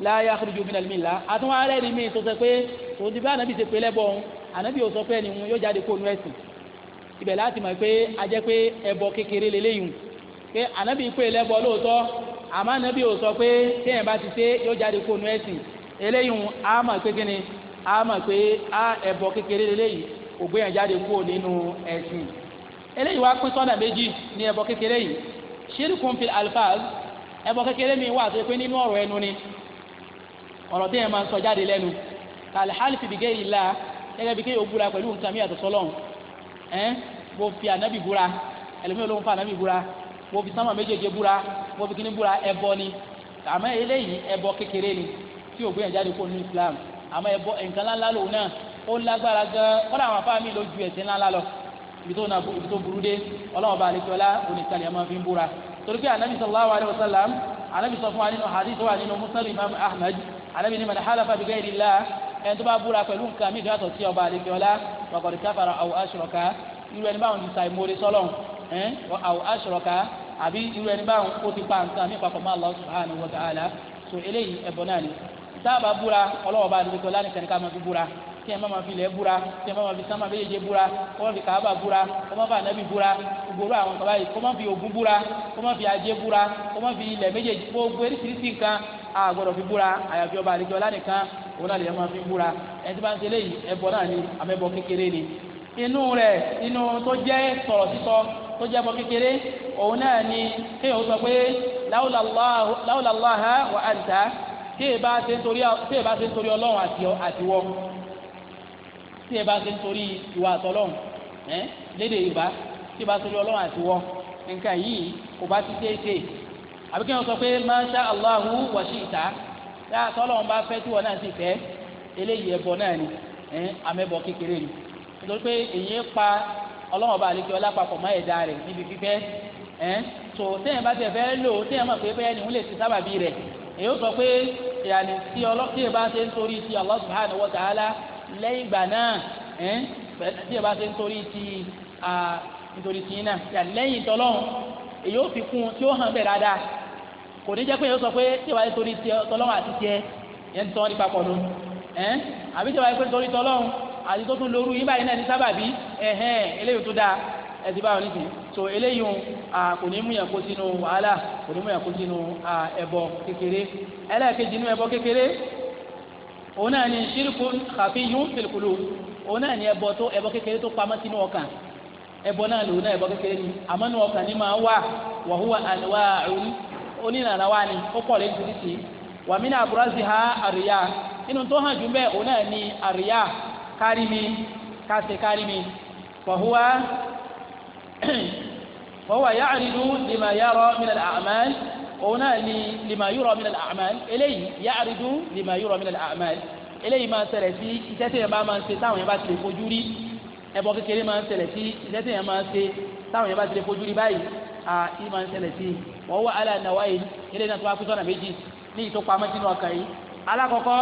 láyà àkùrìjù min al-milla àtúnwá rẹ̀ rí mi tó sẹ pé òun ti bá ànábì ṣe pé lẹ́bọ̀ òun ànábì ò sọ pé ẹni wọn yóò jáde kó nu ẹ̀sìn ibẹ̀ láti mọ̀ pé a jẹ́ pé ẹbọ kékeré lélẹ́yìn pé ànábì pé lẹ́bọ lóòótọ́ àmọ́ ànábì ò sọ pé téèyàn bá ti ṣe yóò jáde kó nu ẹ̀sìn eléyìn a mọ̀ pé kíni a mọ̀ pé a ẹbọ kékeré lélẹ́yìn kò gbé yàn jáde kó nínú ẹ̀sìn eléyìí wá pín sọ́nà méjì ní ẹbọ kékeré yìí ṣírìkùn fi alfaz ẹbọ kékeré mi wà tó pé nínú ọ̀rọ̀ ẹnu ni ọ̀rọ̀ téèyàn máa ń sọ jáde lẹ́nu kàlẹ́ hàlìfì bìgẹ́ ìlà gẹ́gẹ́ bí kéèyàn búra pẹ̀lú nǹkan mi àtọ̀ sọ́lọ́run ẹ́ mo fi ànábì búra ẹlòmíràn ló ń fa ànábì búra mo fi sánmà méjèèjì búra mo fi kíní búra ẹbọ ni àmọ́ eléyìí ẹbọ kékeré ni tí ò gbéyàn jáde kó nínú Islam àmọ́ ẹbọ nǹkan ńláńlá lòun náà ó lágbára gan kọ́dà àwọn afáàmì ló ju ẹ̀sìn ńláńlá lọ ibi tó na ibi tó burú dé ọlọ́wọ́ bá alẹ́kẹ́ ọlá oníkàlẹ̀ máa fi ń búra torí pé anabi sallallahu alayhi wa sallam anabi sọ fún wa nínú hadith wa nínú musnad imam ahmad anabi ni man halafa bi ghayri allah ẹni tó bá búra pẹ̀lú nǹkan mí ìdíyàtọ̀ sí ọba àdékẹ́ọ́lá wàkọ̀dé káfàrà àwọ̀ aṣọ̀rọ̀ká irú ẹni báwọn ti sa ìmoore sọ́lọ̀ ẹ̀ àwọ̀ aṣọ̀rọ̀ká àbí irú ẹni báwọn ó ti pa nǹkan mí papọ̀ máa Allah subhanahu wa ta'ala so eléyìí ẹ̀bọ náà ni sábà búra ọlọ́wọ́ bá àdékẹ́ọ́lá nìkan ká máa fi búra kí ẹ má ma fi ilẹ̀ búra kí ẹ má ma fi sáma méjèèjì búra kó má fi kàába búra kó má fi ànábì búra gbogbo àwọn kaba yìí kó má fi ògùn búra kó má fi ajé búra kó má fi ilẹ̀ méjèèjì gbogbo eréṣiríṣi nǹkan a fi búra àyàfi ọba àlejò ọlá nìkan òun náà lè máa fi búra ẹni tí bá ń ṣe léyìí ẹbọ náà ni àmẹbọ kékeré ni inú rẹ inú tó jẹ sọ̀rọ̀ sísọ tó jẹ ẹbọ kékeré òun náà ni kéèyàn sọ pé láwùláláha wà á nìta kéè bá ṣe ń torí ọlọ́run àtiwọ́ kéè bá ṣe ń torí ìwà àtọ́lọ́run ẹ lédè Yorùbá kéè bá ṣe torí ọlọ́run àtiwọ́ nǹkan yìí kò bá ti dé dé àbíkẹ́yìn sọ pé máa ń ṣá Allahu wà ìta. dáa tọ́lọ́run bá fẹ́ tí wọn náà sì fẹ́ eléyìí ẹbọ náà ni amẹ́bọ kékeré ni nítorí pé èyí pa ọlọ́wọ́n bá àlejò ọlápapọ̀ mọ́ ẹ̀dá rẹ̀ níbi fífẹ́ tó téèyàn bá tẹ̀ fẹ́ lò téèyàn mọ̀ pé ni wọ́n lè ti sábàbí rẹ̀ èyí ó sọ pé ìyàní tí bá ṣe ti lẹ́yìn ìgbà náà tí ẹ bá ṣe ti nítorí ti náà lẹ́yìn èyí ó fi kún tí ó hàn bẹ́ẹ̀ dáadáa kò ní jẹ́ pé yóò sọ pé tí ìwà yẹn torí tọlọ́run àti tiẹ̀ yẹn ń tọ́ nípa pọ̀ lọ ẹ́ àbí tí ìwà yẹn torí tọlọ́run àti tó tún lóru yín báyìí náà ní sábàbí ẹ̀hẹ́n eléyìí tó dáa ẹtì báwọn ní sìn so eléyìí kò ní mú yàn kó sínú wàhálà kò ní mú yàn kó sínú ẹbọ kékeré ẹlẹ́ẹ̀kejì nínú ẹbọ kékeré òun náà ni ṣírìkù khafiyun fil qulub òun náà ni ẹbọ tó ẹbọ kékeré tó pamọ́ sínú ọkàn ẹbọ náà lòun náà ẹbọ kékeré ni àmọ́ nínú ọkàn ni máa wà wa huwa anwa'un onínàlá wa ni ó pọ̀ lẹ́sìrìsì wàmínà àbúrásì ha àríyá inú tó hàn jù bẹ́ẹ̀ òun náà ni àríyá kárí mi kásẹ̀ kárí mi fọ̀húwá fọ̀húwá yá àrínú lima yàrá minal a'mal òun náà ni lima yúrọ minal a'mal eléyìí yá àrínú lima yúrọ minal a'mal eléyìí máa ń ṣẹlẹ̀ sí iṣẹ́ tí yẹn bá máa ṣe táwọn yẹn bá ti fojú rí ẹbọ kékeré máa ń sí iṣẹ́ tí yẹn máa ṣe táwọn yẹn bá ti fojú rí báyìí a ìmọ̀ ń ṣẹlẹ̀ sí i wọ́n wá alẹ́ àná wáyé ilé náà tó wá kú sọ́nà méjì ní ìtòpamọ́ sínú ọkàn yìí alákọ̀ọ́kọ́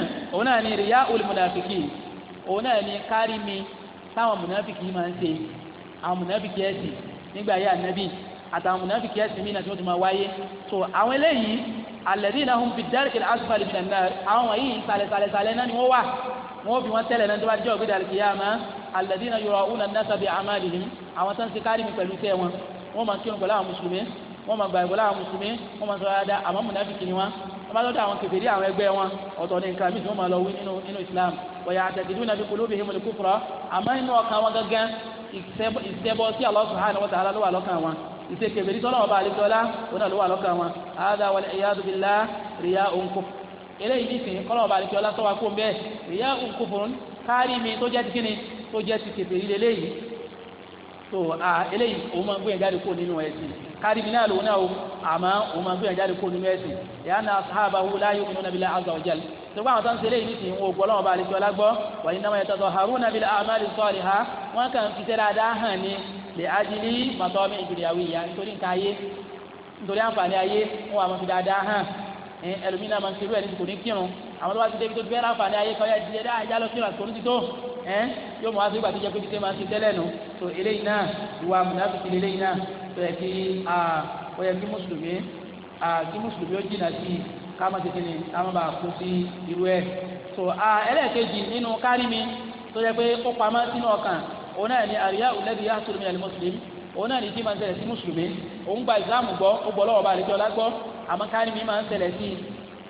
(clears throat) òun náà ni rìyá olùmọ̀nàfìkì òun náà ni kárí mi táwọn mọ̀nàfìkì yìí máa ń ṣe àwọn mọ̀nàfìkì ẹ̀sìn nígbà yá ànábì àtàwọn mọ̀nàfìkì ẹ̀sìn mí náà tí wọ́n ti máa wáyé so àwọn eléyìí alladhina hum fi ddarkil asfali minan àwọn yìí sàlẹ̀sàlẹ̀sàlẹ̀ náà ni wọ́n wà wọ́n fi wọ́n tẹ́lẹ̀ náà tó bá jẹ́ ògbédè àlùkìyàmá alladhina yura'una an-nasa bi a'malihim àwọn tó ń ṣe kárí mi pẹ̀lú iṣẹ́ wọn wọ́n máa kírun pẹ̀lú àwọn mùsùlùmí wọ́n máa gbàgbọ́ láwọn mùsùlùmí wọ́n máa sọ ada àmọ́ mùnàfíkì ni wọ́n wọ́n bá lọ́dọ̀ àwọn kèfèrí àwọn ẹgbẹ́ wọn ọ̀tọ̀ ní nǹkan mi tí wọ́n máa lọ wí nínú nínú Islam wa ya'taqiduna bi qulubihimul kufra àmọ́ inú ọkàn wọn gángan ìṣẹ́bọ sí Allah subhanahu wa ta'ala ló wà lọ́kàn wọn ìṣe kèfèrí tọ́lọ́wọ́ bá àlejò ọlá òun náà ló wà lọ́kàn wọn. hadha wal iyadu billah riya'un kufr eléyìí nìsín kọ́lọ́ ọba àlejò ọlá sọ́wọ́ akóhùn bẹ́ẹ̀ ìyá òkúfòrún kárí mi tó jẹ́ ti kíni tó jẹ́ ti kèfèrí lélẹ́yìí tó a eléyìí òun máa ń gbé ìjáde kó nínú ẹ̀sìn kárí mi náà lòun náà o àmọ́ òun máa ń gbé ìjáde kó nínú ẹ̀sìn ìyá náà sábà wú láyé òun nàbí azza wa jal tọ́gbà àwọn sáńsì eléyìí nìsín wọn ògbọ́ lọ́wọ́ bá àlejò ọlá gbọ́ wà ní nàmọ́ nítorí àǹfààní ayé wọn àmọ́ fi dáadáa hàn Eh, ẹlòmínà máa ń ṣerú ẹ̀ ní kò ní kírun àwọn tó bá ti dé tó fẹ́ ráǹfààní ayé kan yá díẹ̀ dá ajá lọ kírun àtòkò ní tó ẹ́ eh, yóò mọ̀ wá sí ìgbà tó jẹ́ pé títí máa ń ṣe tẹ́lẹ̀ nù tó eléyìí náà ìwà mùnàfíkì eléyìí náà tó yẹ kí ó yẹ kí mùsùlùmí kí mùsùlùmí ó jìnnà sí ká má ti kíni ká má bàa kú sí irú ẹ̀ tó ẹlẹ́ẹ̀kejì nínú kárí mi tó yẹ pé ó pamọ́ sínú ọkàn òun náà ni àríyá òlẹ́bí yá sórí mi àlè mùsùlùmí òun náà ni kí máa ń tẹ̀lé sí mùsùlùmí òun gba ìsìlámù gbọ́ ó gbọ́ lọ́wọ́ bá àlejò ọlá gbọ́ àmọ́ kárí mi máa ń ṣẹlẹ̀ sí i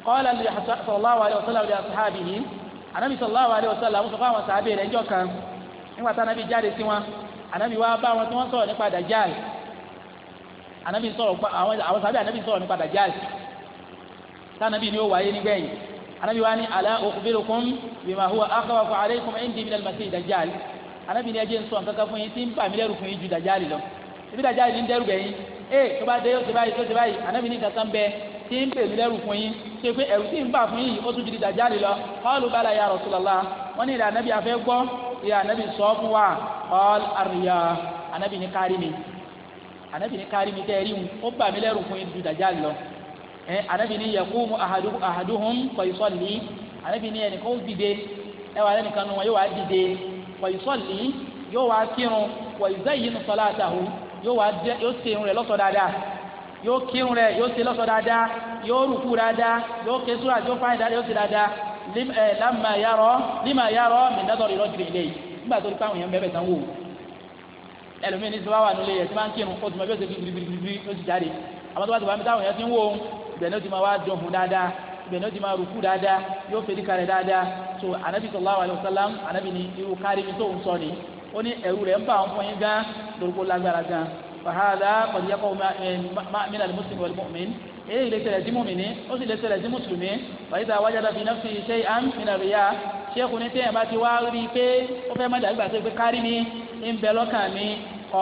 kọ́lá lè sallallahu alaihi wasallam lè sàhábì yìí ànábì sallallahu alaihi wasallam sọ fún àwọn sàhábì rẹ̀ ńjọ́ kan nígbà tá ànábì jáde sí wọn ànábì wá bá wọn tí wọ́n sọ̀rọ̀ nípa dàjáàlì ànábì sọ̀rọ̀ àwọn sàhábì ànábì sọ̀rọ̀ nípa dàjáàlì tánàbì ni ó wáyé nígbẹ̀yìn ànábì wá ní alá ukhbirukum bima huwa akhwafu alaykum indi minal ee tó bá dé yóò ṣe báyìí yóò ṣe báyìí ànábì ní kankan bẹ tí ń pè mí lẹ́rù fún yín ṣe pé ẹ̀rù tí ń bà fún yìí ó tún jìdí dàjálì lọ qalu bala ya Rasulullah wọ́n ní ìrẹ̀ ànábì afẹ́ gbọ́ ìrẹ̀ ànábì sọ fún wa qal àríyá ànábì ní kárí mi ànábì ní kárí mi tẹ́ẹ̀rí mu ó bà mí lẹ́rù fún yín jù dàjálì lọ ẹ ànábì ní yaqumu ahaduhum fa yusalli ànábì ní ẹnìkan ó dìde ẹ wà lẹ́nìkan nù wọn yóò wá dìde fa yóò wá kírun wa yuzayyinu salatahu yóò wá jẹ yóò ṣe irun rẹ̀ lọ́sọ̀ dáadáa yóò kírun rẹ̀ yóò ṣe lọ́sọ̀ dáadáa yóò rúkú dáadáa yóò ké súrà yóò fáyín dáadáa yóò ṣe dáadáa lámà yàrá límà yàrá mìíràn ìrọ̀ jùlọ ilé yìí nígbà tó ní káwọn èèyàn bẹ́ẹ̀ bẹ̀ sanwó ẹlòmíín ní sọ́wọ́ wà nílé yẹn tí máa ń kírun ó ti mọ bí ó ṣe gbìgbìgbìgbì ó ti jáde àwọn tó bá ti wà mí táwọn èèyàn ti ń wò ó ibẹ̀ ó ti máa wá dùn fún dáadáa ibẹ̀ ó ti máa rúkú dáadáa yóò fẹ́ ó ní ẹ̀rù rẹ̀ ń bá àwọn fọyín gan lórúkọ lágbára gan fàhálà pàdé yàkọ̀ mọ́mìnà lè mùsùlùmí wọlé mọ́mìn èyí lè ṣẹlẹ̀ sí mọ́mìnì ó sì lè ṣẹlẹ̀ sí mùsùlùmí fàyíṣà wájàdá fi náà fi ṣe àmìnà rẹ̀ yá ṣéèkù ní tẹ́yìn bá ti wá rí i pé ó fẹ́ mọ́tà gbà pé kárí mi ń bẹ lọ́kàn mi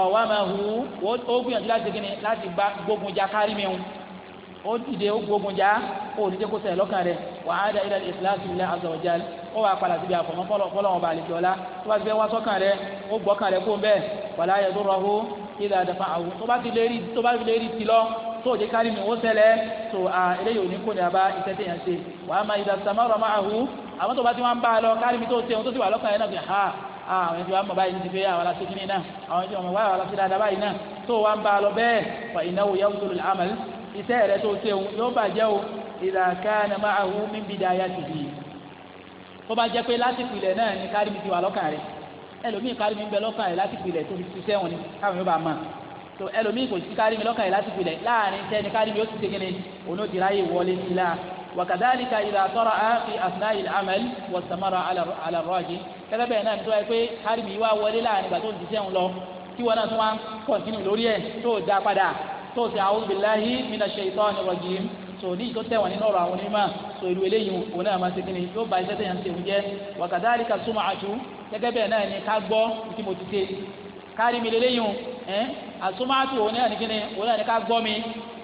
ọ̀wá máa hu ó gbìyànjú láti gbógun já kárí mi hùn ó dìde ó gbógun já ó ní jẹ́ kó ṣẹlẹ̀ lọ́kàn rẹ̀ wà á dá ilẹ̀ ìsìláàsì ilẹ̀ azọ̀jà ó wà padà síbi àfọ̀mọ́ fọlọ́wọn bá àlejò ọ̀la tó bá ti fẹ́ wá sọ́kàn rẹ̀ ó gbọ́kàn rẹ̀ kó ń bẹ́ẹ̀ wàlá ayẹ tó rọ̀hó ilẹ̀ àdàfà àwò tó bá ti lè rí tó bá ti lè rí ti lọ tó o jẹ kárí mi ó ṣẹlẹ̀ tó a eléyìí ò ní kó ní a bá iṣẹ́ tẹ̀yàn ṣe wàá máa ìdá samárọ̀ máa hù àwọn tó bá ti máa bá a lọ kárí mi tó ṣe tó ti wà lọ́kàn yẹn náà fi hàn àwọn iṣẹ́ rẹ tó ṣe òun yóò bàjẹ́ o idha kana ma'ahu min bidayatihi tó bá jẹ́ pé láti pilẹ̀ náà ni kárìmì ti wà lọ́kàn rẹ̀ ẹlòmíì kárìmì ń bẹ lọ́kàn rẹ̀ láti pilẹ̀ tó fi ṣiṣẹ́ wọn ni káwọn yóò bá mọ̀ tó ẹlòmíì kò sí kárìmì lọ́kàn rẹ̀ láti pilẹ̀ láàrin iṣẹ́ ni kárìmì yóò ti ṣe kíni òun ó ti ráyè wọlé sí la wa kadhalika idha tara'a fi asna'i al-amal wa istamara 'ala ar náà tó pé kárìmì wá wọlé láàrin ìgbà tó ń ṣiṣẹ́ wọn lọ kí wọn náà tún wá ń lórí ẹ̀ tó dáa padà tó o sì a'udhu billahi minash shaitani rajim so ní ìtò tẹ̀wọ̀n nínú ọ̀rọ̀ àwọn onímọ̀ so ìlú eléyìí òun náà máa ṣe kí ni yóò ba iṣẹ́ tẹ̀yàn ṣe òun jẹ́ wa kadhalika sum'atu gẹ́gẹ́ bẹ́ẹ̀ náà ni ká gbọ́ tí mo ti ṣe kárí mi lélẹ́yìn ẹ̀ àsomatu òun náà ni kí ni òun náà ni ká gbọ́ mi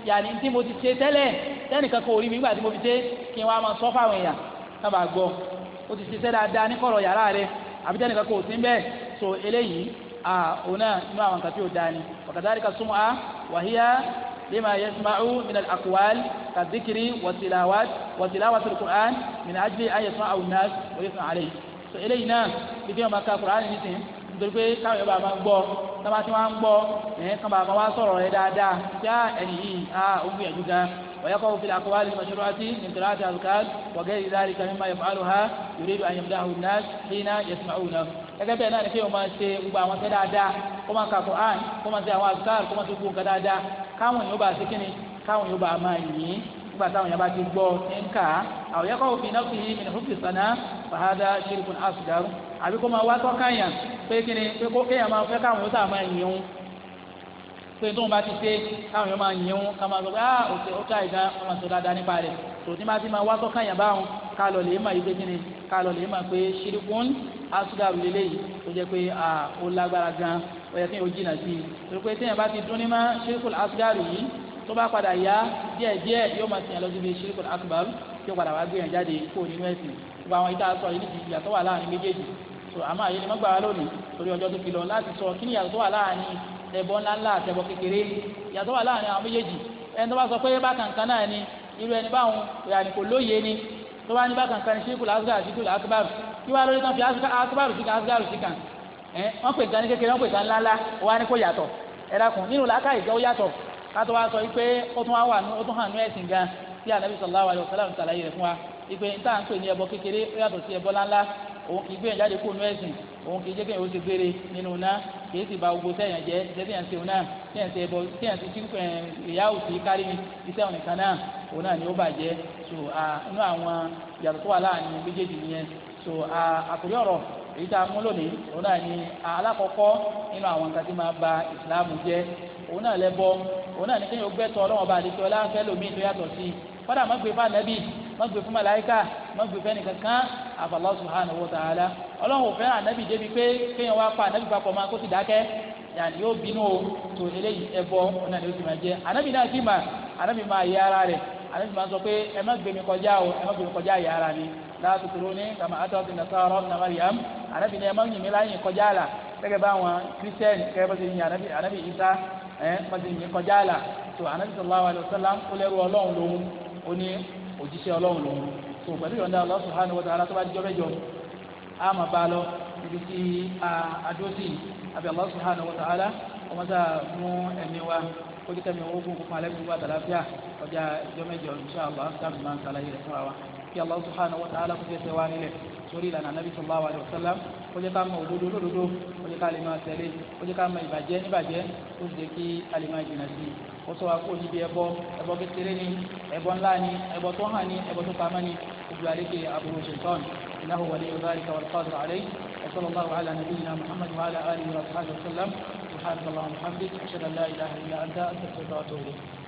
yàní tí mo ti ṣe tẹ́lẹ̀ tẹ́nìkan kò rí mi nígbà tí mo fi ṣe kí n wá máa sọ fáwọn èèyàn ká bàa gbọ́ o ti ṣiṣẹ́ dáadáa ní yàrá rẹ àbí tẹ́nìkan kò sí bẹ́ẹ̀ so eléyìí òun una inú àwọn nǹkan tí ó dáa sum'a wa hiya lima yasma'u min al-aqwal kadhikri watilawat watilawat al-Qur'an min ajli an yasma'ahu an-nas wa yuthna alayhi so eléyìí náà bí kí wọn máa ka Qur'an nísìnyí nítorí pé káwọn yóò bá máa gbọ́ tábà tí wọ́n á ń gbọ́ ẹ̀ẹ́n kan bá máa wá sọ̀rọ̀ rẹ dáadáa já ẹni yìí á òun gbìyànjú gan ويقع في الأقوال المشروعة من قراءة أذكار وغير ذلك مما يفعلها يريد أن يمدحه الناس حين يسمعونه gẹ́gẹ́ bẹ́ẹ̀ náà ni kéèyàn máa ṣe gbogbo àwọn ṣẹ́ dáadáa kó máa ka Qur'an kó máa ṣe àwọn azkar kó máa ṣe gbogbo nǹkan dáadáa káwọn yóò bá ṣe kíni káwọn yóò bá máa yìn nígbà táwọn yóò bá ti gbọ́ ní ń kà á àwọn yẹ káwọn fìnnà fi mìnà fún fìsànà fàhádà ṣirikun asùdàrú àbí kó máa wá tọ́kàyàn pé kíni pé kó kéèyàn máa fẹ́ káwọn yóò sà máa yìn òun pé tóun bá ti ṣe káwọn yóò máa yìn òun ká máa sọ pé ah òkè ó ká ìdá wọn máa sọ dáadáa nípa rẹ̀ tòun ti máa ti máa wá tọ́kàyàn báwọn ká lọ lè má yí pé kíni ká lọ lè má pé ṣirikun asugaru lélẹ́yìí tó jẹ́ pé ó lágbára gan ó yẹ kí n ò jìnnà sí i torí pé téèyàn bá ti dún ní má ṣírkùl asugaru yìí tó bá padà yá díẹ̀díẹ̀ yóò máa tìyàn lọ síbi ṣírkùl akubaru yóò padà wá gbìyànjú jáde kó nínú ẹ̀sìn gbogbo àwọn ìta sọ yìí nìyí ìyàtọ̀ wà láàrin méjèèjì so àmọ́ àyè ni wọ́n gbà wá lónìí torí ọjọ́ tó fi lọ láti sọ kí ni ìyàtọ̀ wà láàrin ẹbọ ńláńlá àtẹbọ kékeré ìyàtọ̀ wà láàrin àwọn méjèèjì ẹni tó bá sọ pé bákan kan náà ni irú ẹni báwọn ìyànìkò lóye ni tó bá ní bákan kan ṣíkù lásìkò ṣíkù lásìkò kí wàá lórí kan fi asgaru sí kan asgaru sí kan ẹ wọn pè kan ní kékeré wọn pè kan ńláńlá wọn á ní kó yàtọ̀ ẹ dákun nínú làákàyè gan ó yàtọ̀ kátó wa sọ yìí pé ó tún wà ó tún hàn ní ẹ̀sìn gan tí anabi sallallahu alaihi wasallam ṣàlàyé rẹ̀ fún wa yìí níta à ń pè ní ẹbọ kékeré ó yàtọ̀ sí ẹbọ ńláńlá òun kì í gbẹ̀yìn jáde kó nú ẹ̀sìn òun kì í jẹ́ kéèyàn ó ti gbére nínú náà kì í sì ba gbogbo sẹ́yìn jẹ́ sẹ́yìn ṣe òun náà sẹ́yìn ṣe ẹbọ sẹ́yìn ṣe ìyá òsì kárí iṣẹ́ òun nìkan náà òun náà ni ó bàjẹ́ so inú àwọn yàtọ̀ tó wà láàrin méjèèjì nìyẹn so àkùrẹ́ ọ̀rọ̀ èyí tá a mú lónìí òun náà ni alákọ̀ọ́kọ́ nínú àwọn nǹkan tí máa ba ìsìlámù jẹ́ òun náà lẹ́bọ òun náà ni kéèyàn gbẹ́tọ̀ ọlọ́wọ́n kọ́dà má gbé fún anabi má gbé fún malayika má gbé fún ẹnìkankan àfi Allah subhanahu wa ta'ala ọlọ́run ò fẹ́ anabi débi pé kéèyàn wá pa anabi papọ̀ máa kó sì dákẹ́ yàrá yóò bínú o tó eléyìí ẹbọ ọ̀nà ni ó ti máa jẹ anabi náà ti mà anabi máa yẹ ara rẹ̀ anabi máa sọ pé ẹ má gbé mi kọjá o ẹ má gbé mi kọjá yẹ ara mi láti kúrò ní kàmá àtọ́sí nasara ọ̀nà mariam anabi náà ẹ má yìn mí láyìn kọjá là gẹ́gẹ́ bá àwọn kírísítẹ́nì gẹ́gẹ́ bá ti yin anabi anabi isa ẹ má ti yìn kọjá là tó anabi sallallahu alayhi wa sallam ó lẹ́rú ọlọ́run lòun ó ní òjíṣẹ́ ọlọ́run lòun tó pẹ̀lú ìyọ̀ǹda Allah subhanahu wa ta'ala tó bá dijọ́ mẹ́jọ á máa bá a lọ ibi tí adóòsì àbí Allah subhanahu wa ta'ala ọmọ tá a mú ẹ̀mí wa ó dí kẹ́mi ogun kó alẹ́ gbogbo àtàlàfíà ọjà ìjọ mẹ́jọ insha Allah máa ń sàlàyé rẹ̀ fún wa kí Allah subhanahu wa ta'ala kó fẹ́ sẹ́wà nílẹ̀ sórí ìlànà anábì sallallahu alaihi wasallam ó jẹ́ ká mọ òdodo lódodo ó jẹ́ ká lè máa tẹ̀lé ó jẹ́ ká mọ ìbàjẹ́ níbàjẹ́ ó sì jẹ́ kí a lè máa jìnà sí i ó sọ wa kó níbi ẹbọ ẹbọ kékeré ni ẹbọ ńlá ni ẹbọ tó hàn ni ẹbọ tó pamọ́ ni gbogbo àlékè aburú ṣètọ́n innahu waliyyu dhalika wal qadiru alayhi wa sallallahu ala nabiyyina muhammad wa ala alihi wa sahbihi wa sallam subhanaka allahumma wa bihamdika ashhadu an la ilaha illa anta astaghfiruka wa atubu ilayk